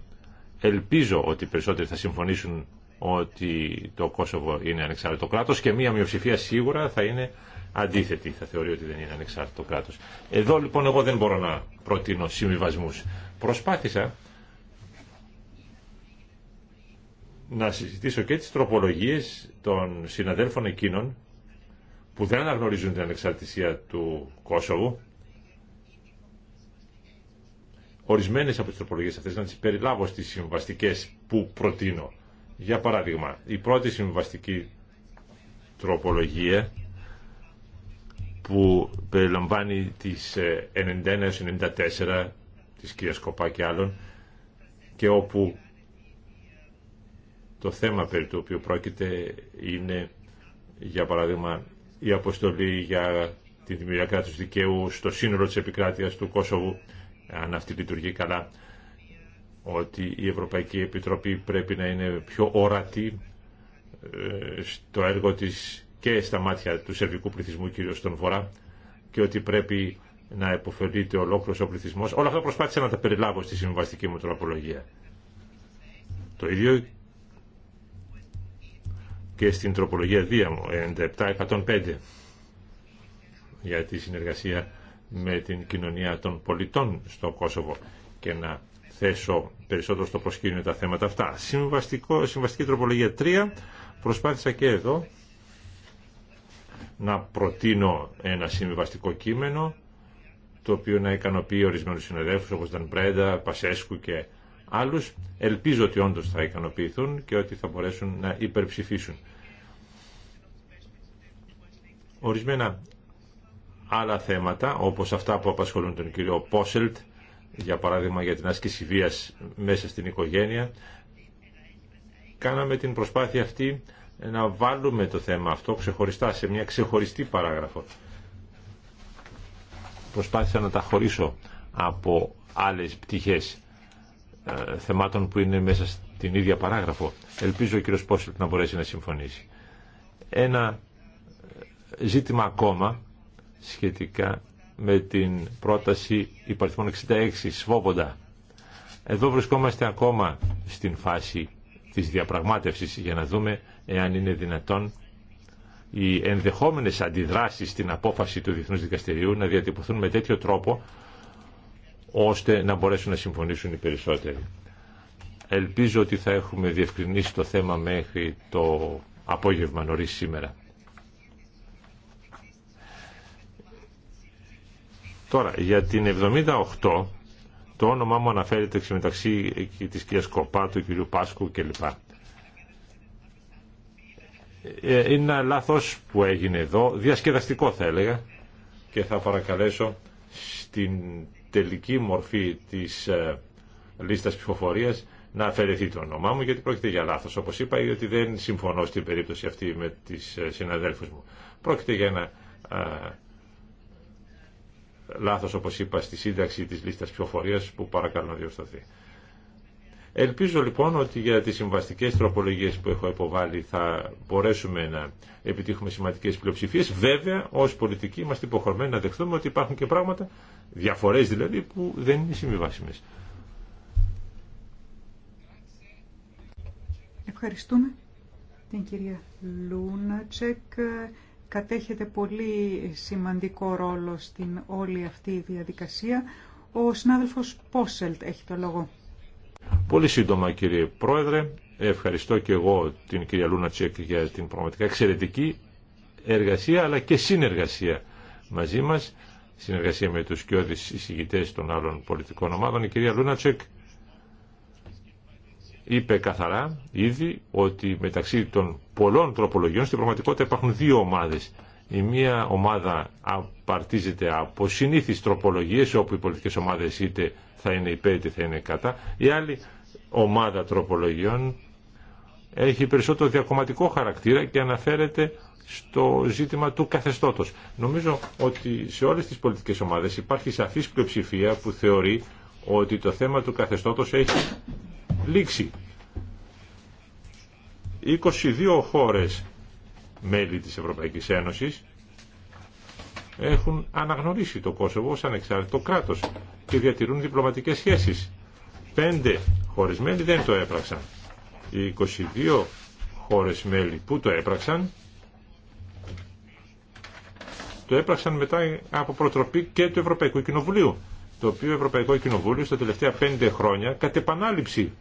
ελπίζω ότι οι περισσότεροι θα συμφωνήσουν ότι το Κόσοβο είναι ανεξάρτητο κράτος και μία μειοψηφία σίγουρα θα είναι αντίθετη, θα θεωρεί ότι δεν είναι ανεξάρτητο κράτος. Εδώ λοιπόν εγώ δεν μπορώ να προτείνω συμβιβασμού. Προσπάθησα να συζητήσω και τις τροπολογίες των συναδέλφων εκείνων που δεν αναγνωρίζουν την ανεξαρτησία του Κόσοβου ορισμένες από τι τροπολογίε αυτές να τις περιλάβω στις συμβαστικές που προτείνω. Για παράδειγμα, η πρώτη συμβαστική τροπολογία που περιλαμβάνει τις 91-94 ε, της κυρία Κοπά και άλλων και όπου το θέμα περί του οποίου πρόκειται είναι για παράδειγμα η αποστολή για τη δημιουργία κράτους δικαίου στο σύνολο της επικράτειας του Κόσοβου αν αυτή λειτουργεί καλά, ότι η Ευρωπαϊκή Επιτροπή πρέπει να είναι πιο όρατη ε, στο έργο της και στα μάτια του σερβικού πληθυσμού, κυρίως στον Βορρά, και ότι πρέπει να επωφελείται ολόκληρος ο πληθυσμός. Όλα αυτά προσπάθησα να τα περιλάβω στη συμβαστική μου τροπολογία. Το ίδιο και στην τροπολογία Δία μου, 97-105, για τη συνεργασία με την κοινωνία των πολιτών στο Κόσοβο και να θέσω περισσότερο στο προσκήνιο τα θέματα αυτά. Συμβαστικό, συμβαστική τροπολογία 3. Προσπάθησα και εδώ να προτείνω ένα συμβαστικό κείμενο το οποίο να ικανοποιεί ορισμένους συνοδεύου, όπως ήταν Μπρέντα, Πασέσκου και άλλους. Ελπίζω ότι όντως θα ικανοποιηθούν και ότι θα μπορέσουν να υπερψηφίσουν. Ορισμένα άλλα θέματα όπως αυτά που απασχολούν τον κύριο Πόσελτ για παράδειγμα για την άσκηση βίας μέσα στην οικογένεια κάναμε την προσπάθεια αυτή να βάλουμε το θέμα αυτό ξεχωριστά σε μια ξεχωριστή παράγραφο προσπάθησα να τα χωρίσω από άλλες πτυχές ε, θεμάτων που είναι μέσα στην ίδια παράγραφο ελπίζω ο κύριος Πόσελτ να μπορέσει να συμφωνήσει ένα ε, ζήτημα ακόμα σχετικά με την πρόταση υπαριθμών 66 σφόβοντα. Εδώ βρισκόμαστε ακόμα στην φάση της διαπραγμάτευσης για να δούμε εάν είναι δυνατόν οι ενδεχόμενες αντιδράσεις στην απόφαση του Διεθνούς Δικαστηρίου να διατυπωθούν με τέτοιο τρόπο ώστε να μπορέσουν να συμφωνήσουν οι περισσότεροι. Ελπίζω ότι θα έχουμε διευκρινίσει το θέμα μέχρι το απόγευμα νωρίς σήμερα. Τώρα, για την 78, το όνομά μου αναφέρεται μεταξύ της κυρίας Κοπά, του κυρίου Πάσκου κλπ. Ε, είναι ένα λάθος που έγινε εδώ, διασκεδαστικό θα έλεγα, και θα παρακαλέσω στην τελική μορφή της ε, λίστας ψηφοφορίας να αφαιρεθεί το όνομά μου γιατί πρόκειται για λάθος όπως είπα γιατί δεν συμφωνώ στην περίπτωση αυτή με τις ε, συναδέλφους μου. Πρόκειται για ένα λάθος όπως είπα στη σύνταξη της λίστας ψηφοφορίας που παρακαλώ να διορθωθεί. Ελπίζω λοιπόν ότι για τις συμβαστικές τροπολογίες που έχω υποβάλει θα μπορέσουμε να επιτύχουμε σημαντικές πλειοψηφίες. Βέβαια, ως πολιτικοί είμαστε υποχρεωμένοι να δεχθούμε ότι υπάρχουν και πράγματα, διαφορές δηλαδή, που δεν είναι συμβιβάσιμες. Ευχαριστούμε την κυρία Λούνατσεκ κατέχετε πολύ σημαντικό ρόλο στην όλη αυτή διαδικασία. Ο συνάδελφος Πόσελτ έχει το λόγο. Πολύ σύντομα κύριε Πρόεδρε, ευχαριστώ και εγώ την κυρία Λούνα Τσέκ για την πραγματικά εξαιρετική εργασία αλλά και συνεργασία μαζί μας, συνεργασία με τους κοιόδης εισηγητές των άλλων πολιτικών ομάδων. Η κυρία Λούνα Τσέκ είπε καθαρά ήδη ότι μεταξύ των πολλών τροπολογιών στην πραγματικότητα υπάρχουν δύο ομάδες. Η μία ομάδα απαρτίζεται από συνήθει τροπολογίες όπου οι πολιτικές ομάδες είτε θα είναι υπέρ είτε θα είναι κατά. Η άλλη ομάδα τροπολογιών έχει περισσότερο διακομματικό χαρακτήρα και αναφέρεται στο ζήτημα του καθεστώτος. Νομίζω ότι σε όλες τις πολιτικές ομάδες υπάρχει σαφής πλειοψηφία που θεωρεί ότι το θέμα του καθεστώτος έχει λήξει 22 χώρες μέλη της Ευρωπαϊκής Ένωσης έχουν αναγνωρίσει το Κόσοβο ως ανεξάρτητο κράτος και διατηρούν διπλωματικές σχέσεις. Πέντε χώρες μέλη δεν το έπραξαν. Οι 22 χώρες μέλη που το έπραξαν το έπραξαν μετά από προτροπή και του Ευρωπαϊκού Κοινοβουλίου το οποίο Ευρωπαϊκό Κοινοβούλιο στα τελευταία πέντε χρόνια κατ' επανάληψη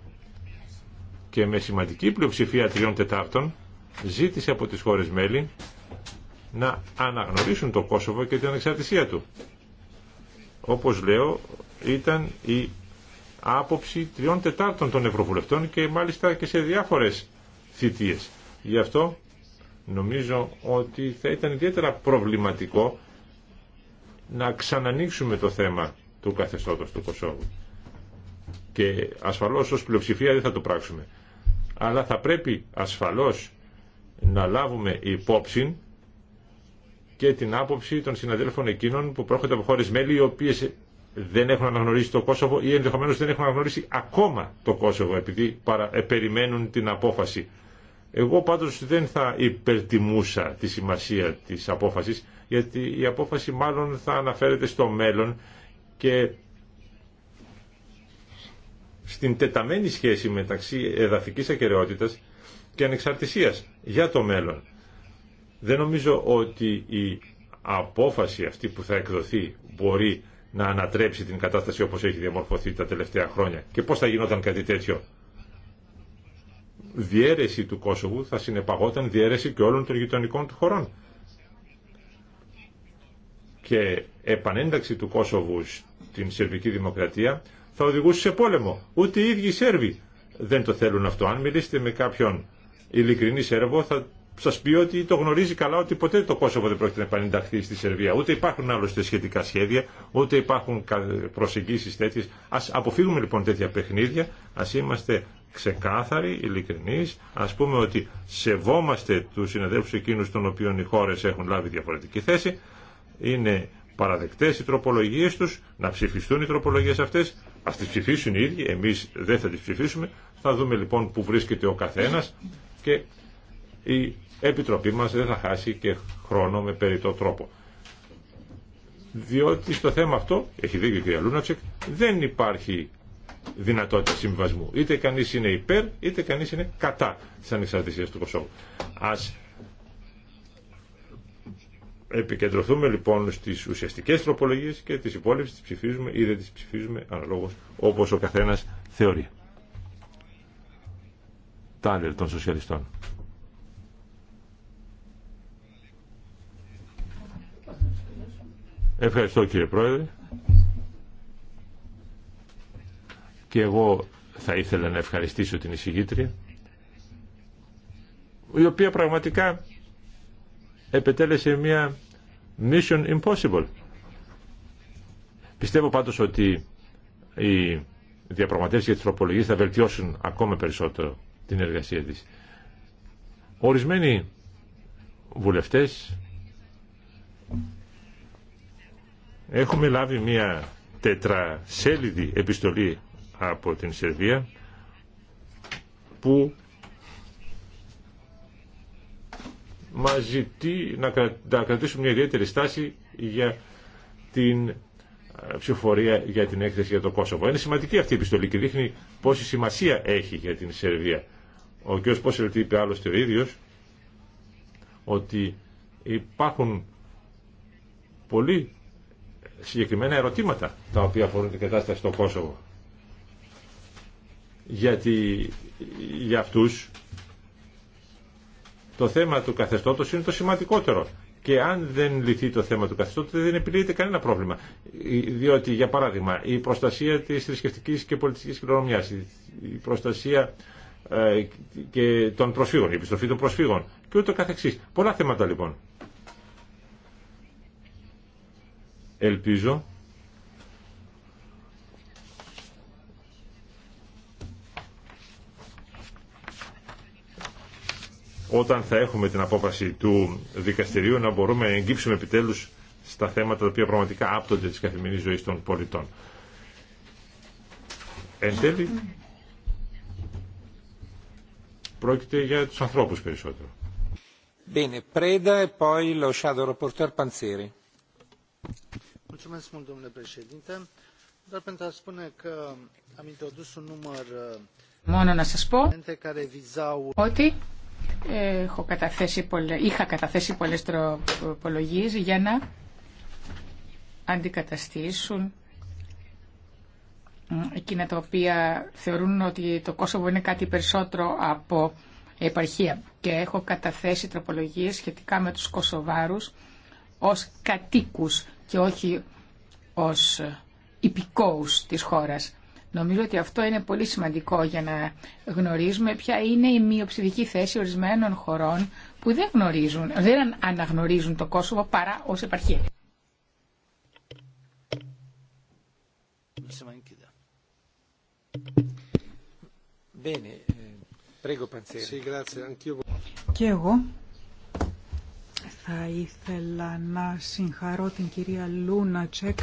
και με σημαντική πλειοψηφία τριών τετάρτων ζήτησε από τις χώρες μέλη να αναγνωρίσουν το Κόσοβο και την ανεξαρτησία του. Όπως λέω ήταν η άποψη τριών τετάρτων των Ευρωβουλευτών και μάλιστα και σε διάφορες θητείες. Γι' αυτό νομίζω ότι θα ήταν ιδιαίτερα προβληματικό να ξανανοίξουμε το θέμα του καθεστώτος του Κόσοβου. Και ασφαλώς ως πλειοψηφία δεν θα το πράξουμε αλλά θα πρέπει ασφαλώς να λάβουμε υπόψη και την άποψη των συναδέλφων εκείνων που πρόκειται από χώρε μέλη οι οποίε δεν έχουν αναγνωρίσει το Κόσοβο ή ενδεχομένω δεν έχουν αναγνωρίσει ακόμα το Κόσοβο επειδή ε, περιμένουν την απόφαση. Εγώ πάντως δεν θα υπερτιμούσα τη σημασία της απόφασης γιατί η απόφαση μάλλον θα αναφέρεται στο μέλλον και στην τεταμένη σχέση μεταξύ εδαφικής ακαιρεότητας και ανεξαρτησίας για το μέλλον. Δεν νομίζω ότι η απόφαση αυτή που θα εκδοθεί μπορεί να ανατρέψει την κατάσταση όπως έχει διαμορφωθεί τα τελευταία χρόνια. Και πώς θα γινόταν κάτι τέτοιο. Διέρεση του Κόσοβου θα συνεπαγόταν διέρεση και όλων των γειτονικών του χωρών. Και επανένταξη του Κόσοβου στην Σερβική Δημοκρατία θα οδηγούσε σε πόλεμο. Ούτε οι ίδιοι οι Σέρβοι δεν το θέλουν αυτό. Αν μιλήσετε με κάποιον ειλικρινή Σέρβο θα σα πει ότι το γνωρίζει καλά ότι ποτέ το Κόσοβο δεν πρόκειται να επανενταχθεί στη Σερβία. Ούτε υπάρχουν άλλωστε σχετικά σχέδια, ούτε υπάρχουν προσεγγίσει τέτοιε. Α αποφύγουμε λοιπόν τέτοια παιχνίδια, α είμαστε ξεκάθαροι, ειλικρινεί, α πούμε ότι σεβόμαστε του συναδέλφου εκείνου των οποίων οι χώρε έχουν λάβει διαφορετική θέση. Είναι παραδεκτές οι τροπολογίε τους, να ψηφιστούν οι τρόπολογίε αυτές, α τι ψηφίσουν οι ίδιοι, εμείς δεν θα τις ψηφίσουμε, θα δούμε λοιπόν που βρίσκεται ο καθένας και η Επιτροπή μας δεν θα χάσει και χρόνο με περιττό τρόπο. Διότι στο θέμα αυτό, έχει δίκιο η κυρία Λούνατσεκ, δεν υπάρχει δυνατότητα συμβασμού. Είτε κανείς είναι υπέρ, είτε κανείς είναι κατά της ανεξαρτησίας του Κωσόβου. Επικεντρωθούμε λοιπόν στις ουσιαστικές τροπολογίες και τις υπόλοιπες τις ψηφίζουμε ή δεν τις ψηφίζουμε αναλόγως όπως ο καθένας θεωρεί. Τάλερ των Σοσιαλιστών. Ευχαριστώ κύριε Πρόεδρε. Και εγώ θα ήθελα να ευχαριστήσω την εισηγήτρια η οποία πραγματικά επετέλεσε μια mission impossible. Πιστεύω πάντως ότι οι διαπραγματεύσεις για τις τροπολογίες θα βελτιώσουν ακόμα περισσότερο την εργασία της. Ορισμένοι βουλευτές έχουμε λάβει μια τετρασέλιδη επιστολή από την Σερβία που μας ζητεί να κρατήσουμε μια ιδιαίτερη στάση για την ε, ψηφοφορία για την έκθεση για το Κόσοβο. Είναι σημαντική αυτή η επιστολή και δείχνει πόση σημασία έχει για την Σερβία. Ο κ. Πόσελτ είπε άλλωστε ο ίδιος ότι υπάρχουν πολύ συγκεκριμένα ερωτήματα τα οποία αφορούν την κατάσταση στο Κόσοβο. Γιατί για αυτούς το θέμα του καθεστώτος είναι το σημαντικότερο. Και αν δεν λυθεί το θέμα του καθεστώτος δεν επιλύεται κανένα πρόβλημα. Διότι, για παράδειγμα, η προστασία της θρησκευτική και πολιτικής κληρονομιάς, η προστασία ε, και των προσφύγων, η επιστροφή των προσφύγων και ούτω καθεξής. Πολλά θέματα λοιπόν. Ελπίζω όταν θα έχουμε την απόφαση του δικαστηρίου να μπορούμε να εγκύψουμε επιτέλους στα θέματα τα οποία πραγματικά άπτονται της καθημερινής ζωής των πολιτών. Εν τέλει, πρόκειται για τους ανθρώπους περισσότερο. Bene, Preda e poi lo shadow reporter Panzeri. Mulțumesc mult, domnule președinte. Doar pentru a spune că am introdus un număr Μόνο να σας πω ότι Έχω καταθέσει είχα καταθέσει πολλές τροπολογίες για να αντικαταστήσουν εκείνα τα οποία θεωρούν ότι το Κόσοβο είναι κάτι περισσότερο από επαρχία. Και έχω καταθέσει τροπολογίες σχετικά με τους Κοσοβάρους ως κατοίκους και όχι ως υπηκόους της χώρας. Νομίζω ότι αυτό είναι πολύ σημαντικό για να γνωρίζουμε ποια είναι η μειοψηφική θέση ορισμένων χωρών που δεν, γνωρίζουν, δεν αναγνωρίζουν το Κόσοβο παρά ως επαρχία. Eh, Και εγώ θα ήθελα να συγχαρώ την κυρία Λούνα Τσεκ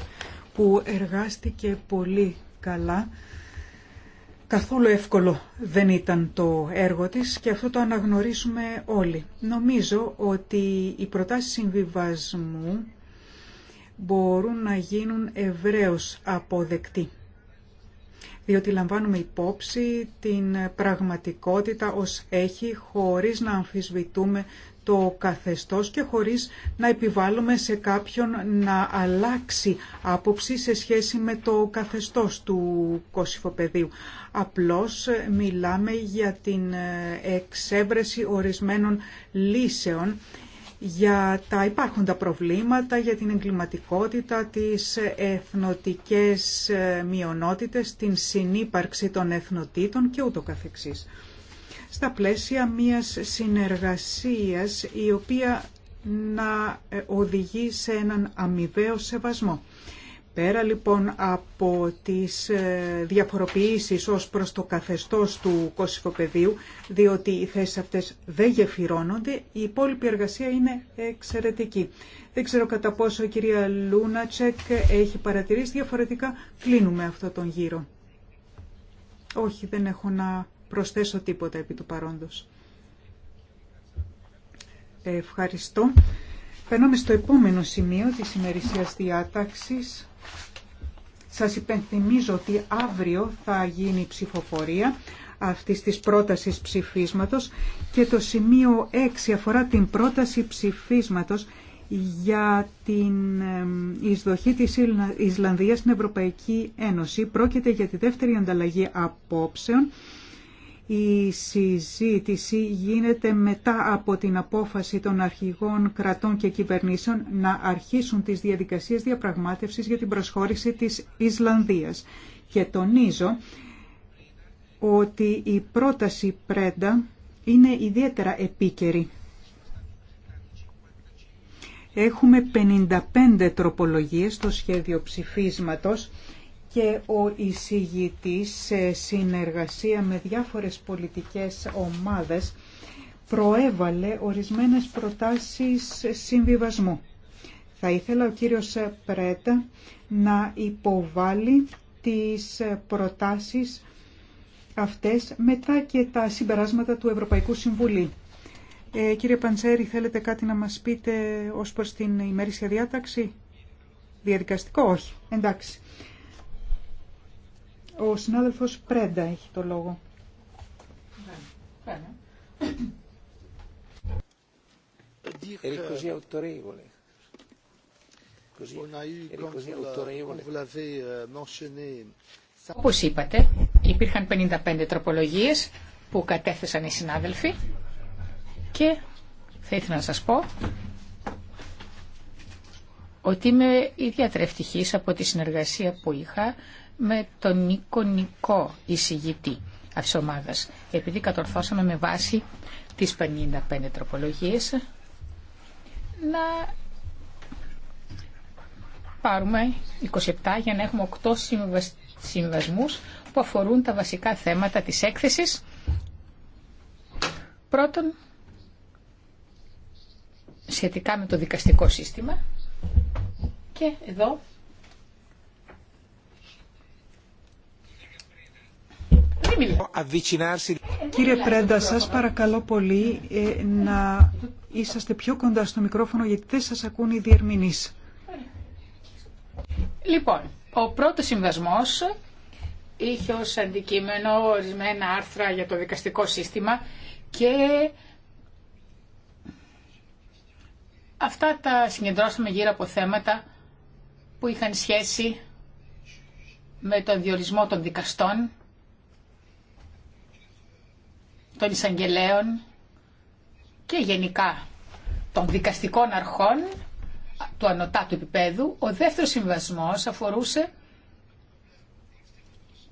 που εργάστηκε πολύ καλά. Καθόλου εύκολο δεν ήταν το έργο της και αυτό το αναγνωρίσουμε όλοι. Νομίζω ότι οι προτάσεις συμβιβασμού μπορούν να γίνουν ευρέως αποδεκτοί διότι λαμβάνουμε υπόψη την πραγματικότητα ως έχει χωρίς να αμφισβητούμε το καθεστώς και χωρίς να επιβάλλουμε σε κάποιον να αλλάξει άποψη σε σχέση με το καθεστώς του Κωσυφοπεδίου. Απλώς ε, μιλάμε για την ε, εξέβρεση ορισμένων λύσεων για τα υπάρχοντα προβλήματα, για την εγκληματικότητα, τις ε, εθνοτικές μειονότητες, την συνύπαρξη των εθνοτήτων και ούτω καθεξής στα πλαίσια μιας συνεργασίας η οποία να ε, οδηγεί σε έναν αμοιβαίο σεβασμό. Πέρα λοιπόν από τις ε, διαφοροποιήσεις ως προς το καθεστώς του κοσυφοπεδίου, διότι οι θέσεις αυτές δεν γεφυρώνονται, η υπόλοιπη εργασία είναι εξαιρετική. Δεν ξέρω κατά πόσο η κυρία Λούνατσεκ έχει παρατηρήσει, διαφορετικά κλείνουμε αυτό τον γύρο. Όχι, δεν έχω να προσθέσω τίποτα επί του παρόντος. Ευχαριστώ. Περνάμε στο επόμενο σημείο της ημερησίας διάταξης. Σας υπενθυμίζω ότι αύριο θα γίνει η ψηφοφορία αυτής της πρότασης ψηφίσματος και το σημείο 6 αφορά την πρόταση ψηφίσματος για την εισδοχή της Ισλανδίας στην Ευρωπαϊκή Ένωση. Πρόκειται για τη δεύτερη ανταλλαγή απόψεων η συζήτηση γίνεται μετά από την απόφαση των αρχηγών κρατών και κυβερνήσεων να αρχίσουν τις διαδικασίες διαπραγμάτευσης για την προσχώρηση της Ισλανδίας. Και τονίζω ότι η πρόταση πρέντα είναι ιδιαίτερα επίκαιρη. Έχουμε 55 τροπολογίες στο σχέδιο ψηφίσματος και ο εισηγητής σε συνεργασία με διάφορες πολιτικές ομάδες προέβαλε ορισμένες προτάσεις συμβιβασμού. Θα ήθελα ο κύριος Πρέτα να υποβάλει τις προτάσεις αυτές μετά και τα συμπεράσματα του Ευρωπαϊκού Συμβουλίου. Ε, κύριε Παντσέρη, θέλετε κάτι να μας πείτε ως προς την ημερήσια διάταξη. Διαδικαστικό, όχι. Εντάξει. Ο συνάδελφος Πρέντα έχει το λόγο. Euh, Όπως είπατε, υπήρχαν 55 τροπολογίες που κατέθεσαν οι συνάδελφοι και θα ήθελα να σας πω ότι είμαι ιδιαίτερα ευτυχής από τη συνεργασία που είχα με τον Νίκο Νικό εισηγητή αυτής της ομάδας. Επειδή κατορθώσαμε με βάση τις 55 τροπολογίες να πάρουμε 27 για να έχουμε 8 συμβασμούς που αφορούν τα βασικά θέματα της έκθεσης. Πρώτον, σχετικά με το δικαστικό σύστημα και εδώ Κύριε Πρέντα, σας παρακαλώ πολύ ε, να είσαστε πιο κοντά στο μικρόφωνο γιατί δεν σας ακούν οι διερμηνείς. Λοιπόν, ο πρώτος συμβασμός είχε ως αντικείμενο ορισμένα άρθρα για το δικαστικό σύστημα και αυτά τα συγκεντρώσαμε γύρω από θέματα που είχαν σχέση με τον διορισμό των δικαστών των εισαγγελέων και γενικά των δικαστικών αρχών του ανωτάτου επίπεδου. Ο δεύτερος συμβασμός αφορούσε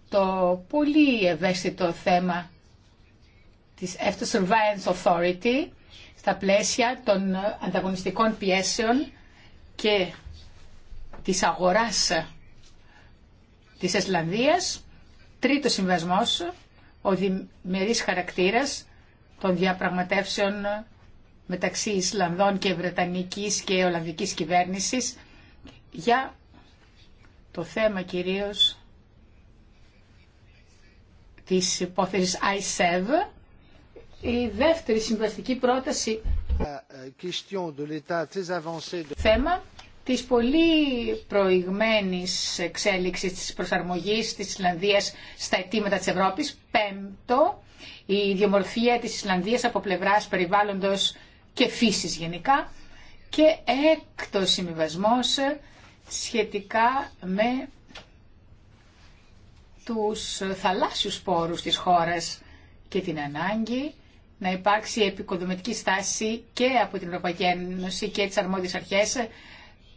το πολύ ευαίσθητο θέμα της After Surveillance Authority στα πλαίσια των ανταγωνιστικών πιέσεων και της αγοράς της Ισλανδίας. Τρίτος συμβασμός ο διμερής χαρακτήρας των διαπραγματεύσεων μεταξύ Ισλανδών και Βρετανικής και Ολλανδικής κυβέρνησης για το θέμα κυρίως της υπόθεσης ISEV. Η δεύτερη συμβαστική πρόταση ε, ε, θέμα της πολύ προηγμένης εξέλιξης της προσαρμογής της Ισλανδίας στα αιτήματα της Ευρώπης. Πέμπτο, η ιδιομορφία της Ισλανδίας από πλευράς περιβάλλοντος και φύσης γενικά. Και έκτο συμβιβασμό σχετικά με τους θαλάσσιους πόρους της χώρας και την ανάγκη να υπάρξει επικοδομητική στάση και από την Ευρωπαϊκή Ένωση και τις αρμόδιες αρχές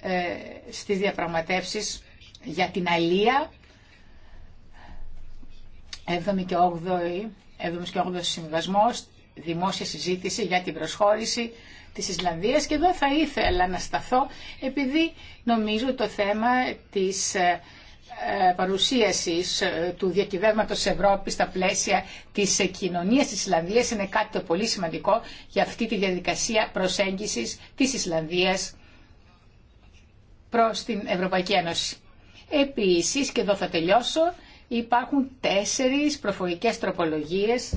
ε, στις διαπραγματεύσεις για την αλία 7η και 8η, 7 και 8 συμβασμός, δημόσια συζήτηση για την προσχώρηση της Ισλανδίας και εδώ θα ήθελα να σταθώ επειδή νομίζω το θέμα της ε, ε, παρουσίασης του διακυβεύματος Ευρώπης στα πλαίσια της κοινωνίας της Ισλανδίας είναι κάτι το πολύ σημαντικό για αυτή τη διαδικασία προσέγγισης της Ισλανδίας προς την Ευρωπαϊκή Ένωση. Επίσης, και εδώ θα τελειώσω, υπάρχουν τέσσερις προφορικές τροπολογίες.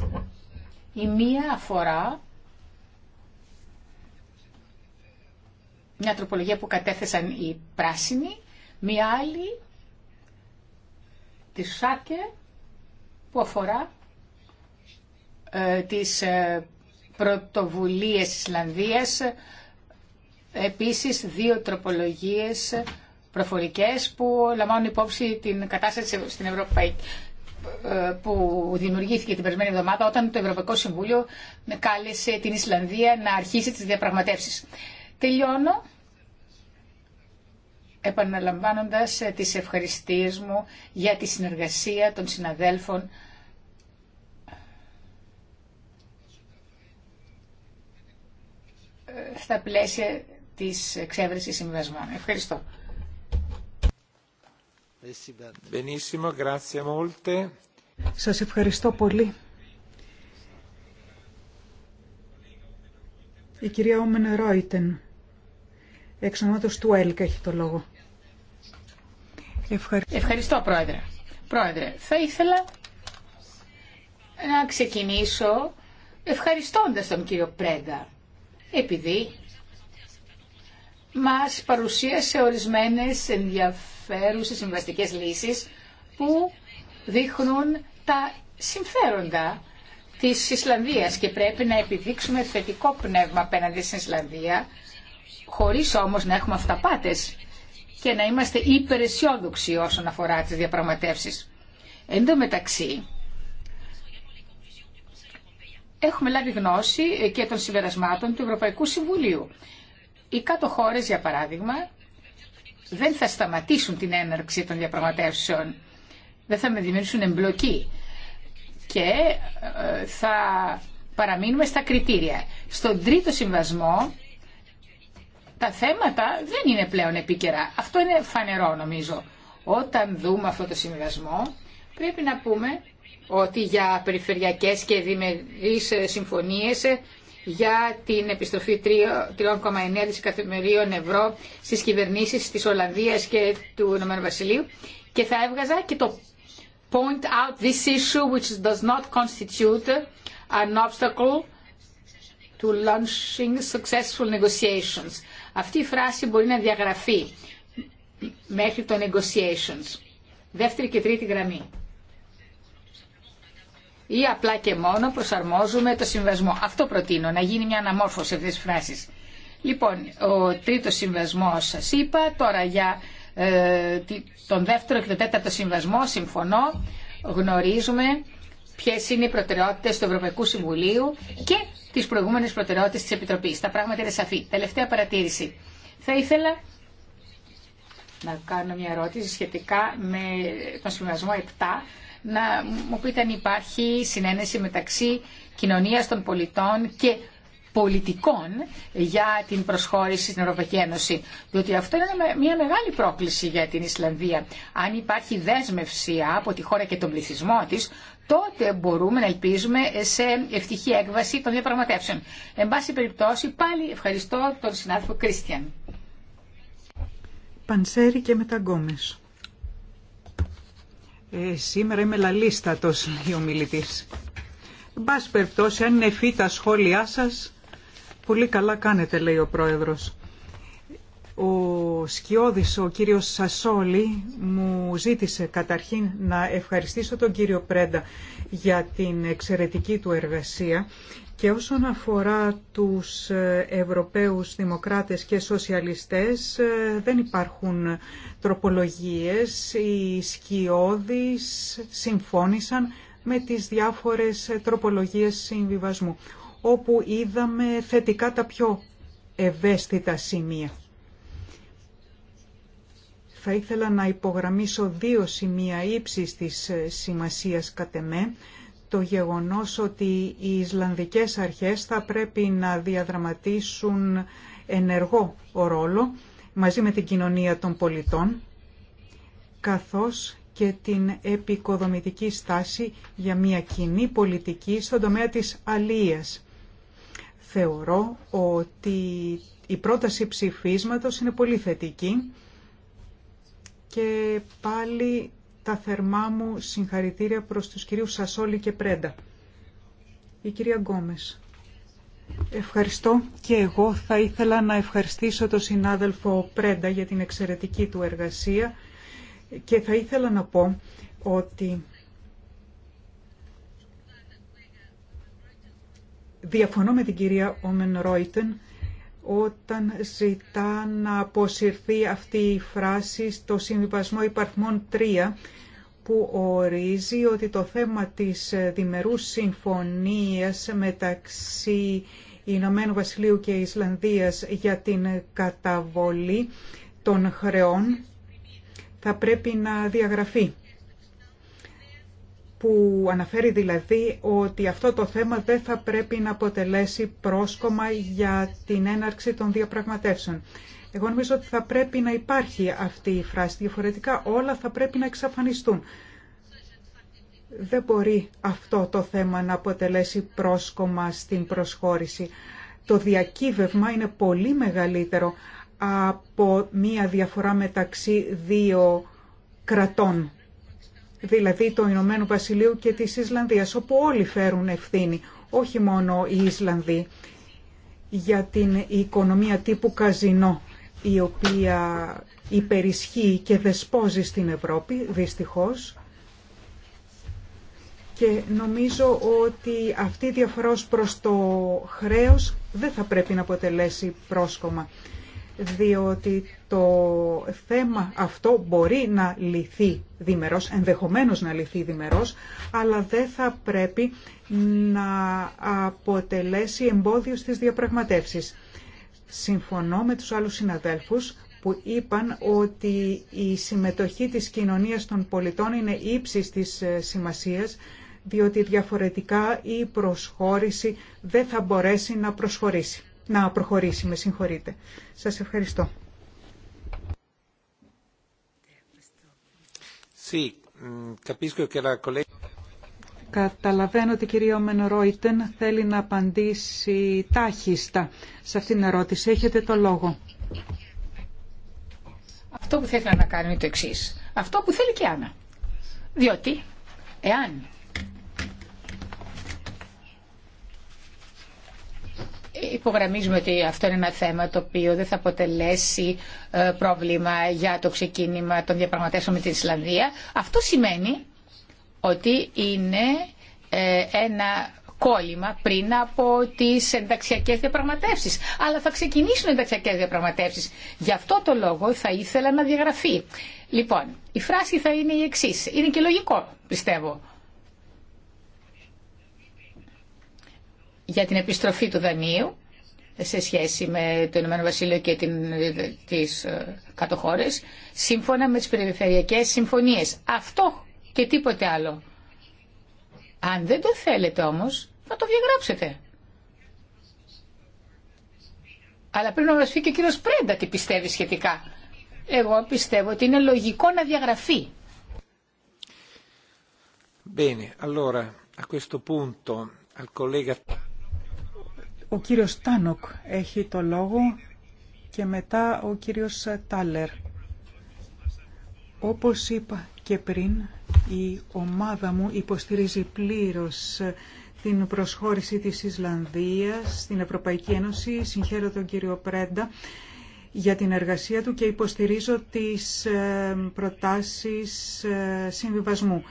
Η μία αφορά μια τροπολογία που κατέθεσαν οι πράσινοι, μια άλλη τη ΣΑΚΕ που αφορά ε, τις ε, πρωτοβουλίες Ισλανδίας Επίσης δύο τροπολογίες προφορικές που λαμβάνουν υπόψη την κατάσταση στην Ευρωπαϊκή ε, που δημιουργήθηκε την περασμένη εβδομάδα όταν το Ευρωπαϊκό Συμβούλιο κάλεσε την Ισλανδία να αρχίσει τις διαπραγματεύσεις. Τελειώνω επαναλαμβάνοντας τις ευχαριστίες μου για τη συνεργασία των συναδέλφων ε, στα πλαίσια της εξέβρεσης συμβασμών. Ευχαριστώ. Σας ευχαριστώ πολύ. Η κυρία Όμεν Ρόιτεν, εξ του Έλκα έχει το λόγο. Ευχαριστώ. Ευχαριστώ, Πρόεδρε. Πρόεδρε, θα ήθελα να ξεκινήσω ευχαριστώντας τον κύριο Πρέντα, επειδή μας παρουσίασε ορισμένες ενδιαφέρουσες συμβαστικές λύσεις που δείχνουν τα συμφέροντα της Ισλανδίας και πρέπει να επιδείξουμε θετικό πνεύμα απέναντι στην Ισλανδία χωρίς όμως να έχουμε αυταπάτες και να είμαστε υπεραισιόδοξοι όσον αφορά τις διαπραγματεύσεις. Εν τω μεταξύ, έχουμε λάβει γνώση και των συμπερασμάτων του Ευρωπαϊκού Συμβουλίου οι κάτω χώρε, για παράδειγμα, δεν θα σταματήσουν την έναρξη των διαπραγματεύσεων. Δεν θα με δημιουργήσουν εμπλοκή. Και ε, θα παραμείνουμε στα κριτήρια. Στον τρίτο συμβασμό τα θέματα δεν είναι πλέον επίκαιρα. Αυτό είναι φανερό νομίζω. Όταν δούμε αυτό το συμβασμό πρέπει να πούμε ότι για περιφερειακές και διμερείς ε, συμφωνίες ε, για την επιστροφή 3,9 δισεκατομμυρίων ευρώ στις κυβερνήσεις της Ολλανδίας και του Ηνωμένου Βασιλείου και θα έβγαζα και το point out this issue which does not constitute an obstacle to launching successful negotiations. Αυτή η φράση μπορεί να διαγραφεί μέχρι το negotiations. Δεύτερη και τρίτη γραμμή ή απλά και μόνο προσαρμόζουμε το συμβασμό. Αυτό προτείνω, να γίνει μια αναμόρφωση αυτής της φράσης. Λοιπόν, ο τρίτος συμβασμό σα είπα, τώρα για ε, τον δεύτερο και τον τέταρτο συμβασμό συμφωνώ, γνωρίζουμε ποιε είναι οι προτεραιότητες του Ευρωπαϊκού Συμβουλίου και τις προηγούμενε προτεραιότητε της Επιτροπής. Τα πράγματα είναι σαφή. Τελευταία παρατήρηση. Θα ήθελα να κάνω μια ερώτηση σχετικά με τον συμβασμό να μου πείτε αν υπάρχει συνένεση μεταξύ κοινωνίας των πολιτών και πολιτικών για την προσχώρηση στην Ευρωπαϊκή Ένωση. Διότι αυτό είναι μια μεγάλη πρόκληση για την Ισλανδία. Αν υπάρχει δέσμευση από τη χώρα και τον πληθυσμό της, τότε μπορούμε να ελπίζουμε σε ευτυχή έκβαση των διαπραγματεύσεων. Εν πάση περιπτώσει, πάλι ευχαριστώ τον συνάδελφο Κρίστιαν. Πανσέρι και μετά ε, σήμερα είμαι λαλίστατος, η ομιλητής. Μπας Εν αν είναι φύτα τα σχόλιά σας, πολύ καλά κάνετε, λέει ο πρόεδρος. Ο Σκιώδης, ο κύριος Σασόλη, μου ζήτησε καταρχήν να ευχαριστήσω τον κύριο Πρέντα για την εξαιρετική του εργασία και όσον αφορά τους ε, Ευρωπαίους Δημοκράτες και Σοσιαλιστές ε, δεν υπάρχουν τροπολογίες. Οι σκιώδεις συμφώνησαν με τις διάφορες τροπολογίες συμβιβασμού όπου είδαμε θετικά τα πιο ευαίσθητα σημεία. Θα ήθελα να υπογραμμίσω δύο σημεία ύψης της ε, σημασίας κατεμέ το γεγονός ότι οι Ισλανδικές αρχές θα πρέπει να διαδραματίσουν ενεργό ρόλο μαζί με την κοινωνία των πολιτών, καθώς και την επικοδομητική στάση για μια κοινή πολιτική στον τομέα της αλίας. Θεωρώ ότι η πρόταση ψηφίσματος είναι πολύ θετική και πάλι τα θερμά μου συγχαρητήρια προς τους κυρίους Σασόλη και Πρέντα. Η κυρία Γκόμες. Ευχαριστώ και εγώ θα ήθελα να ευχαριστήσω τον συνάδελφο Πρέντα για την εξαιρετική του εργασία και θα ήθελα να πω ότι διαφωνώ με την κυρία Όμεν Ρόιτεν όταν ζητά να αποσυρθεί αυτή η φράση στο συμβιβασμό υπαρθμών 3 που ορίζει ότι το θέμα της διμερούς συμφωνίας μεταξύ Ηνωμένου Βασιλείου και Ισλανδίας για την καταβολή των χρεών θα πρέπει να διαγραφεί που αναφέρει δηλαδή ότι αυτό το θέμα δεν θα πρέπει να αποτελέσει πρόσκομα για την έναρξη των διαπραγματεύσεων. Εγώ νομίζω ότι θα πρέπει να υπάρχει αυτή η φράση. Διαφορετικά όλα θα πρέπει να εξαφανιστούν. Δεν μπορεί αυτό το θέμα να αποτελέσει πρόσκομα στην προσχώρηση. Το διακύβευμα είναι πολύ μεγαλύτερο από μία διαφορά μεταξύ δύο κρατών δηλαδή το Ηνωμένο Βασιλείου και της Ισλανδίας, όπου όλοι φέρουν ευθύνη, όχι μόνο οι Ισλανδοί, για την οικονομία τύπου καζινό, η οποία υπερισχύει και δεσπόζει στην Ευρώπη, δυστυχώς. Και νομίζω ότι αυτή η διαφορά προς το χρέος δεν θα πρέπει να αποτελέσει πρόσκομα διότι το θέμα αυτό μπορεί να λυθεί διμερός, ενδεχομένως να λυθεί διμερός, αλλά δεν θα πρέπει να αποτελέσει εμπόδιο στις διαπραγματεύσεις. Συμφωνώ με τους άλλους συναδέλφους που είπαν ότι η συμμετοχή της κοινωνίας των πολιτών είναι ύψης της ε, σημασίας, διότι διαφορετικά η προσχώρηση δεν θα μπορέσει να προσχωρήσει να προχωρήσει, με συγχωρείτε. Σας ευχαριστώ. Mm, Καταλαβαίνω ότι η κυρία θέλει να απαντήσει τάχιστα σε αυτήν την ερώτηση. Έχετε το λόγο. Αυτό που θέλει να κάνει είναι το εξή. Αυτό που θέλει και η Άννα. Διότι, εάν υπογραμμίζουμε ότι αυτό είναι ένα θέμα το οποίο δεν θα αποτελέσει ε, πρόβλημα για το ξεκίνημα των διαπραγματεύσεων με την Ισλανδία. Αυτό σημαίνει ότι είναι ε, ένα κόλλημα πριν από τις ενταξιακές διαπραγματεύσεις. Αλλά θα ξεκινήσουν ενταξιακές διαπραγματεύσεις. Γι' αυτό το λόγο θα ήθελα να διαγραφεί. Λοιπόν, η φράση θα είναι η εξής. Είναι και λογικό, πιστεύω για την επιστροφή του δανείου σε σχέση με το Ηνωμένο Βασίλειο και την, τις ε, κατοχώρες, σύμφωνα με τις περιφερειακές συμφωνίες. Αυτό και τίποτε άλλο. Αν δεν το θέλετε όμως, να το διαγράψετε. Αλλά πρέπει να μας πει και ο κύριος Πρέντα τι πιστεύει σχετικά. Εγώ πιστεύω ότι είναι λογικό να διαγραφεί. Bene, allora, a questo punto, al ο κύριος Τάνοκ έχει το λόγο και μετά ο κύριος Τάλερ. Όπως είπα και πριν, η ομάδα μου υποστηρίζει πλήρως την προσχώρηση της Ισλανδίας στην Ευρωπαϊκή Ένωση. Συγχαίρω τον κύριο Πρέντα για την εργασία του και υποστηρίζω τις ε, προτάσεις ε, συμβιβασμού.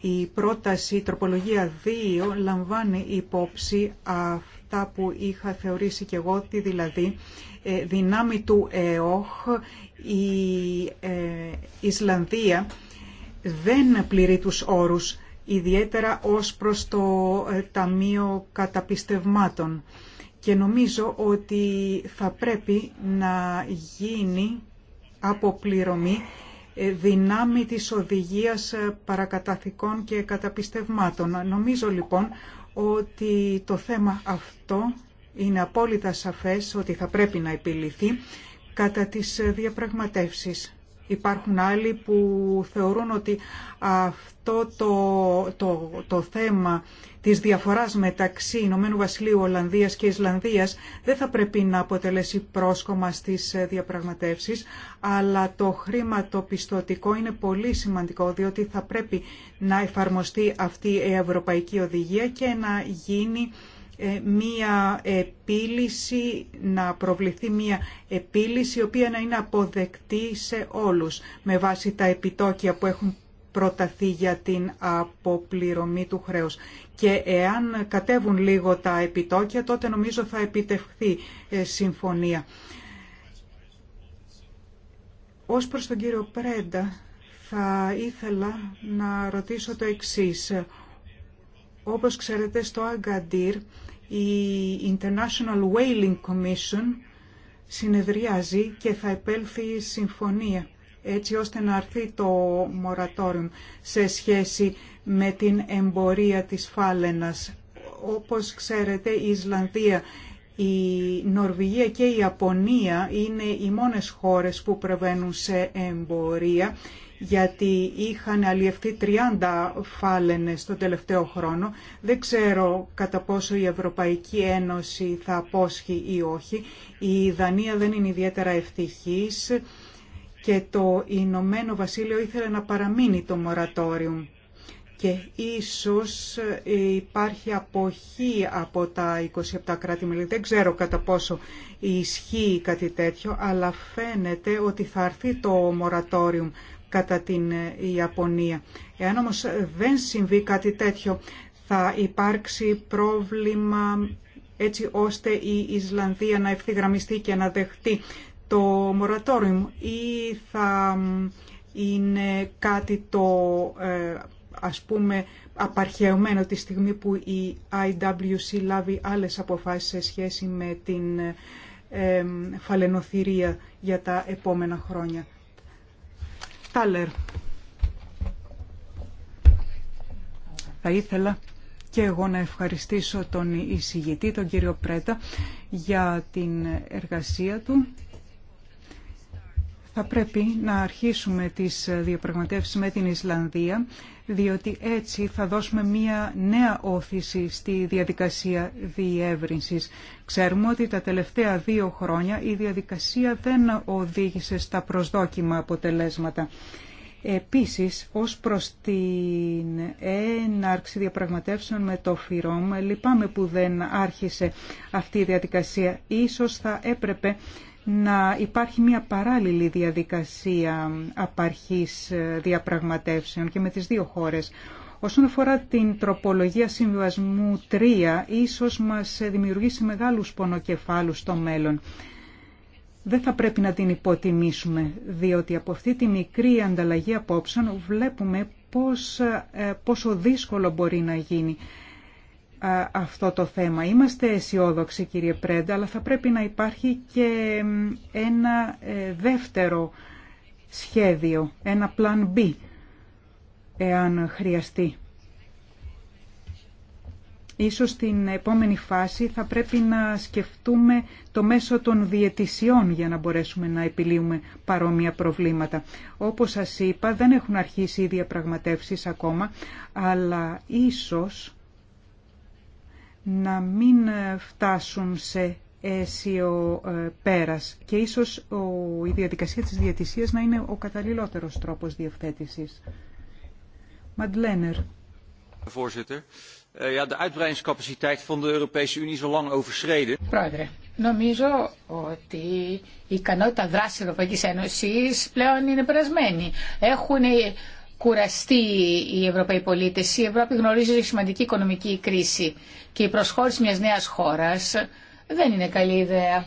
Η πρόταση η τροπολογία 2 λαμβάνει υπόψη αυτή αυτά που είχα θεωρήσει και εγώ, ότι δηλαδή ε, δυνάμει του ΕΟΧ η ε, Ισλανδία δεν πληρεί τους όρους, ιδιαίτερα ως προς το ε, Ταμείο Καταπιστευμάτων. Και νομίζω ότι θα πρέπει να γίνει αποπληρωμή δυνάμει της οδηγίας παρακαταθήκων και καταπιστευμάτων. Νομίζω λοιπόν ότι το θέμα αυτό είναι απόλυτα σαφές ότι θα πρέπει να επιληθεί κατά τις διαπραγματεύσεις. Υπάρχουν άλλοι που θεωρούν ότι αυτό το, το, θέμα της διαφοράς μεταξύ Ηνωμένου Βασιλείου, Ολλανδίας και Ισλανδίας δεν θα πρέπει να αποτελέσει πρόσκομα στις διαπραγματεύσεις, αλλά το χρήμα το πιστοτικό είναι πολύ σημαντικό, διότι θα πρέπει να εφαρμοστεί αυτή η ευρωπαϊκή οδηγία και να γίνει ε, μία επίλυση, να προβληθεί μία επίλυση η οποία να είναι αποδεκτή σε όλους με βάση τα επιτόκια που έχουν προταθεί για την αποπληρωμή του χρέους. Και εάν κατέβουν λίγο τα επιτόκια, τότε νομίζω θα επιτευχθεί ε, συμφωνία. Ως προς τον κύριο Πρέντα, θα ήθελα να ρωτήσω το εξής. Όπως ξέρετε, στο Αγκαντήρ η International Whaling Commission συνεδριάζει και θα επέλθει συμφωνία έτσι ώστε να αρθεί το μορατόριο σε σχέση με την εμπορία της φάλαινας. Όπως ξέρετε η Ισλανδία, η Νορβηγία και η Ιαπωνία είναι οι μόνες χώρες που προβαίνουν σε εμπορία γιατί είχαν αλλιευτεί 30 φάλαινες το τελευταίο χρόνο. Δεν ξέρω κατά πόσο η Ευρωπαϊκή Ένωση θα απόσχει ή όχι. Η Δανία δεν είναι ιδιαίτερα ευτυχής και το Ηνωμένο Βασίλειο ήθελε να παραμείνει το μορατόριο και ίσως ε, υπάρχει αποχή από τα 27 κράτη-μέλη. Δεν ξέρω κατά πόσο ισχύει κάτι τέτοιο, αλλά φαίνεται ότι θα έρθει το μορατόριο κατά την ε, Ιαπωνία. Εάν όμως ε, δεν συμβεί κάτι τέτοιο, θα υπάρξει πρόβλημα έτσι ώστε η Ισλανδία να ευθυγραμμιστεί και να δεχτεί το μορατόριο ή θα είναι κάτι το ε, ας πούμε απαρχαιωμένο τη στιγμή που η IWC λάβει άλλες αποφάσεις σε σχέση με την φαλαινοθυρία για τα επόμενα χρόνια. Στάλερ. Θα ήθελα και εγώ να ευχαριστήσω τον εισηγητή, τον κύριο Πρέτα, για την εργασία του θα πρέπει να αρχίσουμε τις διαπραγματεύσεις με την Ισλανδία, διότι έτσι θα δώσουμε μία νέα όθηση στη διαδικασία διεύρυνσης. Ξέρουμε ότι τα τελευταία δύο χρόνια η διαδικασία δεν οδήγησε στα προσδόκιμα αποτελέσματα. Επίσης, ως προς την έναρξη διαπραγματεύσεων με το ΦΥΡΟΜ, λυπάμαι που δεν άρχισε αυτή η διαδικασία. Ίσως θα έπρεπε να υπάρχει μια παράλληλη διαδικασία απαρχής διαπραγματεύσεων και με τις δύο χώρες. Όσον αφορά την τροπολογία συμβιβασμού 3, ίσως μας δημιουργήσει μεγάλους πονοκεφάλους στο μέλλον. Δεν θα πρέπει να την υποτιμήσουμε, διότι από αυτή τη μικρή ανταλλαγή απόψεων βλέπουμε πώς, ε, πόσο δύσκολο μπορεί να γίνει ε, αυτό το θέμα. Είμαστε αισιόδοξοι κύριε Πρέντα, αλλά θα πρέπει να υπάρχει και ένα ε, δεύτερο σχέδιο, ένα plan B, εάν χρειαστεί. Ίσως στην επόμενη φάση θα πρέπει να σκεφτούμε το μέσο των διαιτησιών για να μπορέσουμε να επιλύουμε παρόμοια προβλήματα. Όπως σας είπα δεν έχουν αρχίσει οι διαπραγματεύσεις ακόμα, αλλά ίσως να μην ε, φτάσουν σε αίσιο ε, πέρας και ίσως η διαδικασία της διατησίας να είναι ο καταλληλότερος τρόπος διευθέτησης. Μαντλένερ. Πρόεδρε, νομίζω ότι η ικανότητα δράσης της Ευρωπαϊκής Ένωσης πλέον είναι περασμένη. Έχουν κουραστεί οι Ευρωπαίοι πολίτε, Η Ευρώπη γνωρίζει ότι σημαντική οικονομική κρίση και η προσχώρηση μιας νέα χώρας δεν είναι καλή ιδέα.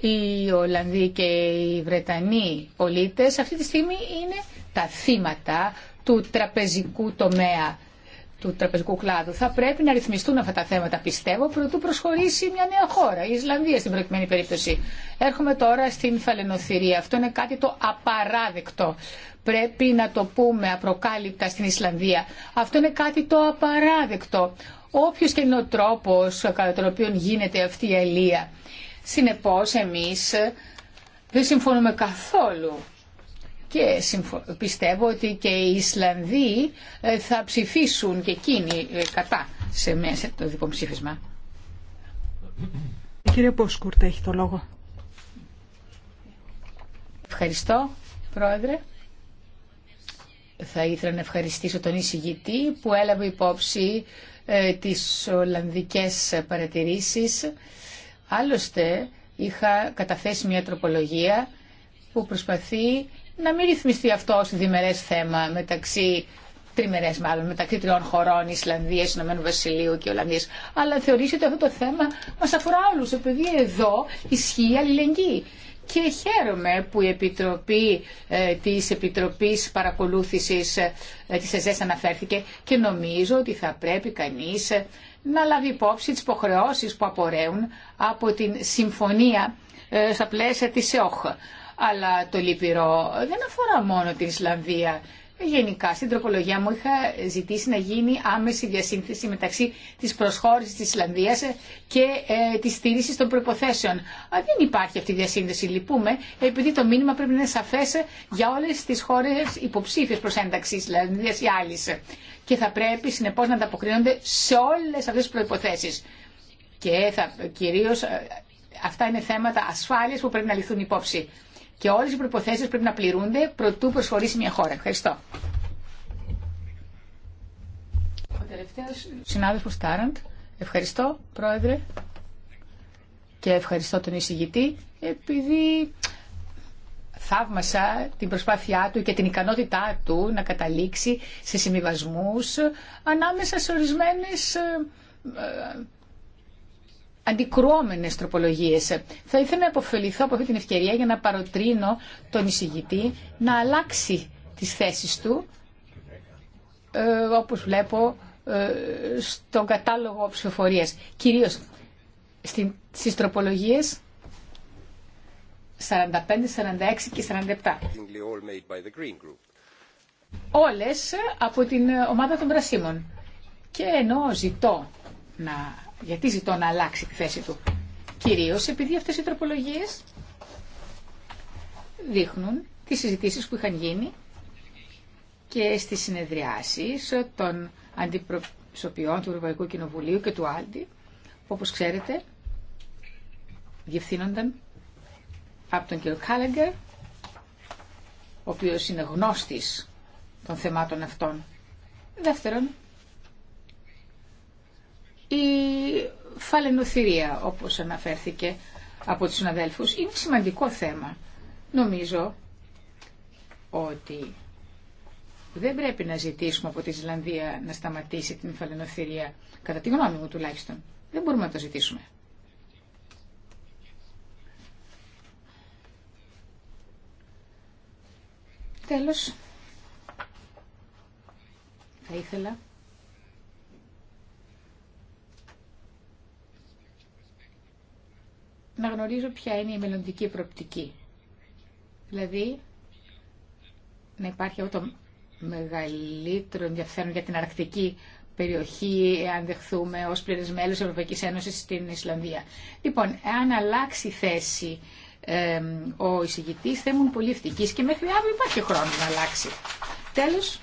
Οι Ολλανδοί και οι Βρετανοί πολίτες αυτή τη στιγμή είναι τα θύματα του τραπεζικού τομέα του τραπεζικού κλάδου. Θα πρέπει να ρυθμιστούν αυτά τα θέματα, πιστεύω, προτού προσχωρήσει μια νέα χώρα, η Ισλανδία στην προηγουμένη περίπτωση. Έρχομαι τώρα στην φαλαινοθυρία. Αυτό είναι κάτι το απαράδεκτο. Πρέπει να το πούμε απροκάλυπτα στην Ισλανδία. Αυτό είναι κάτι το απαράδεκτο. Όποιο και είναι ο τρόπο κατά τον οποίο γίνεται αυτή η αλεία. Συνεπώ, εμεί δεν συμφωνούμε καθόλου και πιστεύω ότι και οι Ισλανδοί ε, θα ψηφίσουν και εκείνοι ε, κατά σε μέσα το δημοψήφισμα. Η κυρία έχει το λόγο. Ευχαριστώ, Πρόεδρε. Θα ήθελα να ευχαριστήσω τον εισηγητή που έλαβε υπόψη ε, τις Ολλανδικές παρατηρήσεις. Άλλωστε, είχα καταθέσει μια τροπολογία που προσπαθεί να μην ρυθμιστεί αυτό ως διμερές θέμα μεταξύ τριμερές μάλλον, μεταξύ τριών χωρών, Ισλανδίας, Ινωμένου Βασιλείου και Ολλανδίας. Αλλά θεωρήσει ότι αυτό το θέμα μας αφορά όλους, επειδή εδώ ισχύει αλληλεγγύη. Και χαίρομαι που η Επιτροπή ε, της Επιτροπής Παρακολούθησης ε, της ΕΖΕΣ αναφέρθηκε και νομίζω ότι θα πρέπει κανείς ε, να λάβει υπόψη τις υποχρεώσεις που απορρέουν από την συμφωνία ε, στα πλαίσια της ΕΟΧ. Αλλά το λυπηρό δεν αφορά μόνο την Ισλανδία. Γενικά, στην τροπολογία μου είχα ζητήσει να γίνει άμεση διασύνθεση μεταξύ τη προσχώρηση τη Ισλανδία και ε, τη στήριξη των προποθέσεων. Δεν υπάρχει αυτή η διασύνδεση, λυπούμε, επειδή το μήνυμα πρέπει να είναι σαφέ για όλε τι χώρε υποψήφιε προ ένταξη Ισλανδία ή άλλη. Και θα πρέπει, συνεπώ, να ανταποκρίνονται σε όλε αυτέ τι προποθέσει. Και κυρίω ε, αυτά είναι θέματα ασφάλεια που πρέπει να ληφθούν υπόψη και όλες οι προϋποθέσεις πρέπει να πληρούνται προτού προσχωρήσει μια χώρα. Ευχαριστώ. Ο τελευταίος συνάδελφος Τάραντ. Ευχαριστώ, Πρόεδρε. Και ευχαριστώ τον εισηγητή, επειδή θαύμασα την προσπάθειά του και την ικανότητά του να καταλήξει σε συμβιβασμούς ανάμεσα σε ορισμένες ε, ε, αντικρουόμενε τροπολογίε. Θα ήθελα να αποφεληθώ από αυτή την ευκαιρία για να παροτρύνω τον εισηγητή να αλλάξει τις θέσεις του, ε, όπως βλέπω, ε, στον κατάλογο ψηφοφορία. Κυρίως στι στις 45, 46 και 47. Όλες από την ομάδα των Πρασίμων. Και ενώ ζητώ να γιατί ζητώ να αλλάξει τη θέση του. Κυρίως επειδή αυτές οι τροπολογίες δείχνουν τις συζητήσεις που είχαν γίνει και στις συνεδριάσεις των αντιπροσωπιών του Ευρωπαϊκού Κοινοβουλίου και του Άλντι, που όπως ξέρετε διευθύνονταν από τον κύριο Κάλεγκερ, ο οποίος είναι γνώστης των θεμάτων αυτών. Δεύτερον, η φαλαινοθυρία, όπως αναφέρθηκε από τους συναδέλφους, είναι σημαντικό θέμα. Νομίζω ότι δεν πρέπει να ζητήσουμε από τη Ισλανδία να σταματήσει την φαλαινοθυρία, κατά τη γνώμη μου τουλάχιστον. Δεν μπορούμε να το ζητήσουμε. Τέλος, θα ήθελα να γνωρίζω ποια είναι η μελλοντική προοπτική. Δηλαδή, να υπάρχει αυτό το μεγαλύτερο ενδιαφέρον για την αρκτική περιοχή, αν δεχθούμε ω πλήρε μέλο της Ευρωπαϊκής Ένωσης στην Ισλανδία. Λοιπόν, εάν αλλάξει θέση ε, ο εισηγητή, θα ήμουν πολύ ευτυχή και μέχρι αύριο υπάρχει χρόνο να αλλάξει. Τέλος,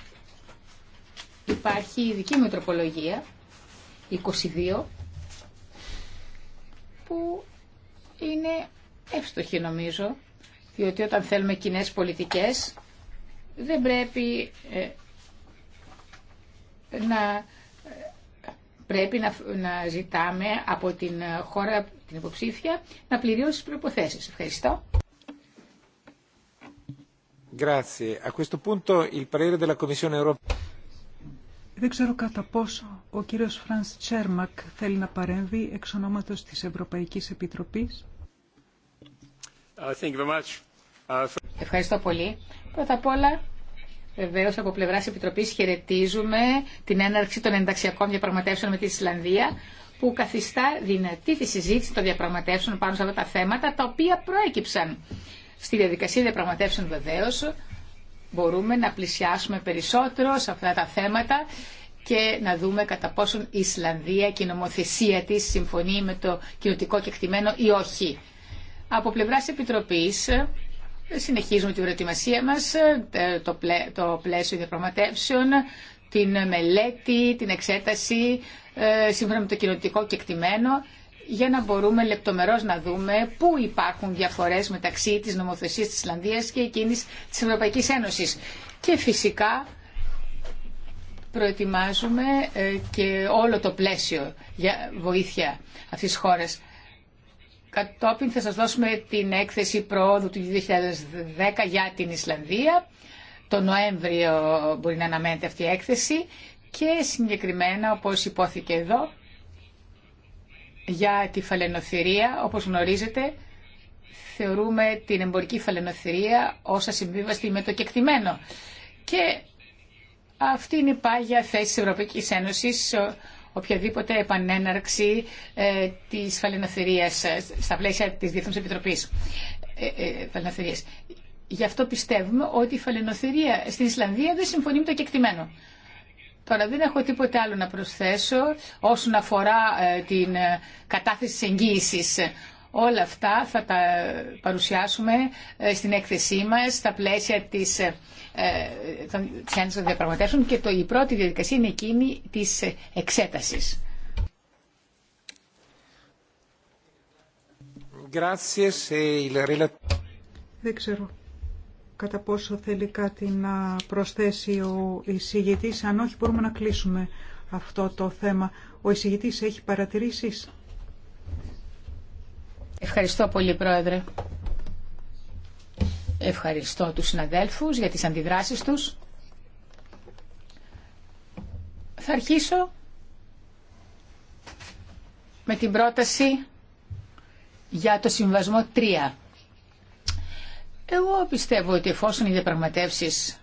υπάρχει η δική μου τροπολογία, 22, που είναι εύστοχη νομίζω, διότι όταν θέλουμε κοινέ πολιτικές δεν πρέπει ε, να πρέπει να, ζητάμε από την χώρα, την υποψήφια, να πληρώσει τις προϋποθέσεις. Ευχαριστώ. Grazie. A questo punto il parere della Commissione europea. Δεν ξέρω κατά πόσο ο κύριος Φρανς Τσέρμακ θέλει να παρέμβει εξ ονόματος της Ευρωπαϊκής Επιτροπής. Uh, uh, Ευχαριστώ πολύ. Πρώτα απ' όλα, βεβαίω από πλευράς Επιτροπής χαιρετίζουμε την έναρξη των ενταξιακών διαπραγματεύσεων με τη Ισλανδία που καθιστά δυνατή τη συζήτηση των διαπραγματεύσεων πάνω σε αυτά τα θέματα τα οποία προέκυψαν στη διαδικασία διαπραγματεύσεων βεβαίως μπορούμε να πλησιάσουμε περισσότερο σε αυτά τα θέματα και να δούμε κατά πόσον η Ισλανδία και η νομοθεσία της συμφωνεί με το κοινωτικό κεκτημένο ή όχι. Από πλευράς Επιτροπής συνεχίζουμε την προετοιμασία μας, ε, το, το πλαίσιο διαπραγματεύσεων, την μελέτη, την εξέταση ε, σύμφωνα με το κοινωτικό κεκτημένο για να μπορούμε λεπτομερώς να δούμε πού υπάρχουν διαφορές μεταξύ της νομοθεσίας της Ισλανδίας και εκείνης της Ευρωπαϊκής Ένωσης. Και φυσικά προετοιμάζουμε ε, και όλο το πλαίσιο για βοήθεια αυτής της χώρας. Κατόπιν θα σας δώσουμε την έκθεση προόδου του 2010 για την Ισλανδία. Το Νοέμβριο μπορεί να αναμένεται αυτή η έκθεση και συγκεκριμένα όπως υπόθηκε εδώ για τη φαλαινοθυρία. Όπως γνωρίζετε, θεωρούμε την εμπορική φαλαινοθυρία όσα ασυμβίβαστη με το κεκτημένο. Και αυτή είναι η πάγια θέση της Ευρωπαϊκής Ένωσης οποιαδήποτε επανέναρξη ε, της φαλαινοθυρίας ε, στα πλαίσια της Διεθνούς Επιτροπής ε, ε Γι' αυτό πιστεύουμε ότι η φαλαινοθυρία στην Ισλανδία δεν συμφωνεί με το κεκτημένο. Τώρα δεν έχω τίποτε άλλο να προσθέσω όσον αφορά ε, την ε, κατάθεση εγγύησης. Όλα αυτά θα τα παρουσιάσουμε ε, στην έκθεσή μας στα πλαίσια της Ένωσης των Διαπραγματεύσεων και το, η πρώτη διαδικασία είναι εκείνη της εξέτασης. Eh, δεν ξέρω κατά πόσο θέλει κάτι να προσθέσει ο εισηγητής. Αν όχι μπορούμε να κλείσουμε αυτό το θέμα. Ο εισηγητής έχει παρατηρήσεις. Ευχαριστώ πολύ Πρόεδρε. Ευχαριστώ τους συναδέλφους για τις αντιδράσεις τους. Θα αρχίσω με την πρόταση για το συμβασμό 3. Εγώ πιστεύω ότι εφόσον οι διαπραγματεύσει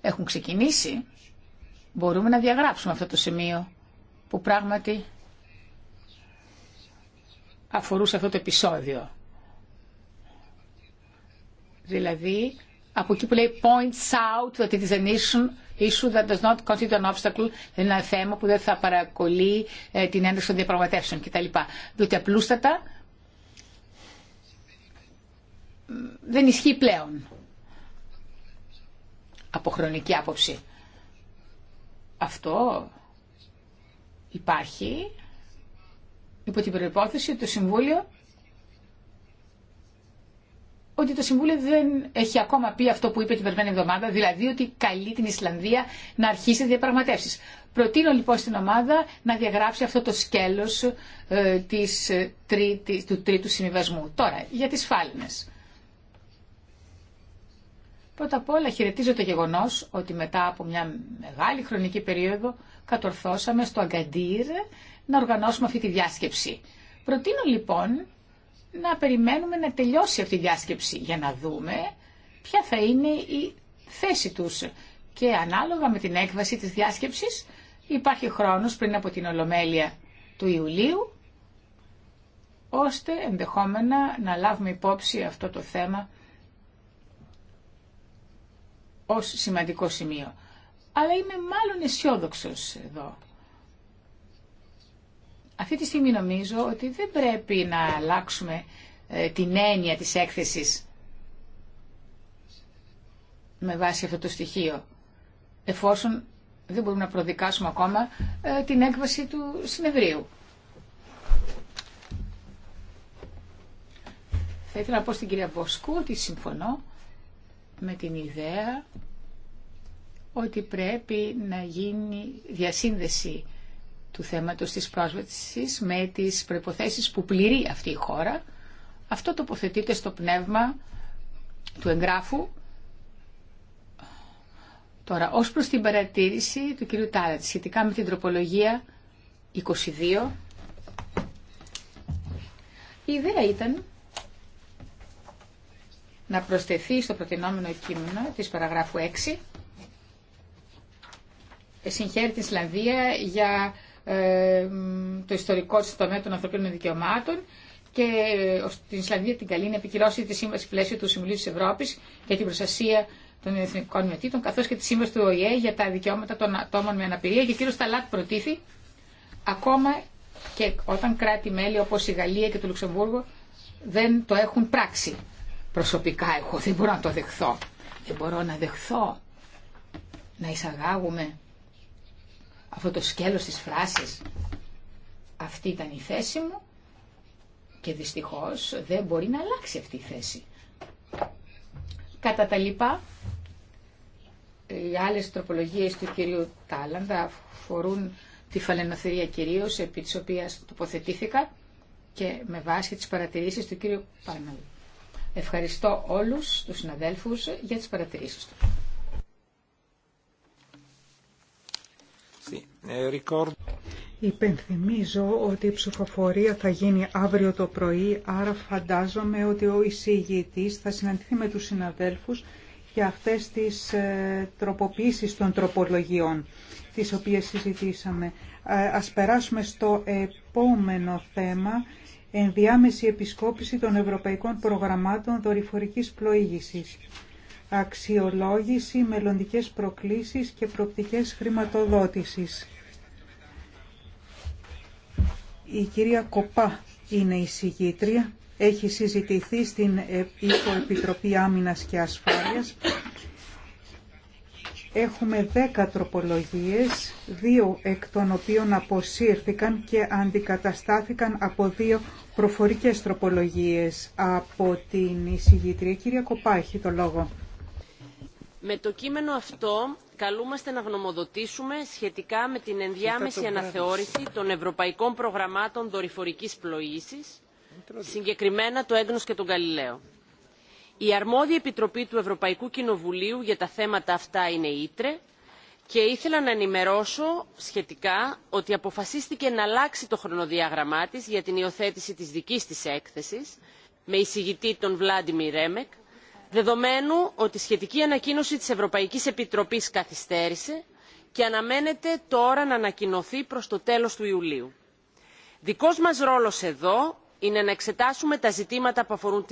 έχουν ξεκινήσει, μπορούμε να διαγράψουμε αυτό το σημείο που πράγματι αφορούσε αυτό το επεισόδιο. Δηλαδή, από εκεί που λέει points out that it is an issue, that does not constitute an obstacle, είναι ένα θέμα που δεν θα παρακολεί ε, την ένταση των διαπραγματεύσεων κτλ. Διότι απλούστατα δεν ισχύει πλέον από χρονική άποψη. Αυτό υπάρχει υπό την προϋπόθεση ότι το Συμβούλιο ότι το Συμβούλιο δεν έχει ακόμα πει αυτό που είπε την περμένη εβδομάδα, δηλαδή ότι καλεί την Ισλανδία να αρχίσει διαπραγματεύσεις. Προτείνω λοιπόν στην ομάδα να διαγράψει αυτό το σκέλος ε, της, ε, του τρίτου συμβιβασμού. Τώρα, για τις φάλινες. Πρώτα απ' όλα χαιρετίζω το γεγονός ότι μετά από μια μεγάλη χρονική περίοδο κατορθώσαμε στο Αγκαντήρ να οργανώσουμε αυτή τη διάσκεψη. Προτείνω λοιπόν να περιμένουμε να τελειώσει αυτή η διάσκεψη για να δούμε ποια θα είναι η θέση τους. Και ανάλογα με την έκβαση της διάσκεψης υπάρχει χρόνος πριν από την Ολομέλεια του Ιουλίου ώστε ενδεχόμενα να λάβουμε υπόψη αυτό το θέμα ως σημαντικό σημείο. Αλλά είμαι μάλλον αισιόδοξο εδώ. Αυτή τη στιγμή νομίζω ότι δεν πρέπει να αλλάξουμε ε, την έννοια της έκθεσης με βάση αυτό το στοιχείο, εφόσον δεν μπορούμε να προδικάσουμε ακόμα ε, την έκβαση του συνεδρίου. Θα ήθελα να πω στην κυρία Βοσκού ότι συμφωνώ με την ιδέα ότι πρέπει να γίνει διασύνδεση του θέματος της πρόσβασης με τις προϋποθέσεις που πληρεί αυτή η χώρα. Αυτό τοποθετείται στο πνεύμα του εγγράφου. Τώρα, ως προς την παρατήρηση του κ. Τάρατ σχετικά με την τροπολογία 22, η ιδέα ήταν να προσθεθεί στο προτινόμενο κείμενο της παραγράφου 6 ε, συγχαίρει την Ισλανδία για ε, το ιστορικό της τομέα των ανθρωπίνων δικαιωμάτων και ε, την Ισλανδία την καλή να επικυρώσει τη σύμβαση πλαίσιο του Συμβουλίου της Ευρώπης για την προστασία των εθνικών μετήτων καθώς και τη σύμβαση του ΟΗΕ για τα δικαιώματα των ατόμων με αναπηρία και κύριο Σταλάτ προτίθη ακόμα και όταν κράτη-μέλη όπως η Γαλλία και το Λουξεμβούργο δεν το έχουν πράξει προσωπικά έχω. δεν μπορώ να το δεχθώ. Δεν μπορώ να δεχθώ να εισαγάγουμε αυτό το σκέλος της φράσης. Αυτή ήταν η θέση μου και δυστυχώς δεν μπορεί να αλλάξει αυτή η θέση. Κατά τα λοιπά, οι άλλες τροπολογίες του κυρίου Τάλαντα αφορούν τη φαλαινοθερία κυρίως, επί της οποίας τοποθετήθηκα και με βάση τις παρατηρήσεις του κύριου Πάναλ. Ευχαριστώ όλους τους συναδέλφους για τις παρατηρήσεις του. Eh, Υπενθυμίζω ότι η ψηφοφορία θα γίνει αύριο το πρωί, άρα φαντάζομαι ότι ο εισηγητής θα συναντηθεί με τους συναδέλφους για αυτές τις ε, τροποποίησεις των τροπολογιών τις οποίες συζητήσαμε. Ε, ας περάσουμε στο επόμενο θέμα ενδιάμεση επισκόπηση των ευρωπαϊκών προγραμμάτων δορυφορικής πλοήγησης, αξιολόγηση, μελλοντικές προκλήσεις και προπτικές χρηματοδότησης. Η κυρία Κοπά είναι η συγγήτρια, έχει συζητηθεί στην Υποεπιτροπή Άμυνας και Ασφάλειας. Έχουμε δέκα τροπολογίες, δύο εκ των οποίων αποσύρθηκαν και αντικαταστάθηκαν από δύο προφορικές τροπολογίες από την εισηγήτρια. Κυρία Κοπά, έχει το λόγο. Με το κείμενο αυτό καλούμαστε να γνωμοδοτήσουμε σχετικά με την ενδιάμεση αναθεώρηση των ευρωπαϊκών προγραμμάτων δορυφορικής πλοήσης, συγκεκριμένα το Έγνος και τον Καλλιλέο. Η αρμόδια επιτροπή του Ευρωπαϊκού Κοινοβουλίου για τα θέματα αυτά είναι και ήθελα να ενημερώσω σχετικά ότι αποφασίστηκε να αλλάξει το χρονοδιάγραμμά της για την υιοθέτηση της δικής της έκθεσης με εισηγητή τον Βλάντιμι Ρέμεκ, δεδομένου ότι η σχετική ανακοίνωση της Ευρωπαϊκής Επιτροπής καθυστέρησε και αναμένεται τώρα να ανακοινωθεί προς το τέλος του Ιουλίου. Δικός μας ρόλος εδώ είναι να εξετάσουμε τα ζητήματα που αφορούν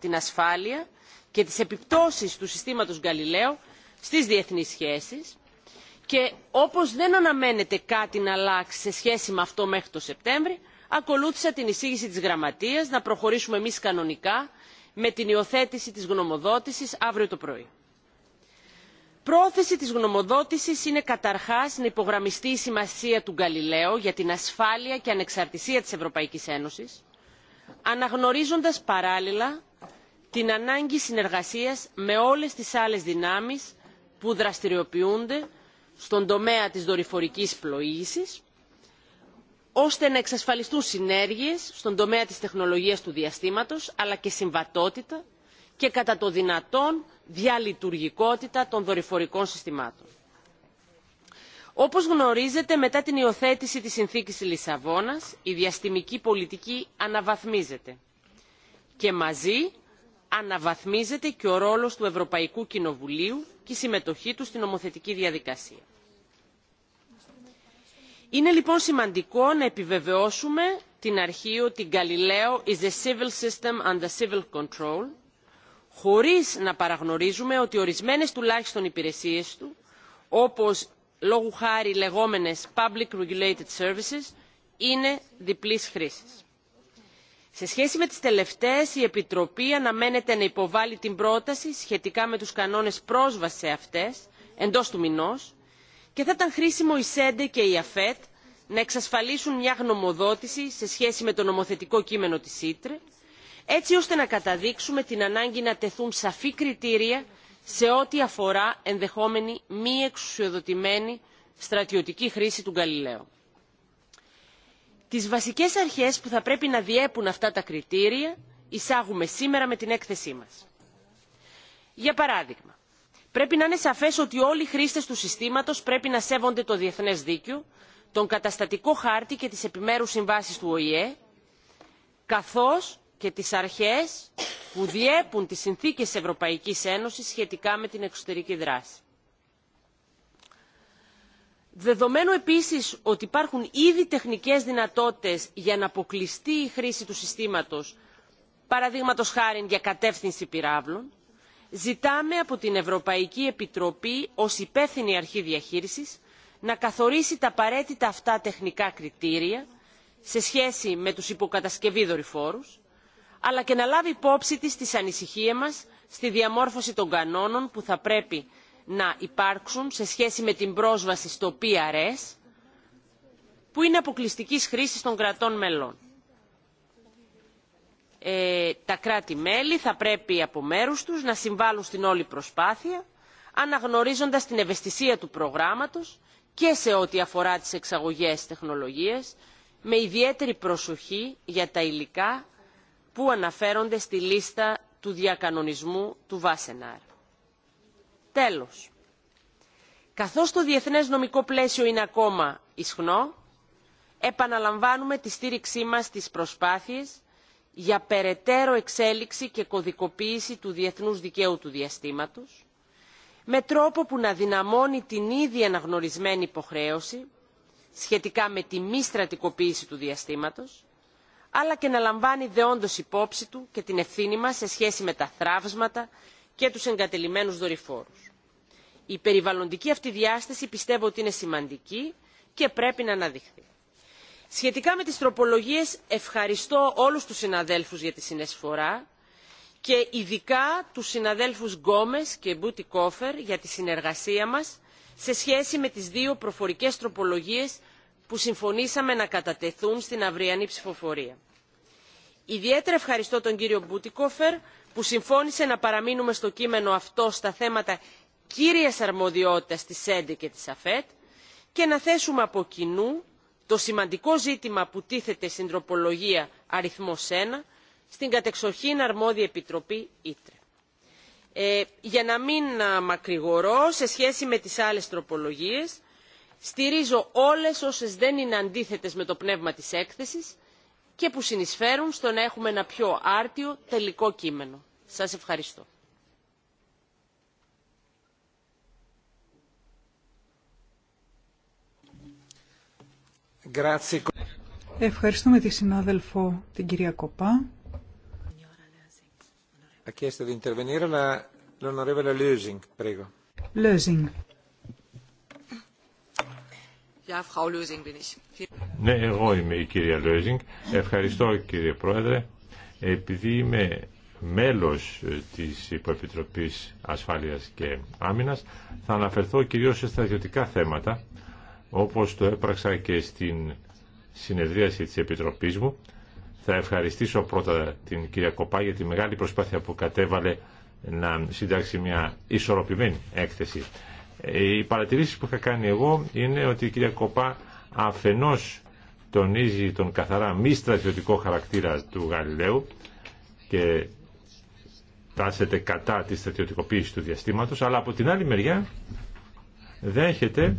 την ασφάλεια και τις επιπτώσεις του συστήματος Γκαλιλαίου στις διεθνείς σχέσεις και όπως δεν αναμένεται κάτι να αλλάξει σε σχέση με αυτό μέχρι το Σεπτέμβρη, ακολούθησα την εισήγηση της Γραμματείας να προχωρήσουμε εμείς κανονικά με την υιοθέτηση της γνωμοδότησης αύριο το πρωί. Πρόθεση της γνωμοδότησης είναι καταρχάς να υπογραμμιστεί η σημασία του Γκαλιλαίου για την ασφάλεια και ανεξαρτησία της Ευρωπαϊκής Ένωσης, αναγνωρίζοντας παράλληλα την ανάγκη συνεργασίας με όλες τις άλλες δυνάμεις που δραστηριοποιούνται στον τομέα της δορυφορικής πλοήγησης ώστε να εξασφαλιστούν συνέργειες στον τομέα της τεχνολογίας του διαστήματος αλλά και συμβατότητα και κατά το δυνατόν διαλειτουργικότητα των δορυφορικών συστημάτων. Όπως γνωρίζετε, μετά την υιοθέτηση της συνθήκης της Λισαβόνας, η διαστημική πολιτική αναβαθμίζεται και μαζί αναβαθμίζεται και ο ρόλος του ευρωπαϊκού κοινοβουλίου και η συμμετοχή του στην ομοθετική διαδικασία. είναι λοιπόν σημαντικό να επιβεβαιώσουμε την αρχή ότι galileo is the civil system under civil control χωρίς να παραγνωρίζουμε ότι ορισμένες τουλάχιστον υπηρεσίες του όπως λόγου χάρη λεγόμενες public regulated services είναι διπλής χρήσης σε σχέση με τις τελευταίες η επιτροπή αναμένεται να υποβάλει την πρόταση σχετικά με τους κανόνες πρόσβασης σε αυτές εντός του μηνός και θα ήταν χρήσιμο η σεντε και η αφετ να εξασφαλίσουν μια γνωμοδότηση σε σχέση με το νομοθετικό κείμενο της ήτρε έτσι ώστε να καταδείξουμε την ανάγκη να τεθούν σαφή κριτήρια σε ό,τι αφορά ενδεχόμενη μη εξουσιοδοτημένη στρατιωτική χρήση του καλλιλέου τις βασικές αρχές που θα πρέπει να διέπουν αυτά τα κριτήρια εισάγουμε σήμερα με την έκθεσή μας. Για παράδειγμα, πρέπει να είναι σαφές ότι όλοι οι χρήστες του συστήματος πρέπει να σέβονται το διεθνές δίκαιο, τον καταστατικό χάρτη και τις επιμέρους συμβάσεις του ΟΗΕ, καθώς και τις αρχές που διέπουν τις συνθήκες Ευρωπαϊκής Ένωσης σχετικά με την εξωτερική δράση. Δεδομένου επίσης ότι υπάρχουν ήδη τεχνικές δυνατότητες για να αποκλειστεί η χρήση του συστήματος, παραδείγματος χάρη για κατεύθυνση πυράβλων, ζητάμε από την Ευρωπαϊκή Επιτροπή ως υπεύθυνη αρχή διαχείρισης να καθορίσει τα απαραίτητα αυτά τεχνικά κριτήρια σε σχέση με τους υποκατασκευή δορυφόρους, αλλά και να λάβει υπόψη της τις ανησυχίες μας στη διαμόρφωση των κανόνων που θα πρέπει να υπάρξουν σε σχέση με την πρόσβαση στο PRS που είναι αποκλειστική χρήση των κρατών μελών. Ε, τα κράτη-μέλη θα πρέπει από μέρους τους να συμβάλλουν στην όλη προσπάθεια αναγνωρίζοντας την ευαισθησία του προγράμματος και σε ό,τι αφορά τις εξαγωγές τεχνολογίες με ιδιαίτερη προσοχή για τα υλικά που αναφέρονται στη λίστα του διακανονισμού του Βάσεναρ. Τέλος, καθώς το διεθνές νομικό πλαίσιο είναι ακόμα ισχνό, επαναλαμβάνουμε τη στήριξή μας στις προσπάθειες για περαιτέρω εξέλιξη και κωδικοποίηση του διεθνούς δικαίου του διαστήματος, με τρόπο που να δυναμώνει την ήδη αναγνωρισμένη υποχρέωση σχετικά με τη μη στρατικοποίηση του διαστήματος, αλλά και να λαμβάνει δεόντως υπόψη του και την ευθύνη μας σε σχέση με τα θραύσματα και τους εγκατελειμμένους δορυφόρους. Η περιβαλλοντική αυτή διάσταση πιστεύω ότι είναι σημαντική και πρέπει να αναδειχθεί. Σχετικά με τις τροπολογίες ευχαριστώ όλους τους συναδέλφους για τη συνέσφορα και ειδικά τους συναδέλφους Γκόμες και Μπούτι Κόφερ για τη συνεργασία μας σε σχέση με τις δύο προφορικές τροπολογίες που συμφωνήσαμε να κατατεθούν στην αυριανή ψηφοφορία. Ιδιαίτερα ευχαριστώ τον κύριο Μπούτικοφερ που συμφώνησε να παραμείνουμε στο κείμενο αυτό στα θέματα κύριες αρμοδιότητας της ΣΕΝΤΗ και της ΑΦΕΤ και να θέσουμε από κοινού το σημαντικό ζήτημα που τίθεται στην τροπολογία αριθμός 1 στην κατεξοχήν αρμόδια επιτροπή ήτρε. Ε, για να μην μακρηγορώ σε σχέση με τις άλλες τροπολογίες στηρίζω όλες όσες δεν είναι αντίθετες με το πνεύμα της έκθεσης και που συνεισφέρουν στο να έχουμε ένα πιο άρτιο τελικό κείμενο. Σας ευχαριστώ. Ευχαριστούμε τη συνάδελφο την κυρία Κοπά. Λέζινγκ. Ναι, εγώ είμαι η κυρία Λόιζινγκ. Ευχαριστώ κύριε Πρόεδρε. Επειδή είμαι μέλος της Υποεπιτροπής Ασφάλειας και Άμυνας, θα αναφερθώ κυρίως σε στρατιωτικά θέματα, όπως το έπραξα και στην συνεδρίαση της Επιτροπής μου. Θα ευχαριστήσω πρώτα την κυρία Κοπά για τη μεγάλη προσπάθεια που κατέβαλε να συντάξει μια ισορροπημένη έκθεση. Ε, οι παρατηρήσεις που είχα κάνει εγώ είναι ότι η κυρία Κοπά αφενός τονίζει τον καθαρά μη στρατιωτικό χαρακτήρα του Γαλιλαίου και τάσεται κατά τη στρατιωτικοποίηση του διαστήματος, αλλά από την άλλη μεριά δέχεται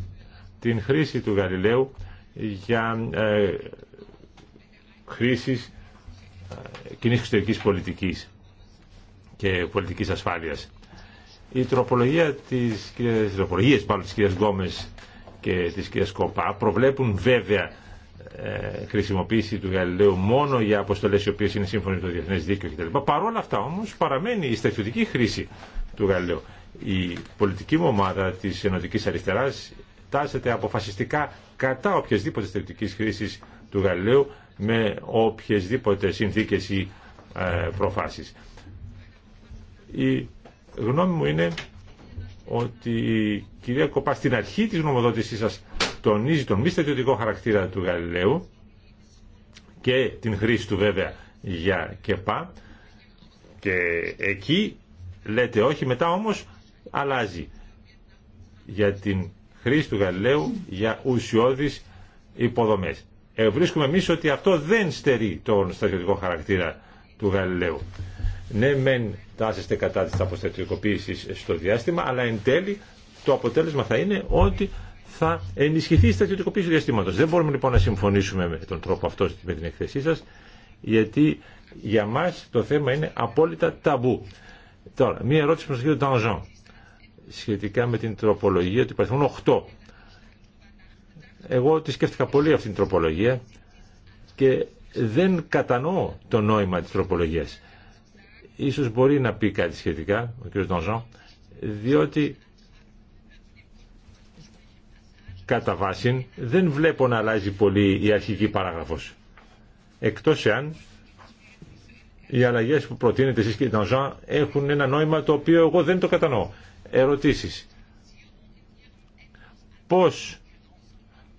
την χρήση του Γαλιλαίου για ε, χρήσεις ε, κοινής εξωτερικής πολιτικής και πολιτικής ασφάλειας. Η τροπολογία της κυρίας, τροπολογίες πάνω της κυρίας Γκόμες και της κυρίας Κοπά προβλέπουν βέβαια ε, χρησιμοποίηση του Γαλιλαίου μόνο για αποστολέ οι οποίε είναι σύμφωνοι με το διεθνέ δίκαιο κτλ. Παρ' όλα αυτά όμω παραμένει η στρατιωτική χρήση του Γαλιλαίου. Η πολιτική μου ομάδα τη Ενωτική Αριστερά τάσεται αποφασιστικά κατά οποιασδήποτε στρατιωτική χρήση του Γαλιλαίου με οποιασδήποτε συνθήκε ή ε, προφάσει. Η γνώμη μου είναι ότι η κυρία Κοπά στην αρχή της νομοδότησής σας τονίζει τον μη στρατιωτικό χαρακτήρα του Γαλιλαίου και την χρήση του βέβαια για ΚΕΠΑ και εκεί λέτε όχι, μετά όμως αλλάζει για την χρήση του Γαλιλαίου για ουσιώδεις υποδομές. Ε, βρίσκουμε εμείς ότι αυτό δεν στερεί τον στρατιωτικό χαρακτήρα του Γαλιλαίου. Ναι, μεν τάσεστε κατά της αποστατικοποίησης στο διάστημα, αλλά εν τέλει το αποτέλεσμα θα είναι ότι θα ενισχυθεί η στατιωτικοποίηση του διαστήματο. Δεν μπορούμε λοιπόν να συμφωνήσουμε με τον τρόπο αυτό με την εκθεσή σα, γιατί για μα το θέμα είναι απόλυτα ταμπού. Τώρα, μία ερώτηση προ τον κύριο Ντανζόν σχετικά με την τροπολογία του υπαριθμού 8. Εγώ τη σκέφτηκα πολύ αυτή την τροπολογία και δεν κατανοώ το νόημα της τροπολογίας ίσως μπορεί να πει κάτι σχετικά ο κ. Ντονζόν, διότι κατά βάση δεν βλέπω να αλλάζει πολύ η αρχική παράγραφος. Εκτός εάν οι αλλαγές που προτείνετε εσείς κ. Ντονζόν έχουν ένα νόημα το οποίο εγώ δεν το κατανοώ. Ερωτήσεις. Πώς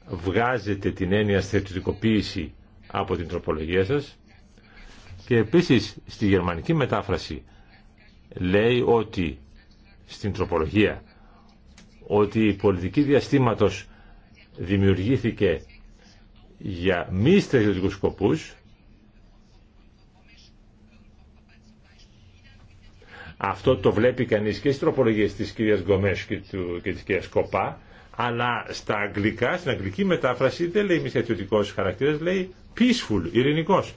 βγάζετε την έννοια στρατιωτικοποίηση από την τροπολογία σας και επίσης στη γερμανική μετάφραση λέει ότι στην τροπολογία ότι η πολιτική διαστήματος δημιουργήθηκε για μη στρατιωτικούς σκοπούς αυτό το βλέπει κανείς και στις τροπολογίες της κυρίας Γκομές και, του, και της κυρίας Κοπά αλλά στα αγγλικά, στην αγγλική μετάφραση δεν λέει μη στρατιωτικός χαρακτήρας λέει peaceful, ειρηνικός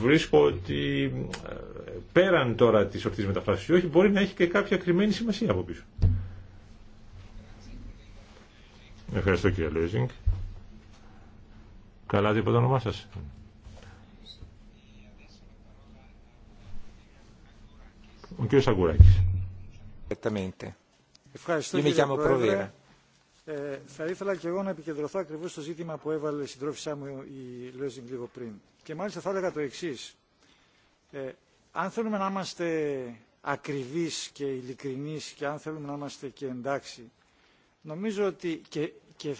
βρίσκω ότι ε, πέραν τώρα της ορθής μεταφράσης ή όχι μπορεί να έχει και κάποια κρυμμένη σημασία από πίσω. Ευχαριστώ κύριε Λέζινγκ. Καλά τίποτα το όνομά σας. Ο κύριος Αγκουράκης. Ευχαριστώ, Είμαι κύριε Πρόεδρε. Ε, θα ήθελα και εγώ να επικεντρωθώ ακριβώ στο ζήτημα που έβαλε η συντρόφισά μου η Λέζινγκ λίγο πριν. Και μάλιστα θα έλεγα το εξή. Ε, αν θέλουμε να είμαστε ακριβεί και ειλικρινεί, και αν θέλουμε να είμαστε και εντάξει, νομίζω ότι και, και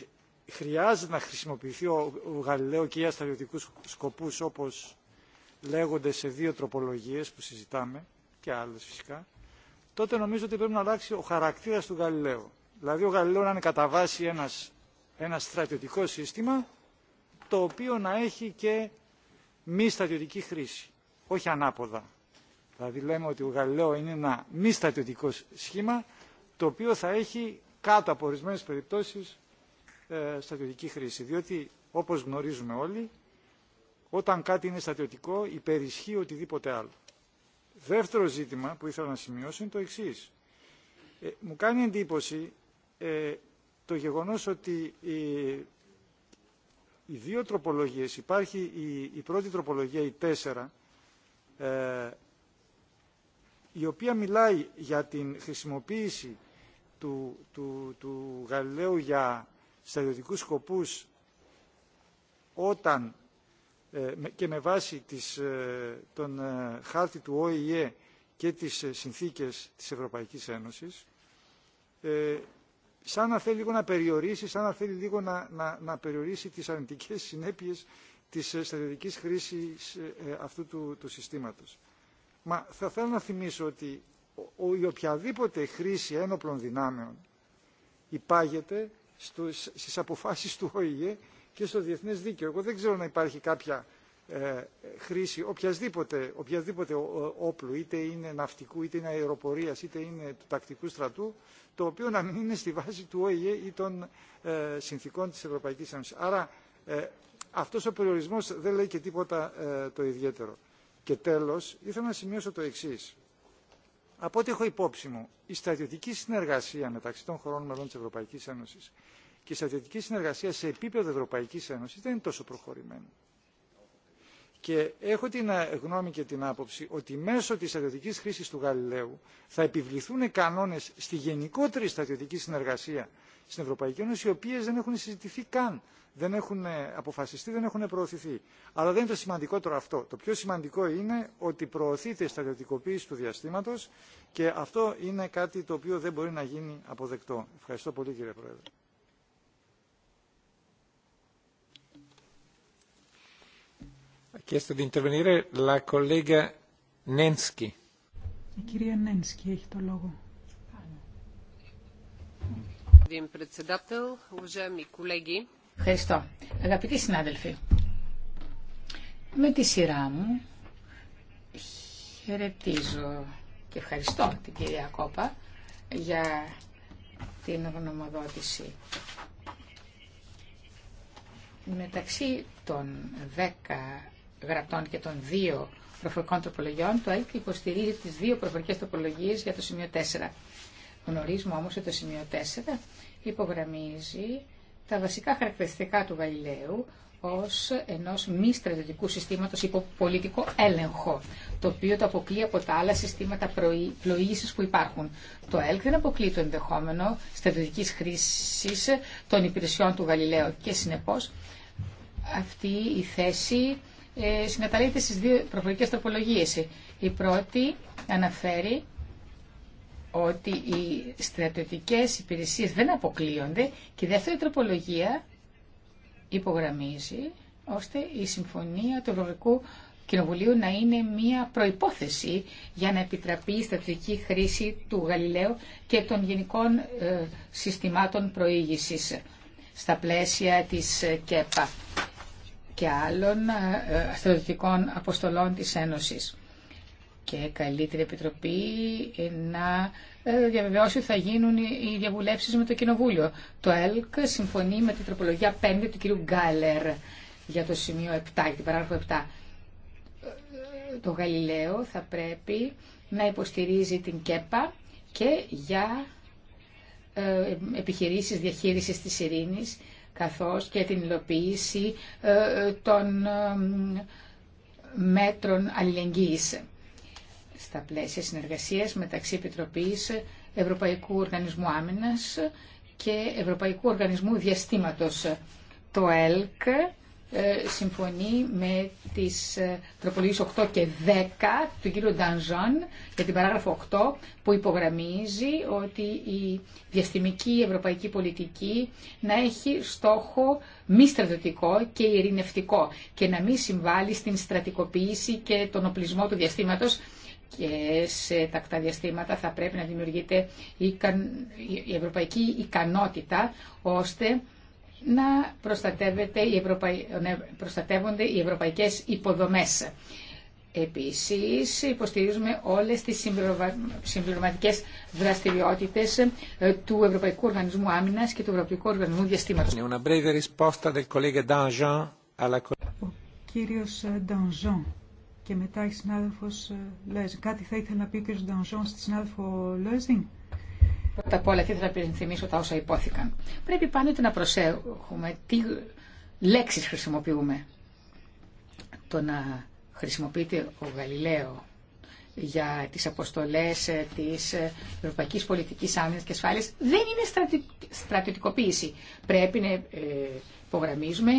χρειάζεται να χρησιμοποιηθεί ο, ο Γαλιλαίο και για στρατιωτικούς σκοπούς όπως λέγονται σε δύο τροπολογίε που συζητάμε και άλλε φυσικά, τότε νομίζω ότι πρέπει να αλλάξει ο χαρακτήρα του Γαλιλαίου. Δηλαδή ο Γαλιλαίο να είναι κατά βάση ένας, ένα στρατιωτικό σύστημα το οποίο να έχει και μη στρατιωτική χρήση, όχι ανάποδα. Δηλαδή λέμε ότι ο Γαλιλαίο είναι ένα μη στρατιωτικό σχήμα το οποίο θα έχει κάτω από ορισμένε περιπτώσεις ε, στρατιωτική χρήση. Διότι όπως γνωρίζουμε όλοι όταν κάτι είναι στρατιωτικό υπερισχύει οτιδήποτε άλλο. Δεύτερο ζήτημα που ήθελα να σημειώσω είναι το εξής. Ε, μου κάνει εντύπωση ε, το γεγονός ότι ε, οι δύο τροπολογίες, υπάρχει η πρώτη τροπολογία, η τέσσερα, ε, η οποία μιλάει για την χρησιμοποίηση του, του, Γαλιλαίου για στρατιωτικούς σκοπούς όταν και με βάση τον χάρτη του ΟΗΕ και τις συνθήκες της Ευρωπαϊκής Ένωσης σαν να θέλει λίγο να περιορίσει, σαν να θέλει λίγο να, να, να περιορίσει τις αρνητικές συνέπειες της ε, στρατιωτικής χρήσης ε, ε, αυτού του, του συστήματος. Μα θα θέλω να θυμίσω ότι ο, η οποιαδήποτε χρήση ένοπλων δυνάμεων υπάγεται στο, στις αποφάσεις του ΟΗΕ και στο διεθνές δίκαιο. Εγώ δεν ξέρω να υπάρχει κάποια ε, χρήση οποιασδήποτε, όπλου, είτε είναι ναυτικού, είτε είναι αεροπορίας, είτε είναι του τακτικού στρατού, το οποίο να μην είναι στη βάση του ΟΗΕ ή των ε, συνθήκων της Ευρωπαϊκής Ένωσης. Άρα ε, αυτός ο περιορισμός δεν λέει και τίποτα το ιδιαίτερο. Και τέλος, ήθελα να σημειώσω το εξής. Από ό,τι έχω υπόψη μου, η στρατιωτική συνεργασία μεταξύ των χωρών μελών της Ευρωπαϊκής Ένωσης και η στρατιωτική συνεργασία σε επίπεδο Ευρωπαϊκής Ένωσης δεν είναι τόσο προχωρημένη. Και έχω την ε, γνώμη και την άποψη ότι μέσω της στρατιωτικής χρήσης του Γαλιλαίου θα επιβληθούν κανόνες στη γενικότερη στρατιωτική συνεργασία στην Ευρωπαϊκή Ένωση, οι οποίες δεν έχουν συζητηθεί καν, δεν έχουν ε, αποφασιστεί, δεν έχουν προωθηθεί. Αλλά δεν είναι το σημαντικότερο αυτό. Το πιο σημαντικό είναι ότι προωθείται η στρατιωτικοποίηση του διαστήματος και αυτό είναι κάτι το οποίο δεν μπορεί να γίνει αποδεκτό. Ευχαριστώ πολύ κύριε Πρόεδρε. Chiesto di intervenire la collega Nensky. Η κυρία Νένσκι έχει το λόγο. Ευχαριστώ. Αγαπητοί συνάδελφοι, με τη σειρά μου χαιρετίζω και ευχαριστώ την κυρία Κόπα για την γνωμοδότηση. Μεταξύ των δέκα γραπτών και των δύο προφορικών τροπολογιών, το ΕΛΚ υποστηρίζει τις δύο προφορικές τροπολογίες για το σημείο 4. Γνωρίζουμε όμως ότι το σημείο 4 υπογραμμίζει τα βασικά χαρακτηριστικά του Γαλιλαίου ως ενός μη στρατιωτικού συστήματος υπό πολιτικό έλεγχο, το οποίο το αποκλεί από τα άλλα συστήματα πλοήγησης που υπάρχουν. Το ΕΛΚ δεν αποκλεί το ενδεχόμενο στρατιωτικής χρήσης των υπηρεσιών του Γαλιλαίου και συνεπώς αυτή η θέση ε, συναταλείται στις δύο προφορικές τροπολογίες. Η πρώτη αναφέρει ότι οι στρατιωτικές υπηρεσίες δεν αποκλείονται και η δεύτερη τροπολογία υπογραμμίζει ώστε η συμφωνία του Ευρωπαϊκού Κοινοβουλίου να είναι μια προϋπόθεση για να επιτραπεί η στρατιωτική χρήση του Γαλιλαίου και των γενικών ε, συστημάτων προήγησης στα πλαίσια της ΚΕΠΑ και άλλων ε, ε, στρατιωτικών αποστολών της Ένωσης. Και καλύτερη την Επιτροπή ε, να διαβεβαιώσει ότι θα γίνουν οι διαβουλεύσεις με το Κοινοβούλιο. Το ΕΛΚ συμφωνεί με την τροπολογία 5 του κ. Γκάλερ για το σημείο 7, για την παράγραφο 7. Το Γαλιλαίο θα πρέπει να υποστηρίζει την ΚΕΠΑ και για επιχειρήσεις διαχείρισης της ειρήνης καθώς και την υλοποίηση ε, ε, των μέτρων αλληλεγγύης στα πλαίσια συνεργασίας μεταξύ Επιτροπής Ευρωπαϊκού Οργανισμού Άμυνας και Ευρωπαϊκού Οργανισμού Διαστήματος. Το ΕΛΚ ε, συμφωνεί με τις ε, τροπολογίες 8 και 10 του κύριου Ντανζόν για την παράγραφο 8 που υπογραμμίζει ότι η διαστημική ευρωπαϊκή πολιτική να έχει στόχο μη στρατιωτικό και ειρηνευτικό και να μην συμβάλλει στην στρατικοποίηση και τον οπλισμό του διαστήματος και σε τακτά διαστήματα θα πρέπει να δημιουργείται η ευρωπαϊκή ικανότητα ώστε να προστατεύεται οι Ευρωπαϊ... προστατεύονται οι ευρωπαϊκές υποδομές. Επίσης, υποστηρίζουμε όλες τις συμπληρωματικές δραστηριότητες ε, του Ευρωπαϊκού Οργανισμού Άμυνας και του Ευρωπαϊκού Οργανισμού Διαστήματος. Ο κύριος Ντανζόν ε, και μετά η συνάδελφος ε, Λέζιν. Κάτι θα ήθελα να πει ο κύριος Ντανζόν στη συνάδελφο Λέζιν. Πρώτα απ' όλα, θέλω να υπενθυμίσω τα όσα υπόθηκαν. Πρέπει πάντοτε να προσέχουμε τι λέξεις χρησιμοποιούμε. Το να χρησιμοποιείται ο Γαλιλαίο για τις αποστολές της Ευρωπαϊκής Πολιτικής Άμυνας και Ασφάλειας δεν είναι στρατιωτικοποίηση. Πρέπει να ε, υπογραμμίζουμε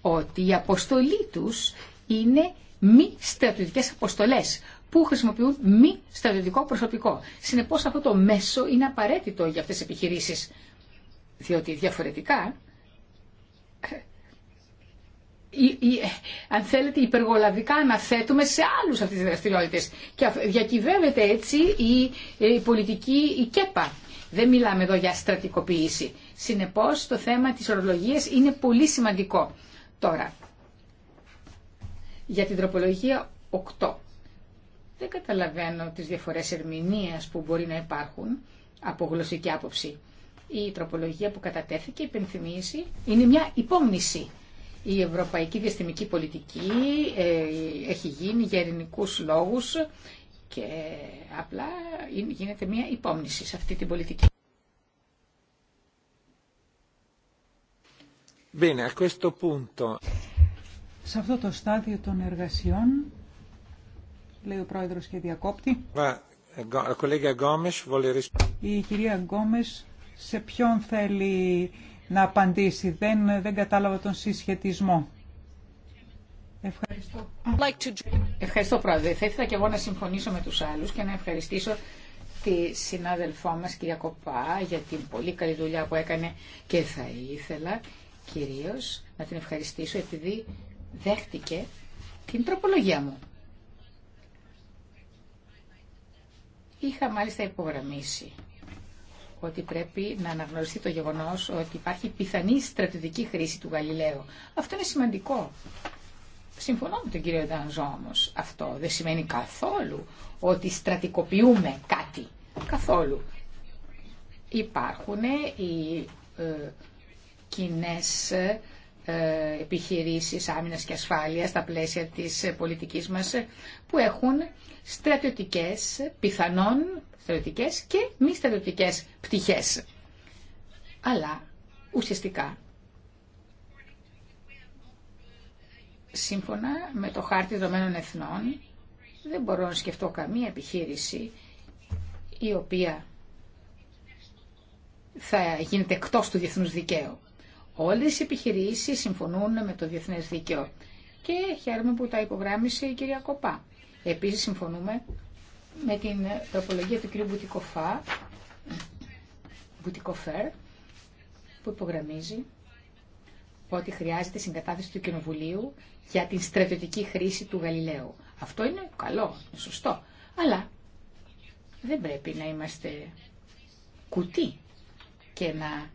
ότι η αποστολή τους είναι μη στρατιωτικές αποστολές που χρησιμοποιούν μη στρατιωτικό προσωπικό. Συνεπώς αυτό το μέσο είναι απαραίτητο για αυτές τις επιχειρήσεις, διότι διαφορετικά ή, ή, αν θέλετε υπεργολαβικά αναθέτουμε σε άλλους αυτές τις δραστηριότητες και διακυβεύεται έτσι η, η αν θελετε υπεργολαβικα αναθετουμε σε αλλους αυτες τις δραστηριοτητες και διακυβευεται ετσι η πολιτικη η ΚΕΠΑ. Δεν μιλάμε εδώ για στρατικοποίηση. Συνεπώς το θέμα της ορολογίας είναι πολύ σημαντικό. Τώρα, για την τροπολογία 8. Δεν καταλαβαίνω τις διαφορές ερμηνείας που μπορεί να υπάρχουν από γλωσσική άποψη. Η τροπολογία που κατατέθηκε υπενθυμίζει είναι μια υπόμνηση. Η ευρωπαϊκή διαστημική πολιτική ε, έχει γίνει για ελληνικού λόγους και απλά γίνεται μια υπόμνηση σε αυτή την πολιτική. Bene, a punto. Σε αυτό το στάδιο των εργασιών λέει ο πρόεδρος και διακόπτη. Η κυρία Γκόμες σε ποιον θέλει να απαντήσει. Δεν, δεν κατάλαβα τον συσχετισμό. Ευχαριστώ. Ευχαριστώ πρόεδρε. Θα ήθελα και εγώ να συμφωνήσω με τους άλλους και να ευχαριστήσω τη συνάδελφό μας κυρία Κοπά για την πολύ καλή δουλειά που έκανε και θα ήθελα κυρίως να την ευχαριστήσω επειδή δέχτηκε την τροπολογία μου. Είχα μάλιστα υπογραμμίσει ότι πρέπει να αναγνωριστεί το γεγονός ότι υπάρχει πιθανή στρατιωτική χρήση του Γαλιλαίου. Αυτό είναι σημαντικό. Συμφωνώ με τον κύριο Ντανζό όμω. Αυτό δεν σημαίνει καθόλου ότι στρατικοποιούμε κάτι. Καθόλου. Υπάρχουν οι ε, κοινέ ε, ε, επιχειρήσεις άμυνας και ασφάλειας στα πλαίσια της πολιτικής μας που έχουν στρατιωτικές, πιθανόν στρατιωτικές και μη στρατιωτικές πτυχές. Αλλά ουσιαστικά σύμφωνα με το χάρτη δεδομένων εθνών δεν μπορώ να σκεφτώ καμία επιχείρηση η οποία θα γίνεται εκτός του διεθνούς δικαίου. Όλες οι επιχειρήσεις συμφωνούν με το διεθνές δίκαιο και χαίρομαι που τα υπογράμμισε η κυρία Κοπά. Επίσης συμφωνούμε με την τροπολογία του κυρίου Μπουτικοφά, Μπουτικοφέρ, που υπογραμμίζει ότι χρειάζεται συγκατάθεση του Κοινοβουλίου για την στρατιωτική χρήση του Γαλιλαίου. Αυτό είναι καλό, είναι σωστό. Αλλά δεν πρέπει να είμαστε κουτί και να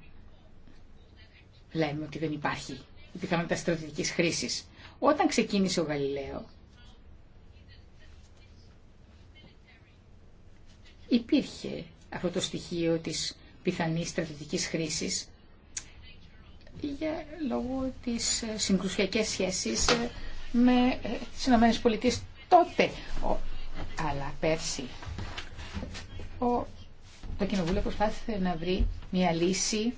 λέμε ότι δεν υπάρχει η πιθανότητα στρατηγικής χρήσης. Όταν ξεκίνησε ο Γαλιλαίο, υπήρχε αυτό το στοιχείο της πιθανής στρατηγικής χρήσης για λόγω της ε, συγκρουσιακής σχέσης ε, με ε, τις Ηνωμένες Πολιτείες τότε. Αλλά πέρσι το Κοινοβούλιο προσπάθησε να βρει μια λύση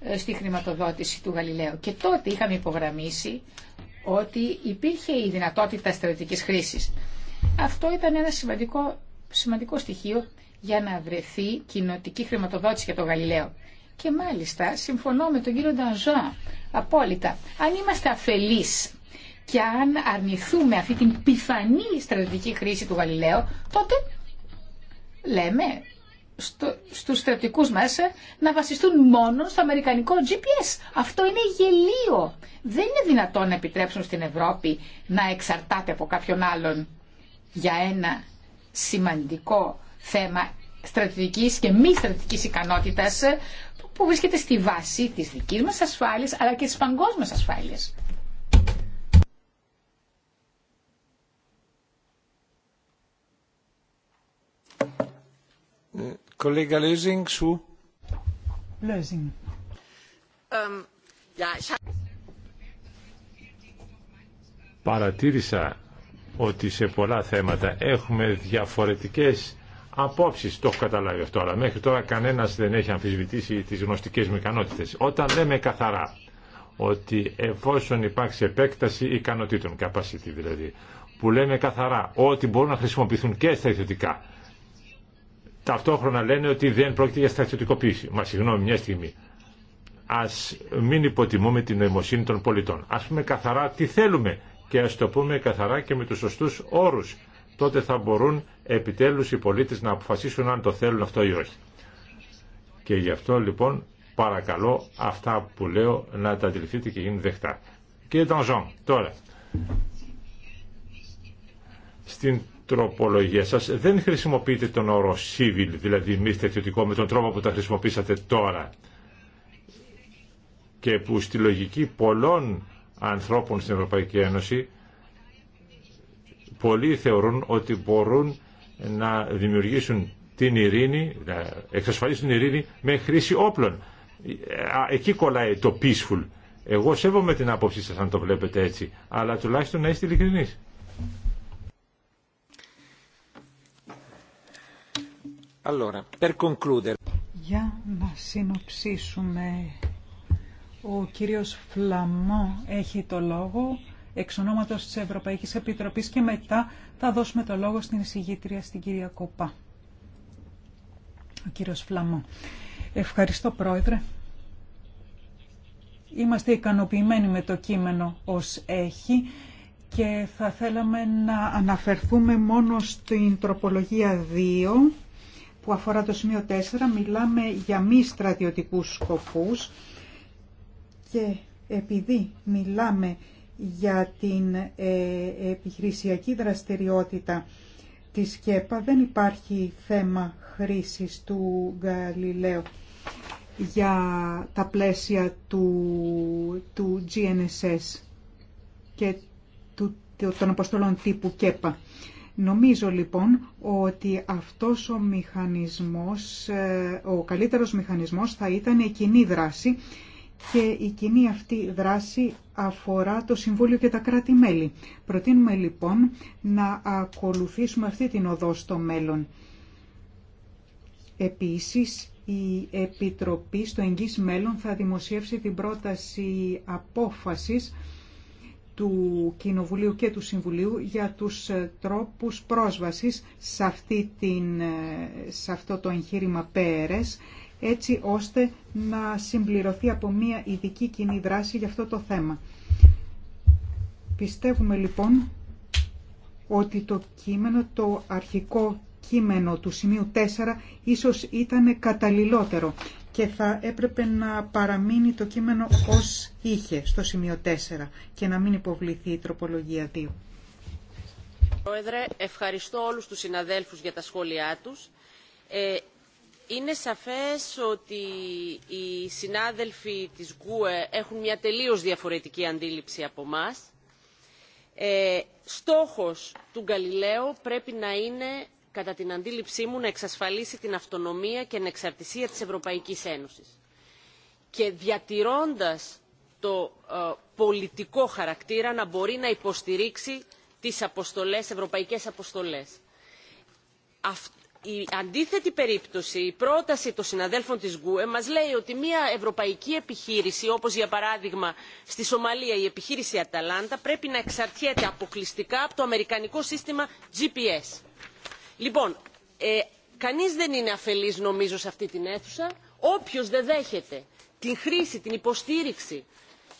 ε, στη χρηματοδότηση του Γαλιλαίου. Και τότε είχαμε υπογραμμίσει ότι υπήρχε η δυνατότητα στρατιωτικής χρήσης. Αυτό ήταν ένα σημαντικό, σημαντικό στοιχείο για να βρεθεί κοινοτική χρηματοδότηση για το Γαλιλαίο. Και μάλιστα συμφωνώ με τον κύριο Ντανζά, απόλυτα. Αν είμαστε αφελείς και αν αρνηθούμε αυτή την πιθανή στρατηγική χρήση του Γαλιλαίου, τότε λέμε στο, στους στρατιωτικούς μέσα να βασιστούν μόνο στο αμερικανικό GPS. Αυτό είναι γελίο. Δεν είναι δυνατόν να επιτρέψουν στην Ευρώπη να εξαρτάται από κάποιον άλλον για ένα σημαντικό θέμα στρατηγικής και μη στρατηγικής ικανότητας που βρίσκεται στη βάση της δικής μας ασφάλειας αλλά και της παγκόσμιας ασφάλειας. Ε, Παρατήρησα ότι σε πολλά θέματα έχουμε διαφορετικές απόψεις. Το έχω καταλάβει αυτό, αλλά μέχρι τώρα κανένας δεν έχει αμφισβητήσει τις γνωστικές μου ικανότητες. Όταν λέμε καθαρά ότι εφόσον υπάρξει επέκταση ικανοτήτων, capacity δηλαδή, που λέμε καθαρά ότι μπορούν να χρησιμοποιηθούν και στα ιδιωτικά ταυτόχρονα λένε ότι δεν πρόκειται για στρατιωτικοποίηση. Μα συγγνώμη, μια στιγμή. Α μην υποτιμούμε την νοημοσύνη των πολιτών. Α πούμε καθαρά τι θέλουμε και α το πούμε καθαρά και με του σωστού όρου. Τότε θα μπορούν επιτέλου οι πολίτε να αποφασίσουν αν το θέλουν αυτό ή όχι. Και γι' αυτό λοιπόν παρακαλώ αυτά που λέω να τα αντιληφθείτε και γίνουν δεχτά. Κύριε Τανζόν, τώρα τροπολογία σας δεν χρησιμοποιείτε τον όρο civil, δηλαδή μη στρατιωτικό, με τον τρόπο που τα χρησιμοποίησατε τώρα και που στη λογική πολλών ανθρώπων στην Ευρωπαϊκή Ένωση πολλοί θεωρούν ότι μπορούν να δημιουργήσουν την ειρήνη, να εξασφαλίσουν την ειρήνη με χρήση όπλων. Εκεί κολλάει το peaceful. Εγώ σέβομαι την άποψή σας αν το βλέπετε έτσι, αλλά τουλάχιστον να είστε ειλικρινείς. Για να συνοψίσουμε, ο κύριος Φλαμό έχει το λόγο εξ ονόματος της Ευρωπαϊκής Επιτροπής και μετά θα δώσουμε το λόγο στην εισηγήτρια, στην κυρία Κοπά. Ο κύριος Φλαμό. Ευχαριστώ πρόεδρε. Είμαστε ικανοποιημένοι με το κείμενο ως έχει και θα θέλαμε να αναφερθούμε μόνο στην τροπολογία 2 που αφορά το σημείο 4 μιλάμε για μη στρατιωτικούς σκοπούς και επειδή μιλάμε για την ε, επιχειρησιακή δραστηριότητα της ΚΕΠΑ δεν υπάρχει θέμα χρήσης του Γαλιλαίου για τα πλαίσια του, του GNSS και του, των αποστολών τύπου ΚΕΠΑ. Νομίζω λοιπόν ότι αυτός ο μηχανισμός, ε, ο καλύτερος μηχανισμός θα ήταν η κοινή δράση και η κοινή αυτή δράση αφορά το Συμβούλιο και τα κράτη-μέλη. Προτείνουμε λοιπόν να ακολουθήσουμε αυτή την οδό στο μέλλον. Επίσης, η Επιτροπή στο εγγύς μέλλον θα δημοσιεύσει την πρόταση απόφασης του Κοινοβουλίου και του Συμβουλίου για τους ε, τρόπους πρόσβασης σε, αυτή την, ε, σε αυτό το εγχείρημα ΠΕΡΕΣ έτσι ώστε να συμπληρωθεί από μια ειδική κοινή δράση για αυτό το θέμα. Πιστεύουμε λοιπόν ότι το κείμενο, το αρχικό κείμενο του σημείου 4 ίσως ήταν καταλληλότερο και θα έπρεπε να παραμείνει το κείμενο ως είχε στο σημείο 4 και να μην υποβληθεί η τροπολογία 2. Πρόεδρε, ευχαριστώ όλους τους συναδέλφους για τα σχόλιά τους. Ε, είναι σαφές ότι οι συνάδελφοι της ΓΚΟΕ έχουν μια τελείως διαφορετική αντίληψη από μας. Ε, στόχος του Γκαλιλαίου πρέπει να είναι κατά την αντίληψή μου να εξασφαλίσει την αυτονομία και την ανεξαρτησία της Ευρωπαϊκής Ένωσης. Και διατηρώντας το ε, πολιτικό χαρακτήρα να μπορεί να υποστηρίξει τις αποστολές, ευρωπαϊκές αποστολές. η αντίθετη περίπτωση, η πρόταση των συναδέλφων της ΓΚΟΕ μας λέει ότι μια ευρωπαϊκή επιχείρηση, όπως για παράδειγμα στη Σομαλία η επιχείρηση Αταλάντα, πρέπει να εξαρτιέται αποκλειστικά από το αμερικανικό σύστημα GPS Λοιπόν, ε, κανείς δεν είναι αφελής νομίζω σε αυτή την αίθουσα. Όποιος δεν δέχεται την χρήση, την υποστήριξη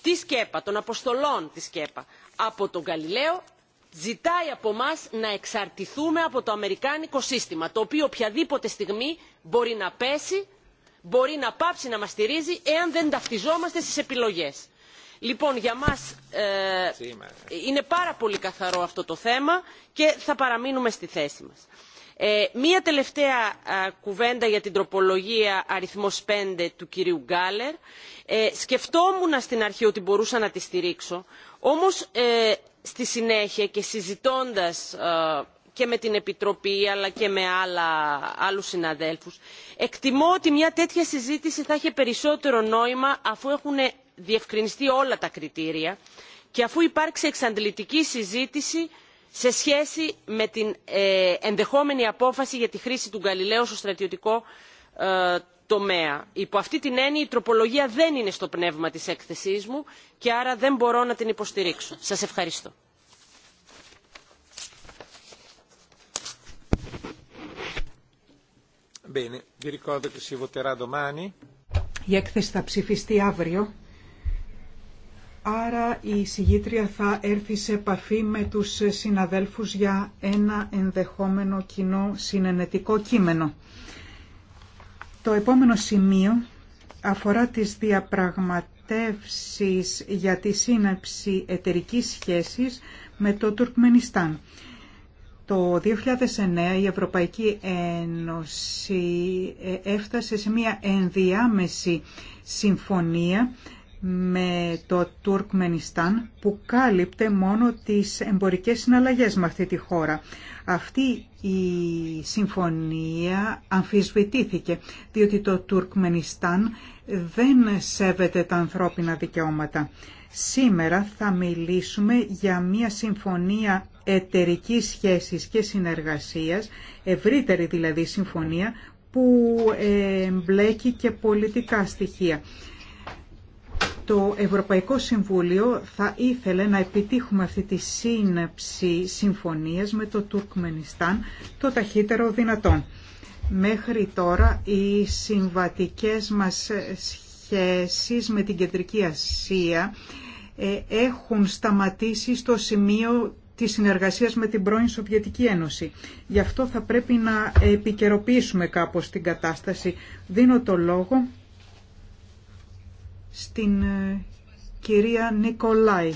της ΚΕΠΑ, των αποστολών της ΚΕΠΑ από τον Γαλιλαίο, ζητάει από εμά να εξαρτηθούμε από το αμερικάνικο σύστημα, το οποίο οποιαδήποτε στιγμή μπορεί να πέσει, μπορεί να πάψει να μας στηρίζει, εάν δεν ταυτιζόμαστε στις επιλογές Λοιπόν, για μας ε, είναι πάρα πολύ καθαρό αυτό το θέμα και θα παραμείνουμε στη θέση μας. Ε, μία τελευταία κουβέντα για την τροπολογία αριθμός 5 του κυρίου Γκάλερ. Ε, σκεφτόμουν στην αρχή ότι μπορούσα να τη στηρίξω, όμως στη συνέχεια και συζητώντας και με την Επιτροπή αλλά και με άλλα, άλλους συναδέλφους, εκτιμώ ότι μια τέτοια συζήτηση θα είχε περισσότερο νόημα αφού έχουν διευκρινιστεί όλα τα κριτήρια και αφού υπάρξει εξαντλητική συζήτηση σε σχέση με την ε, ενδεχόμενη απόφαση για τη χρήση του Γαλιλαίου στο στρατιωτικό ε, τομέα. Υπό αυτή την έννοια η τροπολογία δεν είναι στο πνεύμα της έκθεσής μου και άρα δεν μπορώ να την υποστηρίξω. Σας ευχαριστώ. Η έκθεση θα ψηφιστεί αύριο. Άρα η συγγήτρια θα έρθει σε επαφή με τους συναδέλφους για ένα ενδεχόμενο κοινό συνενετικό κείμενο. Το επόμενο σημείο αφορά τις διαπραγματεύσεις για τη σύναψη εταιρικής σχέσης με το Τουρκμενιστάν. Το 2009 η Ευρωπαϊκή Ένωση ε, έφτασε σε μια ενδιάμεση συμφωνία με το Τουρκμενιστάν που κάλυπτε μόνο τις εμπορικές συναλλαγές με αυτή τη χώρα. Αυτή η συμφωνία αμφισβητήθηκε διότι το Τουρκμενιστάν δεν σέβεται τα ανθρώπινα δικαιώματα. Σήμερα θα μιλήσουμε για μια συμφωνία εταιρικής σχέσης και συνεργασίας, ευρύτερη δηλαδή συμφωνία, που μπλέκει και πολιτικά στοιχεία το Ευρωπαϊκό Συμβούλιο θα ήθελε να επιτύχουμε αυτή τη σύναψη συμφωνίας με το Τουρκμενιστάν το ταχύτερο δυνατόν. Μέχρι τώρα οι συμβατικές μας σχέσεις με την Κεντρική Ασία ε, έχουν σταματήσει στο σημείο της συνεργασίας με την πρώην Σοβιετική Ένωση. Γι' αυτό θα πρέπει να επικαιροποιήσουμε κάπως την κατάσταση. Δίνω το λόγο στην ε, κυρία Νικολάη.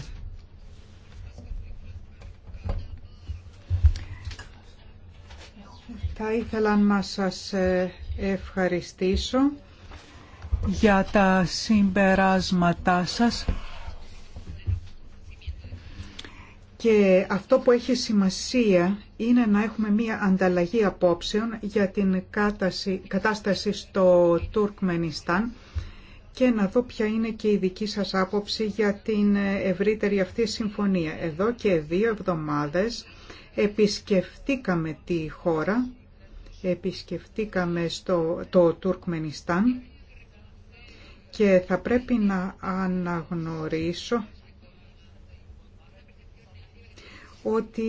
Θα ήθελα να σας ε, ευχαριστήσω για τα συμπεράσματά σας και αυτό που έχει σημασία είναι να έχουμε μία ανταλλαγή απόψεων για την κατάσταση στο Τουρκμενιστάν και να δω ποια είναι και η δική σας άποψη για την ευρύτερη αυτή συμφωνία. Εδώ και δύο εβδομάδες επισκεφτήκαμε τη χώρα, επισκεφτήκαμε στο, το Τουρκμενιστάν και θα πρέπει να αναγνωρίσω ότι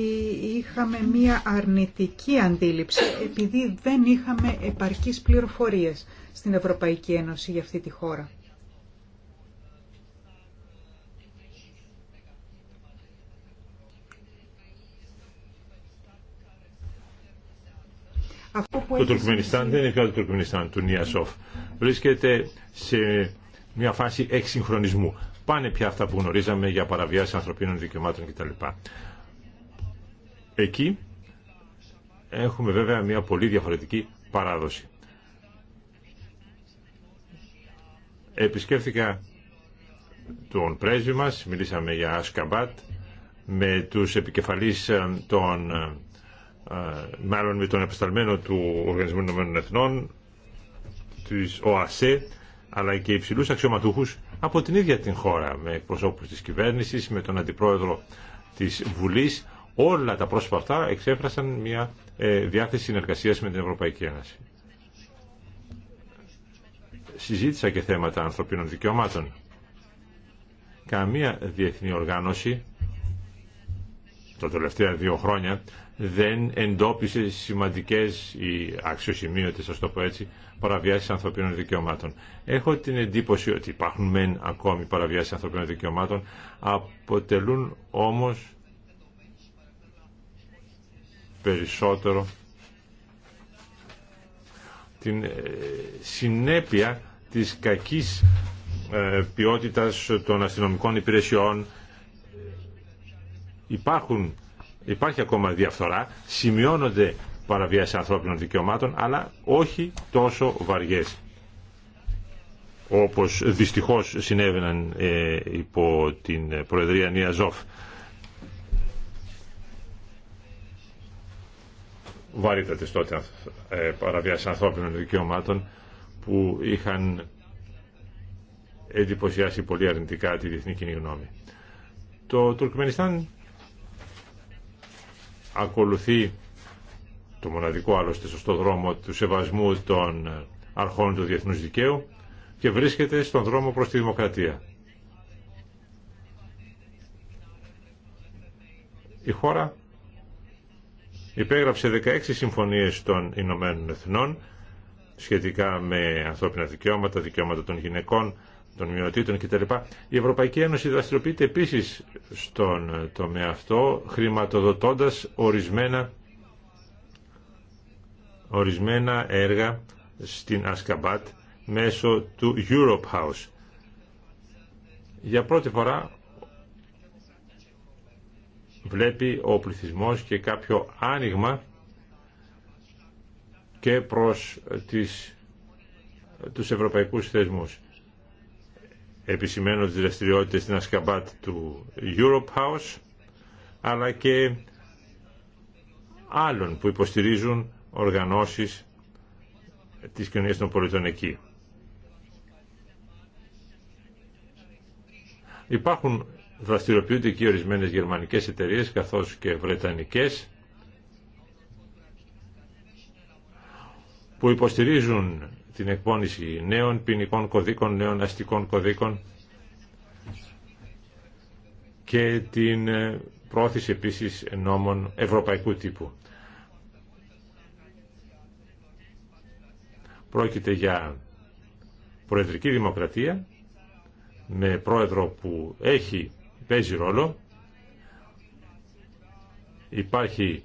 είχαμε μία αρνητική αντίληψη επειδή δεν είχαμε επαρκείς πληροφορίες στην Ευρωπαϊκή Ένωση για αυτή τη χώρα. Το Τουρκμενιστάν δεν είναι πια το Τουρκμενιστάν του Νιασόφ. Βρίσκεται σε μια φάση εξυγχρονισμού. Πάνε πια αυτά που γνωρίζαμε για παραβιάσεις ανθρωπίνων δικαιωμάτων κτλ. Εκεί έχουμε βέβαια μια πολύ διαφορετική παράδοση. Επισκέφθηκα τον πρέσβη μας, μιλήσαμε για Ασκαμπάτ, με τους επικεφαλείς ε, των ε, ε, μάλλον με τον επισταλμένο του Οργανισμού Ηνωμένων Εθνών, της ΟΑΣΕ, αλλά και υψηλούς αξιωματούχους από την ίδια την χώρα, με προσώπους της κυβέρνησης, με τον αντιπρόεδρο της Βουλής. Όλα τα πρόσωπα αυτά εξέφρασαν μια ε, διάθεση συνεργασίας με την Ευρωπαϊκή Ένωση. Συζήτησα και θέματα ανθρωπίνων δικαιωμάτων. Καμία διεθνή οργάνωση τα τελευταία δύο χρόνια δεν εντόπισε σημαντικές ή αξιοσημείωτες, ας το πω έτσι, παραβιάσεις ανθρωπίνων δικαιωμάτων. Έχω την εντύπωση ότι υπάρχουν μεν ακόμη παραβιάσεις ανθρωπίνων δικαιωμάτων, αποτελούν όμως περισσότερο την ε, συνέπεια της κακής ε, ποιότητας των αστυνομικών υπηρεσιών. Υπάρχουν υπάρχει ακόμα διαφθορά, σημειώνονται παραβίαση ανθρώπινων δικαιωμάτων, αλλά όχι τόσο βαριές όπως δυστυχώς συνέβαιναν ε, υπό την Προεδρία Νιαζόφ Ζόφ. Βαρύτατες τότε ε, παραβιάσεις ανθρώπινων δικαιωμάτων που είχαν εντυπωσιάσει πολύ αρνητικά τη διεθνή κοινή γνώμη. Το Τουρκμενιστάν ακολουθεί το μοναδικό άλλωστε σωστό δρόμο του σεβασμού των αρχών του διεθνούς δικαίου και βρίσκεται στον δρόμο προς τη δημοκρατία. Η χώρα υπέγραψε 16 συμφωνίες των Ηνωμένων Εθνών σχετικά με ανθρώπινα δικαιώματα, δικαιώματα των γυναικών, των μειονοτήτων κτλ. Η Ευρωπαϊκή Ένωση δραστηριοποιείται επίσης στον τομέα αυτό, χρηματοδοτώντας ορισμένα, ορισμένα έργα στην Ασκαμπάτ μέσω του Europe House. Για πρώτη φορά βλέπει ο πληθυσμός και κάποιο άνοιγμα και προς τις, τους ευρωπαϊκούς θεσμούς επισημένω τις δραστηριότητες στην Ασκαμπάτ του Europe House αλλά και άλλων που υποστηρίζουν οργανώσεις της κοινωνίας των πολιτών εκεί. Υπάρχουν, δραστηριοποιούνται εκεί ορισμένες γερμανικές εταιρείες καθώς και βρετανικές που υποστηρίζουν την εκπόνηση νέων ποινικών κωδίκων, νέων αστικών κωδίκων και την ε, πρόθεση επίσης νόμων ευρωπαϊκού τύπου. Πρόκειται για προεδρική δημοκρατία με πρόεδρο που έχει, παίζει ρόλο. Υπάρχει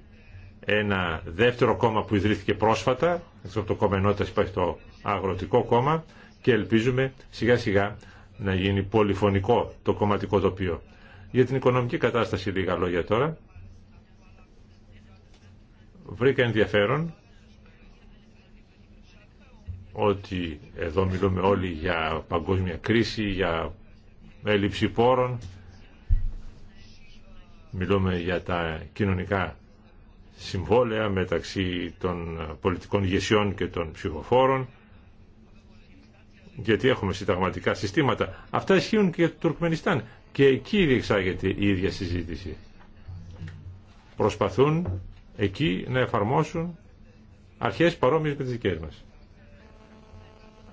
ένα δεύτερο κόμμα που ιδρύθηκε πρόσφατα, από το κόμμα ενότητας υπάρχει το αγροτικό κόμμα και ελπίζουμε σιγά σιγά να γίνει πολυφωνικό το κομματικό τοπίο. Για την οικονομική κατάσταση λίγα λόγια τώρα. Βρήκα ενδιαφέρον ότι εδώ μιλούμε όλοι για παγκόσμια κρίση, για έλλειψη πόρων, μιλούμε για τα κοινωνικά συμβόλαια μεταξύ των πολιτικών ηγεσιών και των ψηφοφόρων, γιατί έχουμε συνταγματικά συστήματα. Αυτά ισχύουν και για το Τουρκμενιστάν. Και εκεί διεξάγεται η ίδια συζήτηση. Προσπαθούν εκεί να εφαρμόσουν αρχές παρόμοιες με τις δικές μας.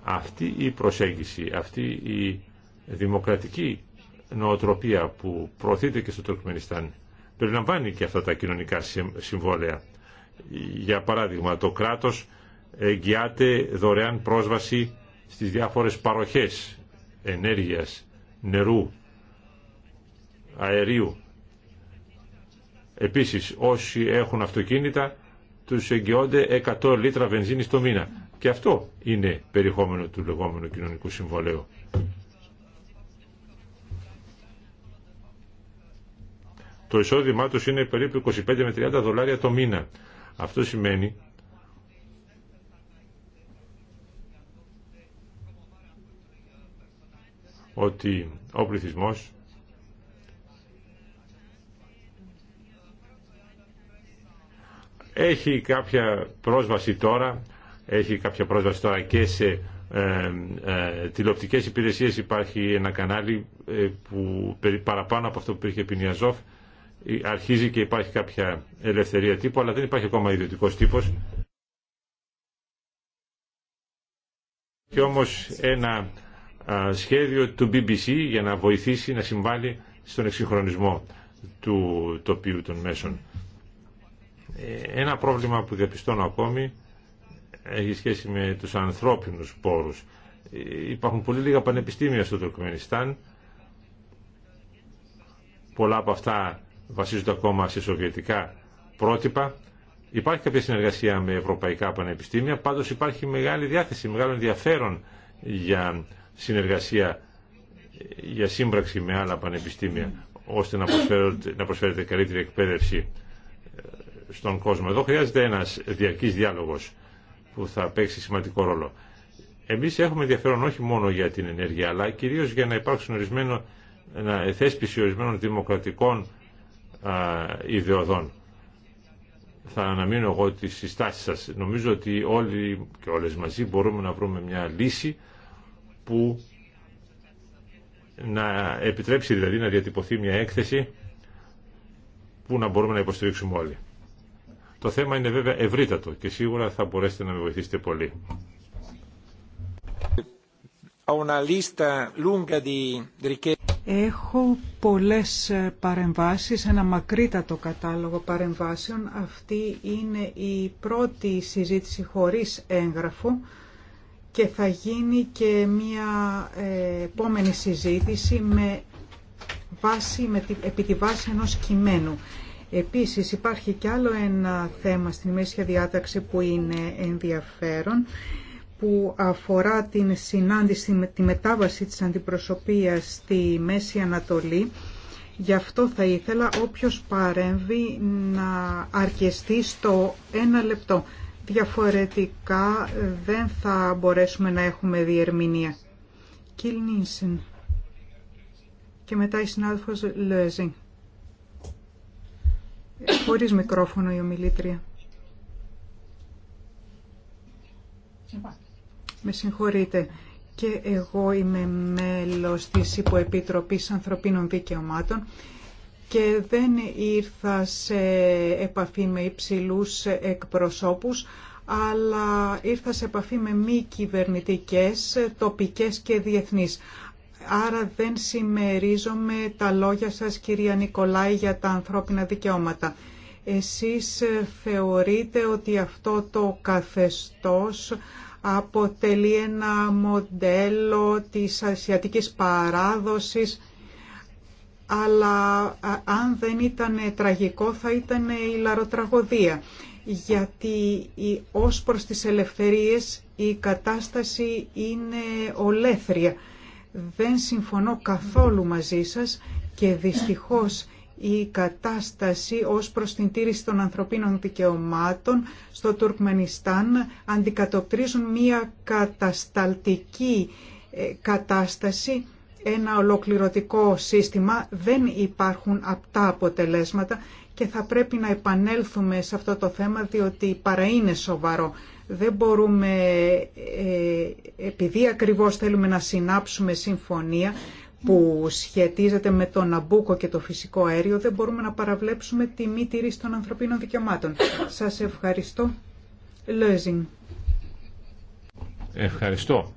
Αυτή η προσέγγιση, αυτή η δημοκρατική νοοτροπία που προωθείται και στο Τουρκμενιστάν περιλαμβάνει και αυτά τα κοινωνικά συμβόλαια. Για παράδειγμα, το κράτος εγγυάται δωρεάν πρόσβαση στις διάφορες παροχές ενέργειας, νερού, αερίου. Επίσης, όσοι έχουν αυτοκίνητα, τους εγγυώνται 100 λίτρα βενζίνης το μήνα. Και αυτό είναι περιεχόμενο του λεγόμενου κοινωνικού συμβολέου. Το εισόδημά τους είναι περίπου 25 με 30 δολάρια το μήνα. Αυτό σημαίνει ότι ο πληθυσμό έχει κάποια πρόσβαση τώρα, έχει κάποια πρόσβαση τώρα και σε ε, ε, τηλεοπτικές υπηρεσίες υπάρχει ένα κανάλι ε, που παραπάνω από αυτό που υπήρχε Νιαζόφ ε, αρχίζει και υπάρχει κάποια ελευθερία τύπου αλλά δεν υπάρχει ακόμα ιδιωτικό τύπος και όμως ένα σχέδιο του BBC για να βοηθήσει να συμβάλλει στον εξυγχρονισμό του τοπίου των μέσων. Ε, ένα πρόβλημα που διαπιστώνω ακόμη έχει σχέση με τους ανθρώπινους πόρους. Ε, υπάρχουν πολύ λίγα πανεπιστήμια στο Τουρκμενιστάν. Πολλά από αυτά βασίζονται ακόμα σε σοβιετικά πρότυπα. Υπάρχει κάποια συνεργασία με ευρωπαϊκά πανεπιστήμια, πάντως υπάρχει μεγάλη διάθεση, μεγάλο ενδιαφέρον για συνεργασία για σύμπραξη με άλλα πανεπιστήμια ώστε να, να προσφέρεται καλύτερη εκπαίδευση ε, στον κόσμο. Εδώ χρειάζεται ένας διαρκής διάλογος που θα παίξει σημαντικό ρόλο. Εμείς έχουμε ενδιαφέρον όχι μόνο για την ενέργεια αλλά κυρίως για να υπάρξουν ορισμένο να θέσπιση ορισμένων δημοκρατικών α, ιδεωδών. Θα αναμείνω εγώ τις συστάσεις σας. Νομίζω ότι όλοι και όλες μαζί μπορούμε να βρούμε μια λύση που να επιτρέψει δηλαδή να διατυπωθεί μια έκθεση που να μπορούμε να υποστηρίξουμε όλοι. Το θέμα είναι βέβαια ευρύτατο και σίγουρα θα μπορέσετε να με βοηθήσετε πολύ. Έχω πολλές παρεμβάσεις, ένα μακρύτατο κατάλογο παρεμβάσεων. Αυτή είναι η πρώτη συζήτηση χωρίς έγγραφο και θα γίνει και μία ε, επόμενη συζήτηση με βάση, με τη, επί τη βάση ενός κειμένου. Επίσης υπάρχει κι άλλο ένα θέμα στην Μέσια διάταξη που είναι ενδιαφέρον που αφορά την συνάντηση τη μετάβαση της αντιπροσωπείας στη Μέση Ανατολή. Γι' αυτό θα ήθελα όποιος παρέμβει να αρκεστεί στο ένα λεπτό. Διαφορετικά δεν θα μπορέσουμε να έχουμε διερμηνία. Κιλ Και μετά η συνάδελφος Λέζιν. Χωρίς μικρόφωνο η ομιλήτρια. Με συγχωρείτε. Και εγώ είμαι μέλος της Υποεπίτροπης Ανθρωπίνων Δικαιωμάτων και δεν ήρθα σε επαφή με υψηλούς εκπροσώπους, αλλά ήρθα σε επαφή με μη κυβερνητικές, τοπικές και διεθνείς. Άρα δεν συμμερίζομαι τα λόγια σας, κυρία Νικολάη, για τα ανθρώπινα δικαιώματα. Εσείς θεωρείτε ότι αυτό το καθεστώς αποτελεί ένα μοντέλο της ασιατικής παράδοσης αλλά αν δεν ήταν τραγικό θα ήταν η λαροτραγωδία γιατί ως προς τις ελευθερίες η κατάσταση είναι ολέθρια. Δεν συμφωνώ καθόλου μαζί σας και δυστυχώς η κατάσταση ως προς την τήρηση των ανθρωπίνων δικαιωμάτων στο Τουρκμενιστάν αντικατοπτρίζουν μια κατασταλτική ε, κατάσταση ένα ολοκληρωτικό σύστημα δεν υπάρχουν απτά αποτελέσματα και θα πρέπει να επανέλθουμε σε αυτό το θέμα διότι παρά είναι σοβαρό. Δεν μπορούμε, ε, επειδή ακριβώς θέλουμε να συνάψουμε συμφωνία που σχετίζεται με τον Αμπούκο και το φυσικό αέριο, δεν μπορούμε να παραβλέψουμε τη μη τηρήση των ανθρωπίνων δικαιωμάτων. Σας ευχαριστώ. Λέζιν. Ευχαριστώ.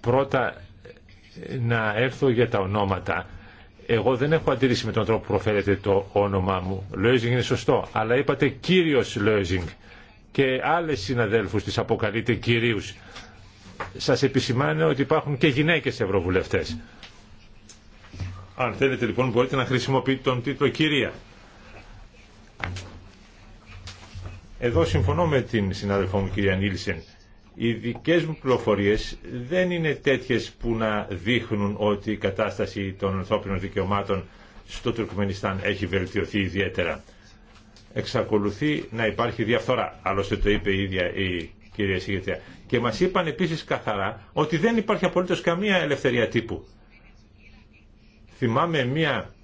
Πρώτα να έρθω για τα ονόματα. Εγώ δεν έχω αντίρρηση με τον τρόπο που προφέρετε το όνομά μου. Λέζινγκ είναι σωστό, αλλά είπατε κύριος Λέζινγκ και άλλε συναδέλφου τι αποκαλείτε κυρίους. Σας επισημάνω ότι υπάρχουν και γυναίκες ευρωβουλευτέ. Αν θέλετε λοιπόν μπορείτε να χρησιμοποιείτε τον τίτλο κυρία. Εδώ συμφωνώ με την συνάδελφό μου κυρία Νίλσεν. Οι δικές μου πληροφορίες δεν είναι τέτοιες που να δείχνουν ότι η κατάσταση των ανθρώπινων δικαιωμάτων στο Τουρκμενιστάν έχει βελτιωθεί ιδιαίτερα. Εξακολουθεί να υπάρχει διαφθορά. Άλλωστε το είπε η ίδια η κυρία Σιγητρία. Και μας είπαν επίσης καθαρά ότι δεν υπάρχει απολύτως καμία ελευθερία τύπου. Θυμάμαι μια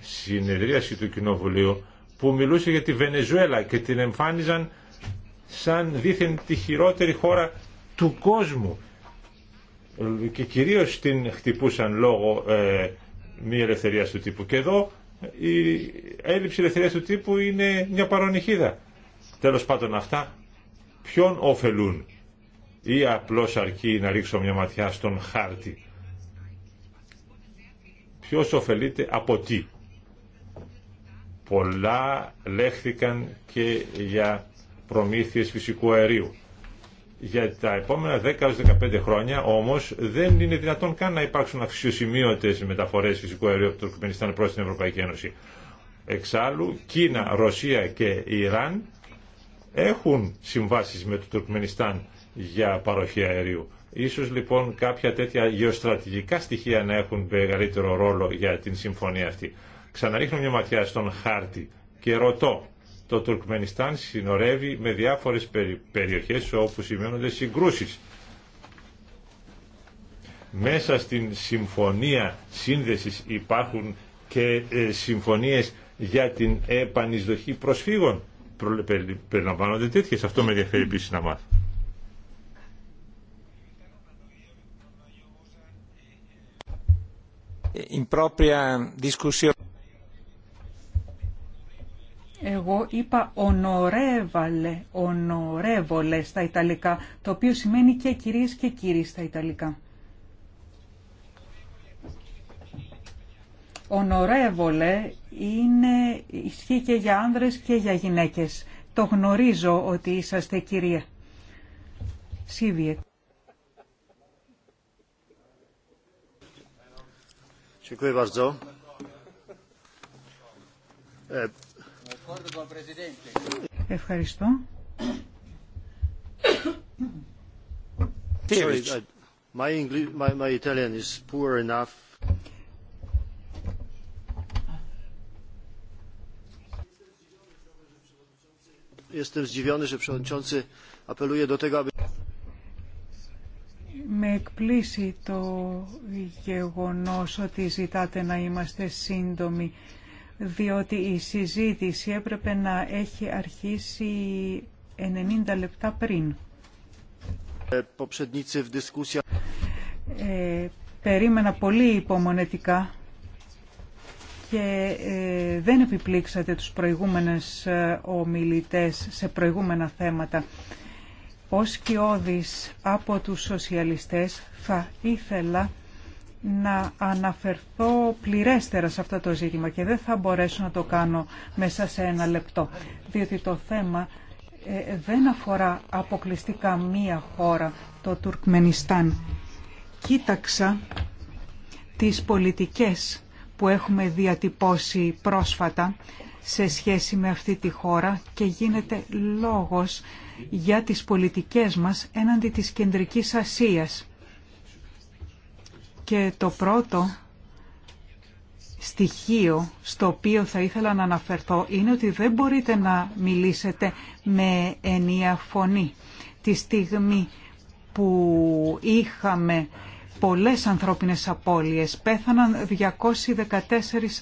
συνεδρίαση του Κοινοβουλίου που μιλούσε για τη Βενεζουέλα και την εμφάνιζαν σαν δήθεν τη χειρότερη χώρα του κόσμου και κυρίως την χτυπούσαν λόγω ε, μη ελευθερία του τύπου. Και εδώ ε, η έλλειψη ελευθερία του τύπου είναι μια παρονυχίδα. Τέλος πάντων αυτά ποιον ωφελούν ή απλώς αρκεί να ρίξω μια ματιά στον χάρτη. Ποιος ωφελείται από τι. Πολλά λέχθηκαν και για προμήθειες φυσικού αερίου. Για τα επόμενα 10-15 χρόνια όμως δεν είναι δυνατόν καν να υπάρξουν αξιοσημείωτες μεταφορές φυσικού αερίου από το Τουρκμενιστάν προς την Ευρωπαϊκή Ένωση. Εξάλλου, Κίνα, Ρωσία και Ιράν έχουν συμβάσεις με το Τουρκμενιστάν για παροχή αερίου. Ίσως λοιπόν κάποια τέτοια γεωστρατηγικά στοιχεία να έχουν μεγαλύτερο ρόλο για την συμφωνία αυτή. Ξαναρίχνω μια ματιά στον χάρτη και ρωτώ το Τουρκμενιστάν συνορεύει με διάφορες περιοχές όπου σημαίνονται συγκρούσεις. Μέσα στην συμφωνία σύνδεσης υπάρχουν και ε, συμφωνίες για την επανεισδοχή προσφύγων. Περιλαμβάνονται τέτοιες. Αυτό με ενδιαφέρει επίση να μάθω. propria ε, εγώ είπα ονορεύαλε, ονορεύολε στα Ιταλικά, το οποίο σημαίνει και κυρίες και κύριοι στα Ιταλικά. Ονορεύολε είναι, ισχύει και για άνδρες και για γυναίκες. Το γνωρίζω ότι είσαστε κυρία. Σίβιε. Dziękuję Ευχαριστώ. Sorry, my English, my, my Italian is poor enough. Jestem zdziwiony, że przewodniczący apeluje do tego, aby με εκπλήσει το γεγονός ότι ζητάτε να είμαστε σύντομοι διότι η συζήτηση έπρεπε να έχει αρχίσει 90 λεπτά πριν. Ε, ε, περίμενα πολύ υπομονετικά και ε, δεν επιπλήξατε τους προηγούμενες ε, ομιλητές σε προηγούμενα θέματα. Ως κοιόδης από τους σοσιαλιστές θα ήθελα να αναφερθώ πληρέστερα σε αυτό το ζήτημα και δεν θα μπορέσω να το κάνω μέσα σε ένα λεπτό, διότι το θέμα ε, δεν αφορά αποκλειστικά μία χώρα, το Τουρκμενιστάν. Κοίταξα τις πολιτικές που έχουμε διατυπώσει πρόσφατα σε σχέση με αυτή τη χώρα και γίνεται λόγος για τις πολιτικές μας έναντι της Κεντρικής Ασίας. Και το πρώτο στοιχείο στο οποίο θα ήθελα να αναφερθώ είναι ότι δεν μπορείτε να μιλήσετε με ενία φωνή. Τη στιγμή που είχαμε πολλές ανθρώπινες απώλειες, πέθαναν 214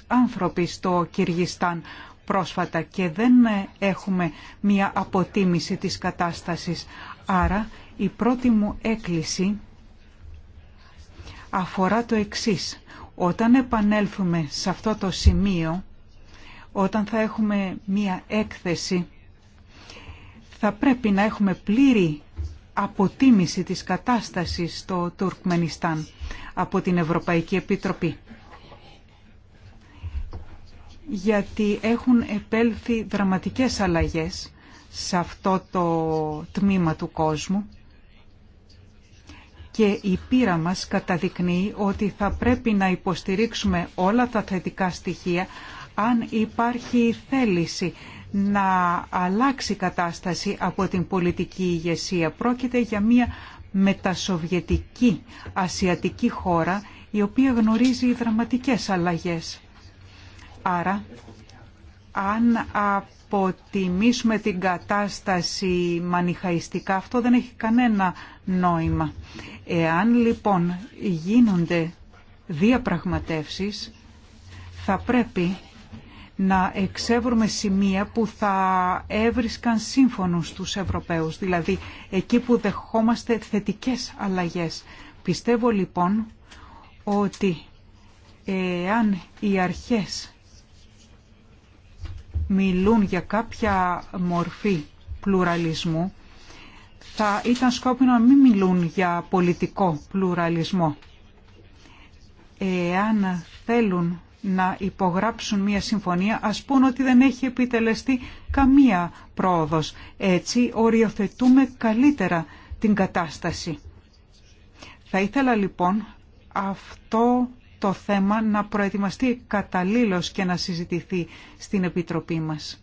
άνθρωποι στο Κυργιστάν πρόσφατα και δεν έχουμε μία αποτίμηση της κατάστασης. Άρα η πρώτη μου έκκληση αφορά το εξής. Όταν επανέλθουμε σε αυτό το σημείο, όταν θα έχουμε μία έκθεση, θα πρέπει να έχουμε πλήρη αποτίμηση της κατάστασης στο Τουρκμενιστάν από την Ευρωπαϊκή Επιτροπή. Γιατί έχουν επέλθει δραματικές αλλαγές σε αυτό το τμήμα του κόσμου και η πείρα μας καταδεικνύει ότι θα πρέπει να υποστηρίξουμε όλα τα θετικά στοιχεία αν υπάρχει θέληση να αλλάξει η κατάσταση από την πολιτική ηγεσία. Πρόκειται για μια μετασοβιετική ασιατική χώρα η οποία γνωρίζει δραματικές αλλαγές. Άρα, αν υποτιμήσουμε την κατάσταση μανιχαϊστικά, αυτό δεν έχει κανένα νόημα. Εάν λοιπόν γίνονται διαπραγματεύσεις, θα πρέπει να εξεύρουμε σημεία που θα έβρισκαν σύμφωνο τους Ευρωπαίους, δηλαδή εκεί που δεχόμαστε θετικές αλλαγές. Πιστεύω λοιπόν ότι εάν οι αρχές μιλούν για κάποια μορφή πλουραλισμού, θα ήταν σκόπιμο να μην μιλούν για πολιτικό πλουραλισμό. Εάν θέλουν να υπογράψουν μία συμφωνία, ας πούν ότι δεν έχει επιτελεστεί καμία πρόοδος. Έτσι οριοθετούμε καλύτερα την κατάσταση. Θα ήθελα λοιπόν αυτό το θέμα να προετοιμαστεί καταλήλως και να συζητηθεί στην Επιτροπή μας.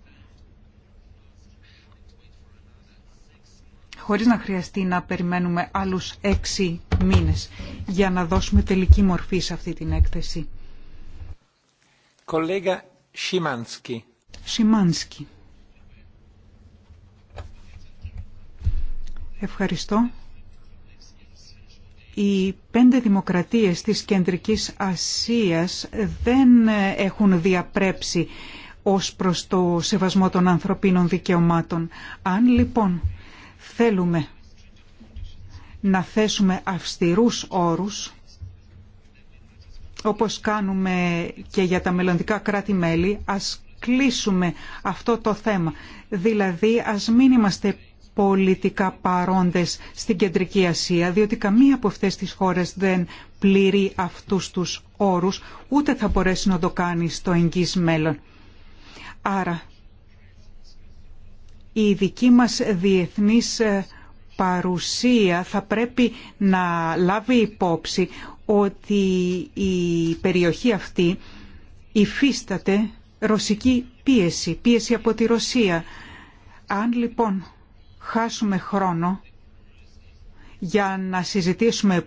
χωρίς να χρειαστεί να περιμένουμε άλλους έξι μήνες για να δώσουμε τελική μορφή σε αυτή την έκθεση. Κολέγα Σιμάνσκι. Ευχαριστώ. Οι πέντε δημοκρατίες της Κεντρικής Ασίας δεν έχουν διαπρέψει ως προς το σεβασμό των ανθρωπίνων δικαιωμάτων. Αν λοιπόν θέλουμε να θέσουμε αυστηρούς όρους, όπως κάνουμε και για τα μελλοντικά κράτη-μέλη, ας κλείσουμε αυτό το θέμα. Δηλαδή, ας μην είμαστε πολιτικά παρόντες στην Κεντρική Ασία, διότι καμία από αυτές τις χώρες δεν πληρεί αυτούς τους όρους, ούτε θα μπορέσει να το κάνει στο εγγύς μέλλον. Άρα, η δική μας διεθνής ε, παρουσία θα πρέπει να λάβει υπόψη ότι η περιοχή αυτή υφίσταται ρωσική πίεση, πίεση από τη Ρωσία. Αν λοιπόν χάσουμε χρόνο για να συζητήσουμε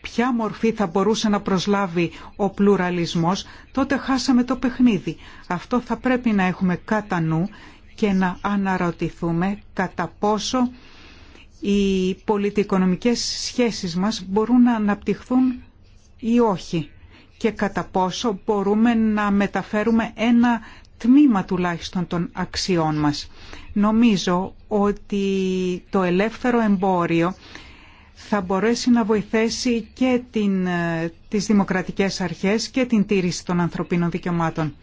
ποια μορφή θα μπορούσε να προσλάβει ο πλουραλισμός, τότε χάσαμε το παιχνίδι. Αυτό θα πρέπει να έχουμε κατά νου και να αναρωτηθούμε κατά πόσο οι πολιτικονομικές σχέσεις μας μπορούν να αναπτυχθούν ή όχι και κατά πόσο μπορούμε να μεταφέρουμε ένα τμήμα τουλάχιστον των αξιών μας. Νομίζω ότι το ελεύθερο εμπόριο θα μπορέσει να βοηθήσει και την, ε, τις δημοκρατικές αρχές και την τήρηση των ανθρωπίνων δικαιωμάτων.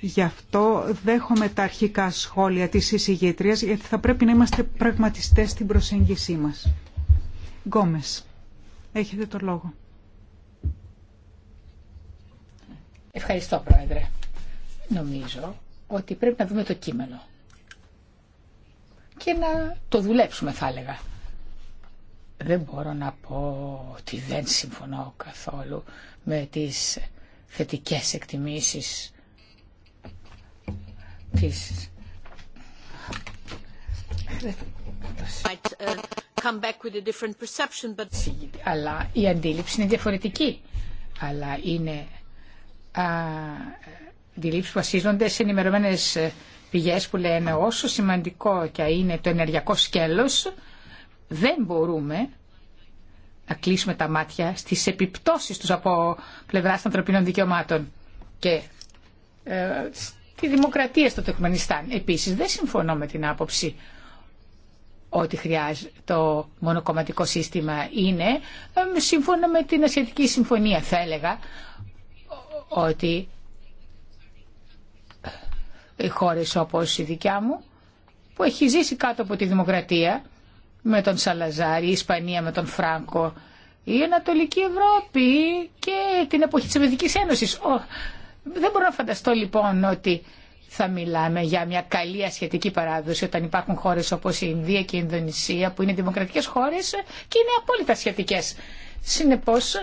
Γι' αυτό δέχομαι τα αρχικά σχόλια της εισηγήτριας, γιατί θα πρέπει να είμαστε πραγματιστές στην προσέγγισή μας. Γκόμες, έχετε το λόγο. Ευχαριστώ, Πρόεδρε. Νομίζω ότι πρέπει να δούμε το κείμενο και να το δουλέψουμε θα έλεγα. Δεν μπορώ να πω ότι δεν συμφωνώ καθόλου με τις θετικές εκτιμήσεις της... Uh, different perception, Αλλά η αντίληψη είναι διαφορετική. Αλλά είναι αντιλήψεις που βασίζονται σε ενημερωμένε ε, πηγέ που λένε όσο σημαντικό και είναι το ενεργειακό σκέλος, δεν μπορούμε να κλείσουμε τα μάτια στι επιπτώσει τους από πλευρά των ανθρωπίνων δικαιωμάτων και ε, τη δημοκρατία στο Τουρκμενιστάν. Επίση, δεν συμφωνώ με την άποψη ότι χρειάζεται το μονοκομματικό σύστημα είναι ε, σύμφωνα με την Ασιατική Συμφωνία. Θα έλεγα ότι χώρες όπως η δικιά μου που έχει ζήσει κάτω από τη δημοκρατία με τον Σαλαζάρη, η Ισπανία με τον Φράγκο, η Ανατολική Ευρώπη και την εποχή της Ευρωπαϊκής Ένωσης. δεν μπορώ να φανταστώ λοιπόν ότι θα μιλάμε για μια καλή ασχετική παράδοση όταν υπάρχουν χώρες όπως η Ινδία και η Ινδονησία που είναι δημοκρατικές χώρες και είναι απόλυτα ασχετικές. Συνεπώς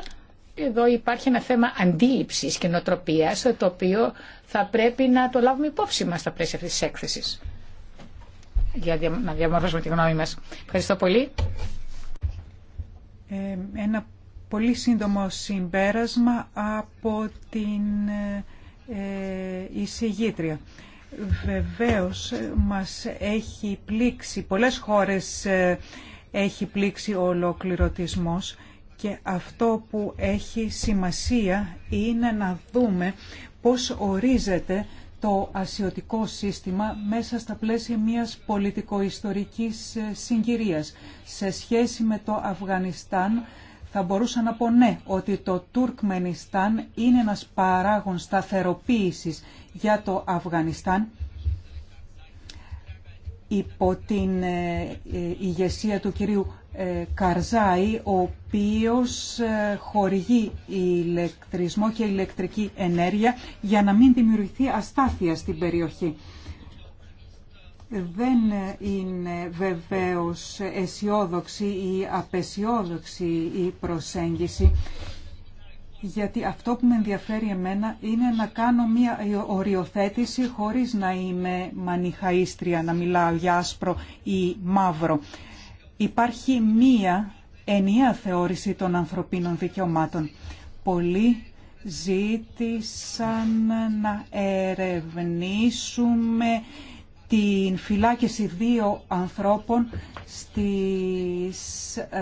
εδώ υπάρχει ένα θέμα αντίληψης και νοοτροπίας, το οποίο θα πρέπει να το λάβουμε υπόψη μας στα πλαίσια αυτής της έκθεσης. Για να διαμορφώσουμε τη γνώμη μας. Ευχαριστώ πολύ. Ε, ένα πολύ σύντομο συμπέρασμα από την ε, εισηγήτρια. Βεβαίως μας έχει πλήξει, πολλές χώρες ε, έχει πλήξει ο ολοκληρωτισμός και αυτό που έχει σημασία είναι να δούμε πώς ορίζεται το ασιωτικό σύστημα μέσα στα πλαίσια μιας πολιτικο-ιστορικής ε, συγκυρίας. Σε σχέση με το Αφγανιστάν θα μπορούσα να πω ναι, ότι το Τουρκμενιστάν είναι ένας παράγων σταθεροποίησης για το Αφγανιστάν υπό την ε, ε, ηγεσία του κυρίου ε, Καρζάη, ο οποίος ε, χορηγεί ηλεκτρισμό και ηλεκτρική ενέργεια για να μην δημιουργηθεί αστάθεια στην περιοχή. Δεν ε, είναι βεβαίως αισιόδοξη ή απεσιόδοξη η προσέγγιση, γιατί αυτό που με ενδιαφέρει εμένα είναι να κάνω μία οριοθέτηση χωρίς να είμαι μανιχαΐστρια, να μιλάω για άσπρο ή μαύρο υπάρχει μία ενιαία θεώρηση των ανθρωπίνων δικαιωμάτων. Πολλοί ζήτησαν να ερευνήσουμε την φυλάκιση δύο ανθρώπων στις ε,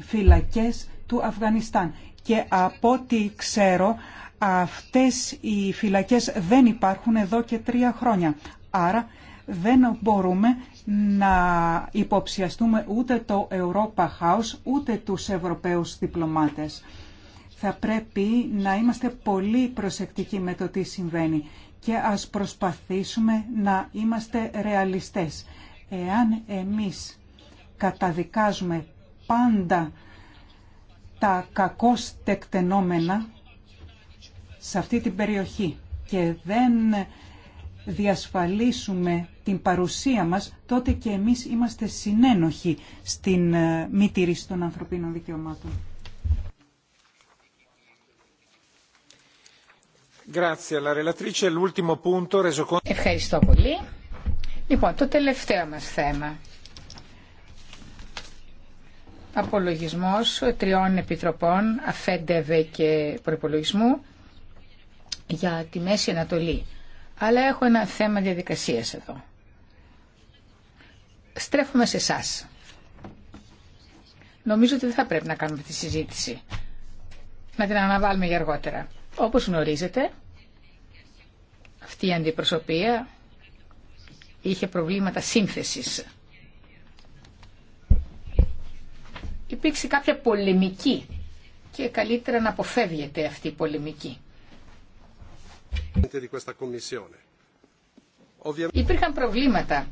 φυλακές του Αφγανιστάν. Και από ό,τι ξέρω, αυτές οι φυλακές δεν υπάρχουν εδώ και τρία χρόνια. Άρα δεν μπορούμε να υποψιαστούμε ούτε το Europa House ούτε τους Ευρωπαίους διπλωμάτες. Θα πρέπει να είμαστε πολύ προσεκτικοί με το τι συμβαίνει και ας προσπαθήσουμε να είμαστε ρεαλιστές. Εάν εμείς καταδικάζουμε πάντα τα κακώς τεκτενόμενα σε αυτή την περιοχή και δεν διασφαλίσουμε την παρουσία μας, τότε και εμείς είμαστε συνένοχοι στην ε, μη τήρηση των ανθρωπίνων δικαιωμάτων. Ευχαριστώ πολύ. Λοιπόν, το τελευταίο μας θέμα. Απολογισμός τριών επιτροπών, αφέντευε και προπολογισμού για τη Μέση Ανατολή. Αλλά έχω ένα θέμα διαδικασίας εδώ. Στρέφουμε σε εσά. Νομίζω ότι δεν θα πρέπει να κάνουμε τη συζήτηση. Να την αναβάλουμε για αργότερα. Όπως γνωρίζετε, αυτή η αντιπροσωπεία είχε προβλήματα σύνθεσης. Υπήρξε κάποια πολεμική και καλύτερα να αποφεύγεται αυτή η πολεμική. Υπήρχαν προβλήματα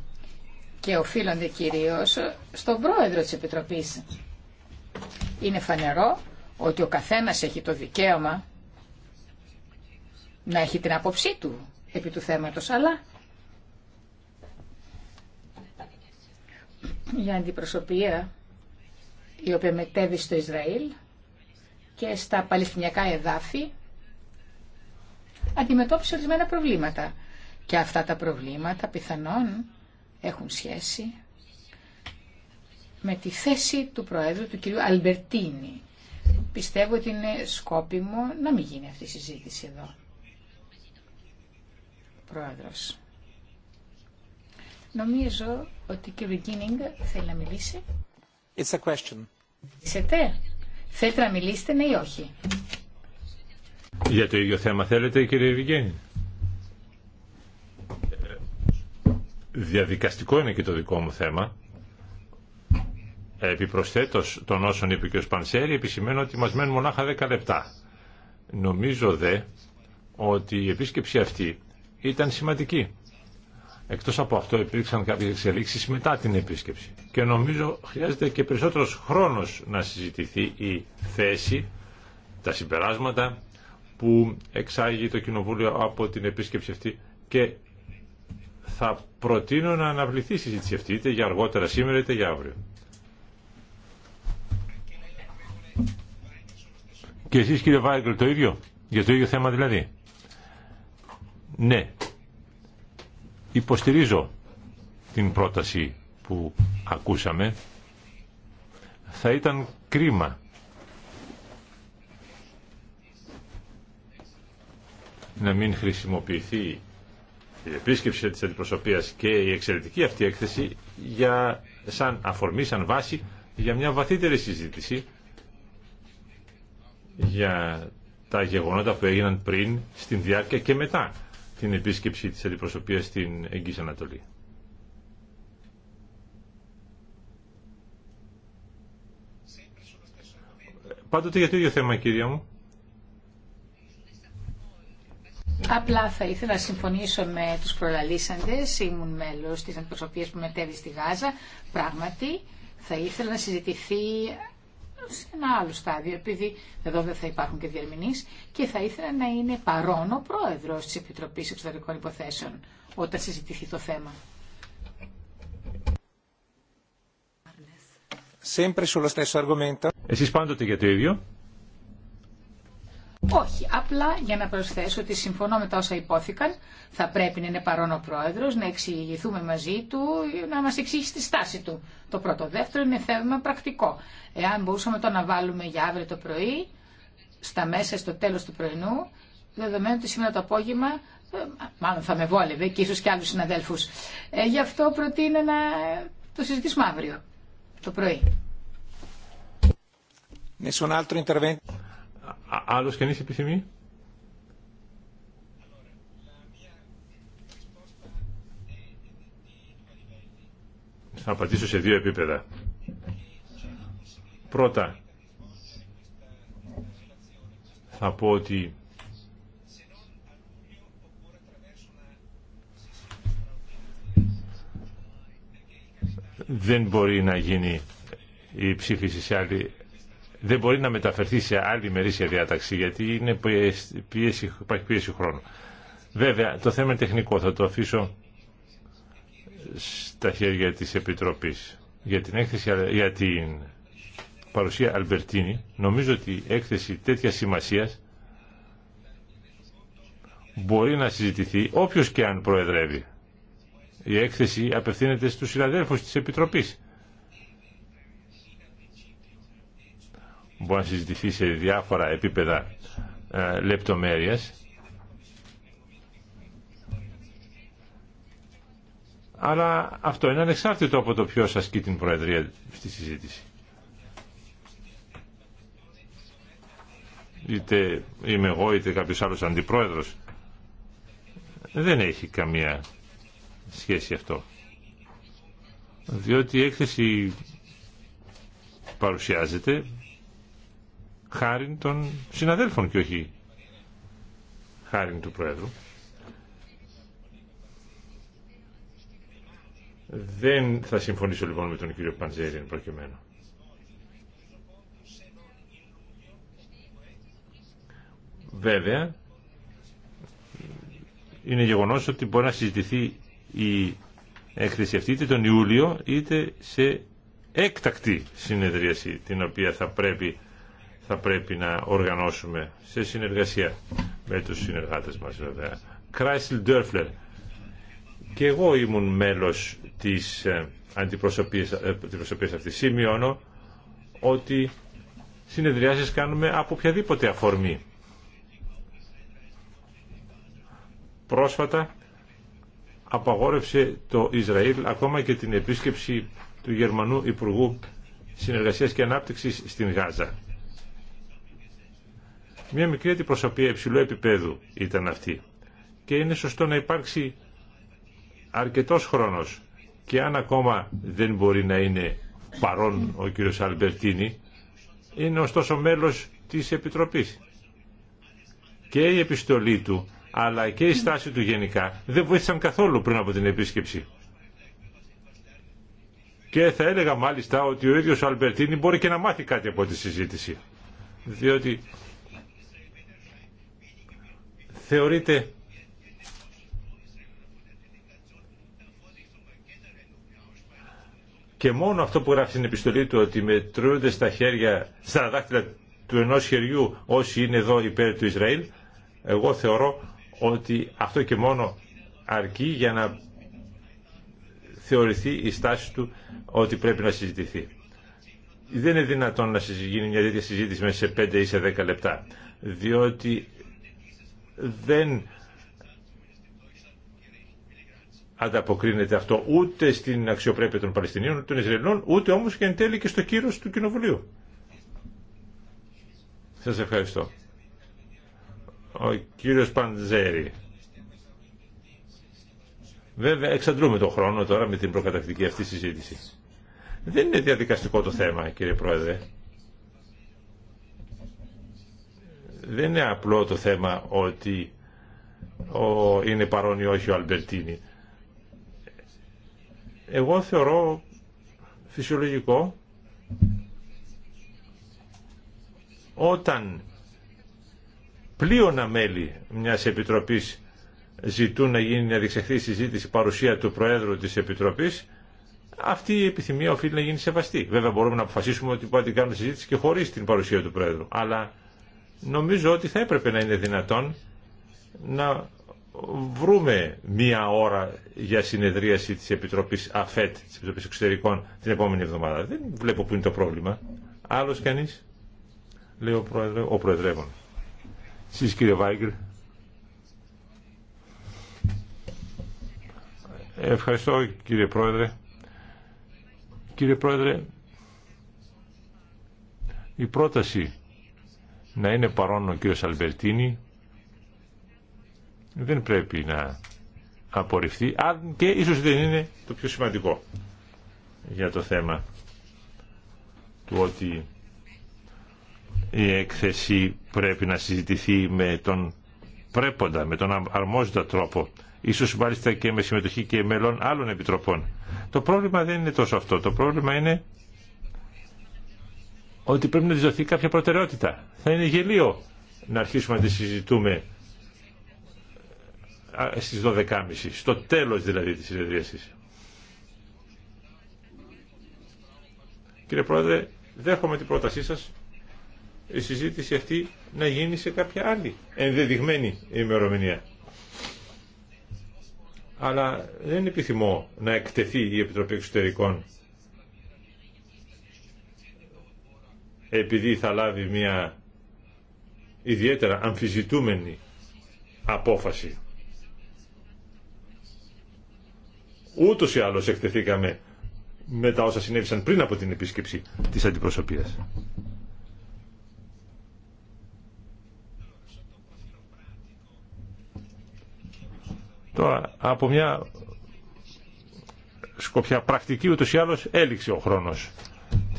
και οφείλονται κυρίως στον πρόεδρο της Επιτροπής. Είναι φανερό ότι ο καθένας έχει το δικαίωμα να έχει την άποψή του επί του θέματος, αλλά η αντιπροσωπεία η οποία μετέβη στο Ισραήλ και στα παλαιστινιακά εδάφη αντιμετώπισε ορισμένα προβλήματα. Και αυτά τα προβλήματα πιθανόν έχουν σχέση με τη θέση του Προέδρου, του κυρίου Αλμπερτίνη. Πιστεύω ότι είναι σκόπιμο να μην γίνει αυτή η συζήτηση εδώ. Πρόεδρος. Νομίζω ότι η κυρία Γκίνιγκ θέλει να μιλήσει. It's a question. Θέλετε να μιλήσετε, ναι ή όχι. Για το ίδιο θέμα θέλετε κύριε Ευγέννη. Διαδικαστικό είναι και το δικό μου θέμα. Επιπροσθέτως των όσων είπε και ο Σπανσέρη επισημαίνω ότι μας μένουν μονάχα 10 λεπτά. Νομίζω δε ότι η επίσκεψη αυτή ήταν σημαντική. Εκτός από αυτό υπήρξαν κάποιες εξελίξεις μετά την επίσκεψη. Και νομίζω χρειάζεται και περισσότερος χρόνος να συζητηθεί η θέση, τα συμπεράσματα που εξάγει το Κοινοβούλιο από την επίσκεψη αυτή και θα προτείνω να αναβληθεί η συζήτηση αυτή είτε για αργότερα σήμερα είτε για αύριο. Και εσείς κύριε Βάγκελ το ίδιο, για το ίδιο θέμα δηλαδή. Ναι, υποστηρίζω την πρόταση που ακούσαμε. Θα ήταν κρίμα να μην χρησιμοποιηθεί η επίσκεψη της αντιπροσωπείας και η εξαιρετική αυτή έκθεση για, σαν αφορμή, σαν βάση για μια βαθύτερη συζήτηση για τα γεγονότα που έγιναν πριν, στην διάρκεια και μετά την επίσκεψη της αντιπροσωπείας στην Εγγύς Ανατολή. Πάντοτε για το ίδιο θέμα, κύριε μου. Απλά θα ήθελα να συμφωνήσω με του προλαλήσαντες. Ήμουν μέλο τη αντιπροσωπεία που μετέβη στη Γάζα. Πράγματι, θα ήθελα να συζητηθεί σε ένα άλλο στάδιο, επειδή εδώ δεν θα υπάρχουν και διερμηνείς, και θα ήθελα να είναι παρόν ο πρόεδρος της Επιτροπής Εξωτερικών Υποθέσεων όταν συζητηθεί το θέμα. Εσεί πάντοτε για το ίδιο. Όχι, απλά για να προσθέσω ότι συμφωνώ με τα όσα υπόθηκαν. Θα πρέπει να είναι παρόν ο πρόεδρο, να εξηγηθούμε μαζί του, να μα εξηγήσει τη στάση του. Το πρώτο. Δεύτερο είναι θέμα πρακτικό. Εάν μπορούσαμε το να βάλουμε για αύριο το πρωί, στα μέσα, στο τέλο του πρωινού, δεδομένου ότι σήμερα το απόγευμα, ε, μάλλον θα με βόλευε και ίσω και άλλου συναδέλφου. Ε, γι' αυτό προτείνω να το συζητήσουμε αύριο το πρωί. Άλλος κανείς επιθυμεί. Θα απαντήσω σε δύο επίπεδα. Πρώτα, θα πω ότι δεν μπορεί να γίνει η ψήφιση σε άλλη δεν μπορεί να μεταφερθεί σε άλλη μερίσια διάταξη γιατί είναι πίεση, υπάρχει πίεση χρόνου. Βέβαια, το θέμα είναι τεχνικό. Θα το αφήσω στα χέρια της Επιτροπής. Για την, έκθεση, για την παρουσία Αλμπερτίνη, νομίζω ότι η έκθεση τέτοια σημασία μπορεί να συζητηθεί όποιος και αν προεδρεύει. Η έκθεση απευθύνεται στους συναδέλφους της Επιτροπής. μπορεί να συζητηθεί σε διάφορα επίπεδα ε, λεπτομέρειας αλλά αυτό είναι ανεξάρτητο από το ποιος ασκεί την Προεδρία στη συζήτηση. Είτε είμαι εγώ είτε κάποιος άλλος αντιπρόεδρος. Δεν έχει καμία σχέση αυτό. Διότι η έκθεση παρουσιάζεται χάρη των συναδέλφων και όχι χάρη του Πρόεδρου. Δεν θα συμφωνήσω λοιπόν με τον κύριο Παντζέρη εν προκειμένου. Βέβαια, είναι γεγονός ότι μπορεί να συζητηθεί η έκθεση αυτή είτε τον Ιούλιο είτε σε έκτακτη συνεδρίαση την οποία θα πρέπει θα πρέπει να οργανώσουμε σε συνεργασία με τους συνεργάτες μας βέβαια. Κράισιλ Ντέρφλερ. Και εγώ ήμουν μέλος της ε, ε, αντιπροσωπείας, αυτής. Σημειώνω ότι συνεδριάσεις κάνουμε από οποιαδήποτε αφορμή. Πρόσφατα απαγόρευσε το Ισραήλ ακόμα και την επίσκεψη του Γερμανού Υπουργού Συνεργασίας και Ανάπτυξης στην Γάζα. Μια μικρή αντιπροσωπεία υψηλού επίπεδου ήταν αυτή. Και είναι σωστό να υπάρξει αρκετός χρόνος και αν ακόμα δεν μπορεί να είναι παρόν ο κύριος Αλμπερτίνη, είναι ωστόσο μέλος της Επιτροπής. Και η επιστολή του, αλλά και η στάση του γενικά, δεν βοήθησαν καθόλου πριν από την επίσκεψη. Και θα έλεγα μάλιστα ότι ο ίδιος ο Αλμπερτίνη μπορεί και να μάθει κάτι από τη συζήτηση. Διότι θεωρείται και μόνο αυτό που γράφει στην επιστολή του ότι μετρούνται στα χέρια, στα δάχτυλα του ενός χεριού όσοι είναι εδώ υπέρ του Ισραήλ, εγώ θεωρώ ότι αυτό και μόνο αρκεί για να θεωρηθεί η στάση του ότι πρέπει να συζητηθεί. Δεν είναι δυνατόν να γίνει μια τέτοια συζήτηση μέσα σε 5 ή σε 10 λεπτά, διότι δεν ανταποκρίνεται αυτό ούτε στην αξιοπρέπεια των Παλαιστινίων, των Ισραηλινών, ούτε όμως και εν τέλει και στο κύρος του Κοινοβουλίου. Σας ευχαριστώ. Ο κύριος Παντζέρη. Βέβαια, εξαντλούμε τον χρόνο τώρα με την προκατακτική αυτή συζήτηση. Δεν είναι διαδικαστικό το θέμα, κύριε Πρόεδρε. δεν είναι απλό το θέμα ότι ο, είναι παρόν ή όχι ο Αλμπερτίνη. Εγώ θεωρώ φυσιολογικό όταν πλήωνα μέλη μιας επιτροπής ζητούν να γίνει να διεξαχθεί η συζήτηση παρουσία του Προέδρου της οταν πλειονα αυτή η επιθυμία οφείλει να γίνει σεβαστή. Βέβαια μπορούμε μια διεξαχθει συζητηση παρουσια του προεδρου της ότι σεβαστη βεβαια μπορουμε να αποφασισουμε οτι πρεπει να την κάνουμε συζήτηση και χωρίς την παρουσία του Προέδρου. Αλλά νομίζω ότι θα έπρεπε να είναι δυνατόν να βρούμε μία ώρα για συνεδρίαση της Επιτροπής ΑΦΕΤ, της Επιτροπής Εξωτερικών, την επόμενη εβδομάδα. Δεν βλέπω που είναι το πρόβλημα. Άλλος κανείς, λέει ο, προεδρε... ο Προεδρεύων. Σας κύριε Βάγκρ. Ευχαριστώ κύριε Πρόεδρε. Κύριε Πρόεδρε, η πρόταση να είναι παρόν ο κύριος Αλμπερτίνη δεν πρέπει να απορριφθεί, αν και ίσως δεν είναι το πιο σημαντικό για το θέμα του ότι η έκθεση πρέπει να συζητηθεί με τον πρέποντα, με τον αρμόζοντα τρόπο, ίσως μάλιστα και με συμμετοχή και μελών άλλων επιτροπών. Το πρόβλημα δεν είναι τόσο αυτό, το πρόβλημα είναι ότι πρέπει να της δοθεί κάποια προτεραιότητα. Θα είναι γελίο να αρχίσουμε να τη συζητούμε στις 12.30, στο τέλος δηλαδή της συνεδρίασης. Κύριε Πρόεδρε, δέχομαι την πρότασή σας η συζήτηση αυτή να γίνει σε κάποια άλλη ενδεδειγμένη ημερομηνία. Αλλά δεν επιθυμώ να εκτεθεί η Επιτροπή Εξωτερικών επειδή θα λάβει μια ιδιαίτερα αμφιζητούμενη απόφαση. Ούτως ή άλλως εκτεθήκαμε με τα όσα συνέβησαν πριν από την επίσκεψη της αντιπροσωπείας. Τώρα, από μια σκοπιά πρακτική ούτως ή άλλως έληξε ο χρόνος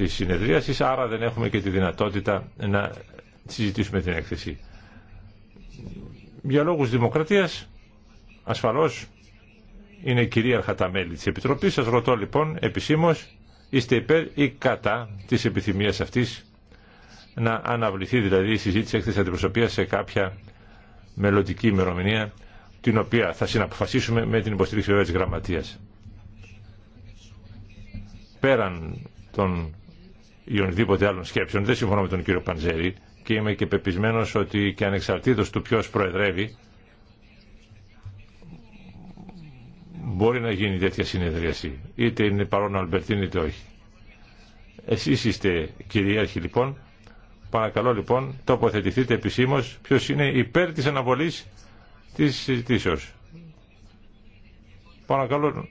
της συνεδρίασης, άρα δεν έχουμε και τη δυνατότητα να συζητήσουμε την έκθεση. Για λόγους δημοκρατίας, ασφαλώς, είναι κυρίαρχα τα μέλη της Επιτροπής. Σας ρωτώ λοιπόν επισήμως, είστε υπέρ ή κατά της επιθυμίας αυτής να αναβληθεί δηλαδή η συζήτηση έκθεση αντιπροσωπείας σε κάποια μελλοντική ημερομηνία την οποία θα συναποφασίσουμε με την υποστήριξη βέβαια της γραμματείας. Πέραν των ή ονδήποτε άλλων σκέψεων. Δεν συμφωνώ με τον κύριο Παντζέρη και είμαι και πεπισμένο ότι και ανεξαρτήτως του ποιο προεδρεύει μπορεί να γίνει τέτοια συνεδρίαση. Είτε είναι παρόν Αλμπερτίν είτε όχι. Εσείς είστε κυρίαρχοι λοιπόν. Παρακαλώ λοιπόν τοποθετηθείτε επισήμως ποιο είναι υπέρ της αναβολής της συζητήσεως. Παρακαλώ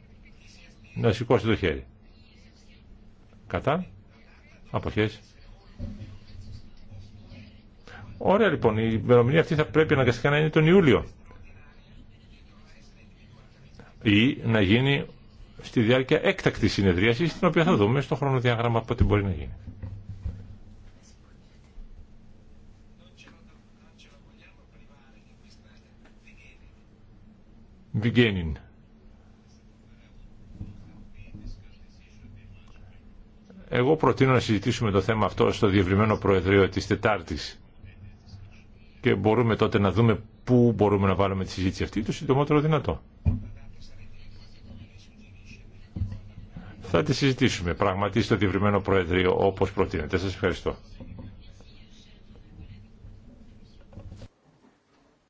να σηκώσετε το χέρι. Κατά. Αποχές. Ωραία λοιπόν, η ημερομηνία αυτή θα πρέπει αναγκαστικά να είναι τον Ιούλιο. Ή να γίνει στη διάρκεια έκτακτη συνεδρίαση, την οποία θα δούμε στο χρονοδιάγραμμα πότε μπορεί να γίνει. Beginning. Εγώ προτείνω να συζητήσουμε το θέμα αυτό στο διευρυμένο Προεδρείο της Τετάρτης και μπορούμε τότε να δούμε πού μπορούμε να βάλουμε τη συζήτηση αυτή το συντομότερο δυνατό. Θα τη συζητήσουμε πραγματικά στο διευρυμένο Προεδρείο όπως προτείνεται. Σας ευχαριστώ.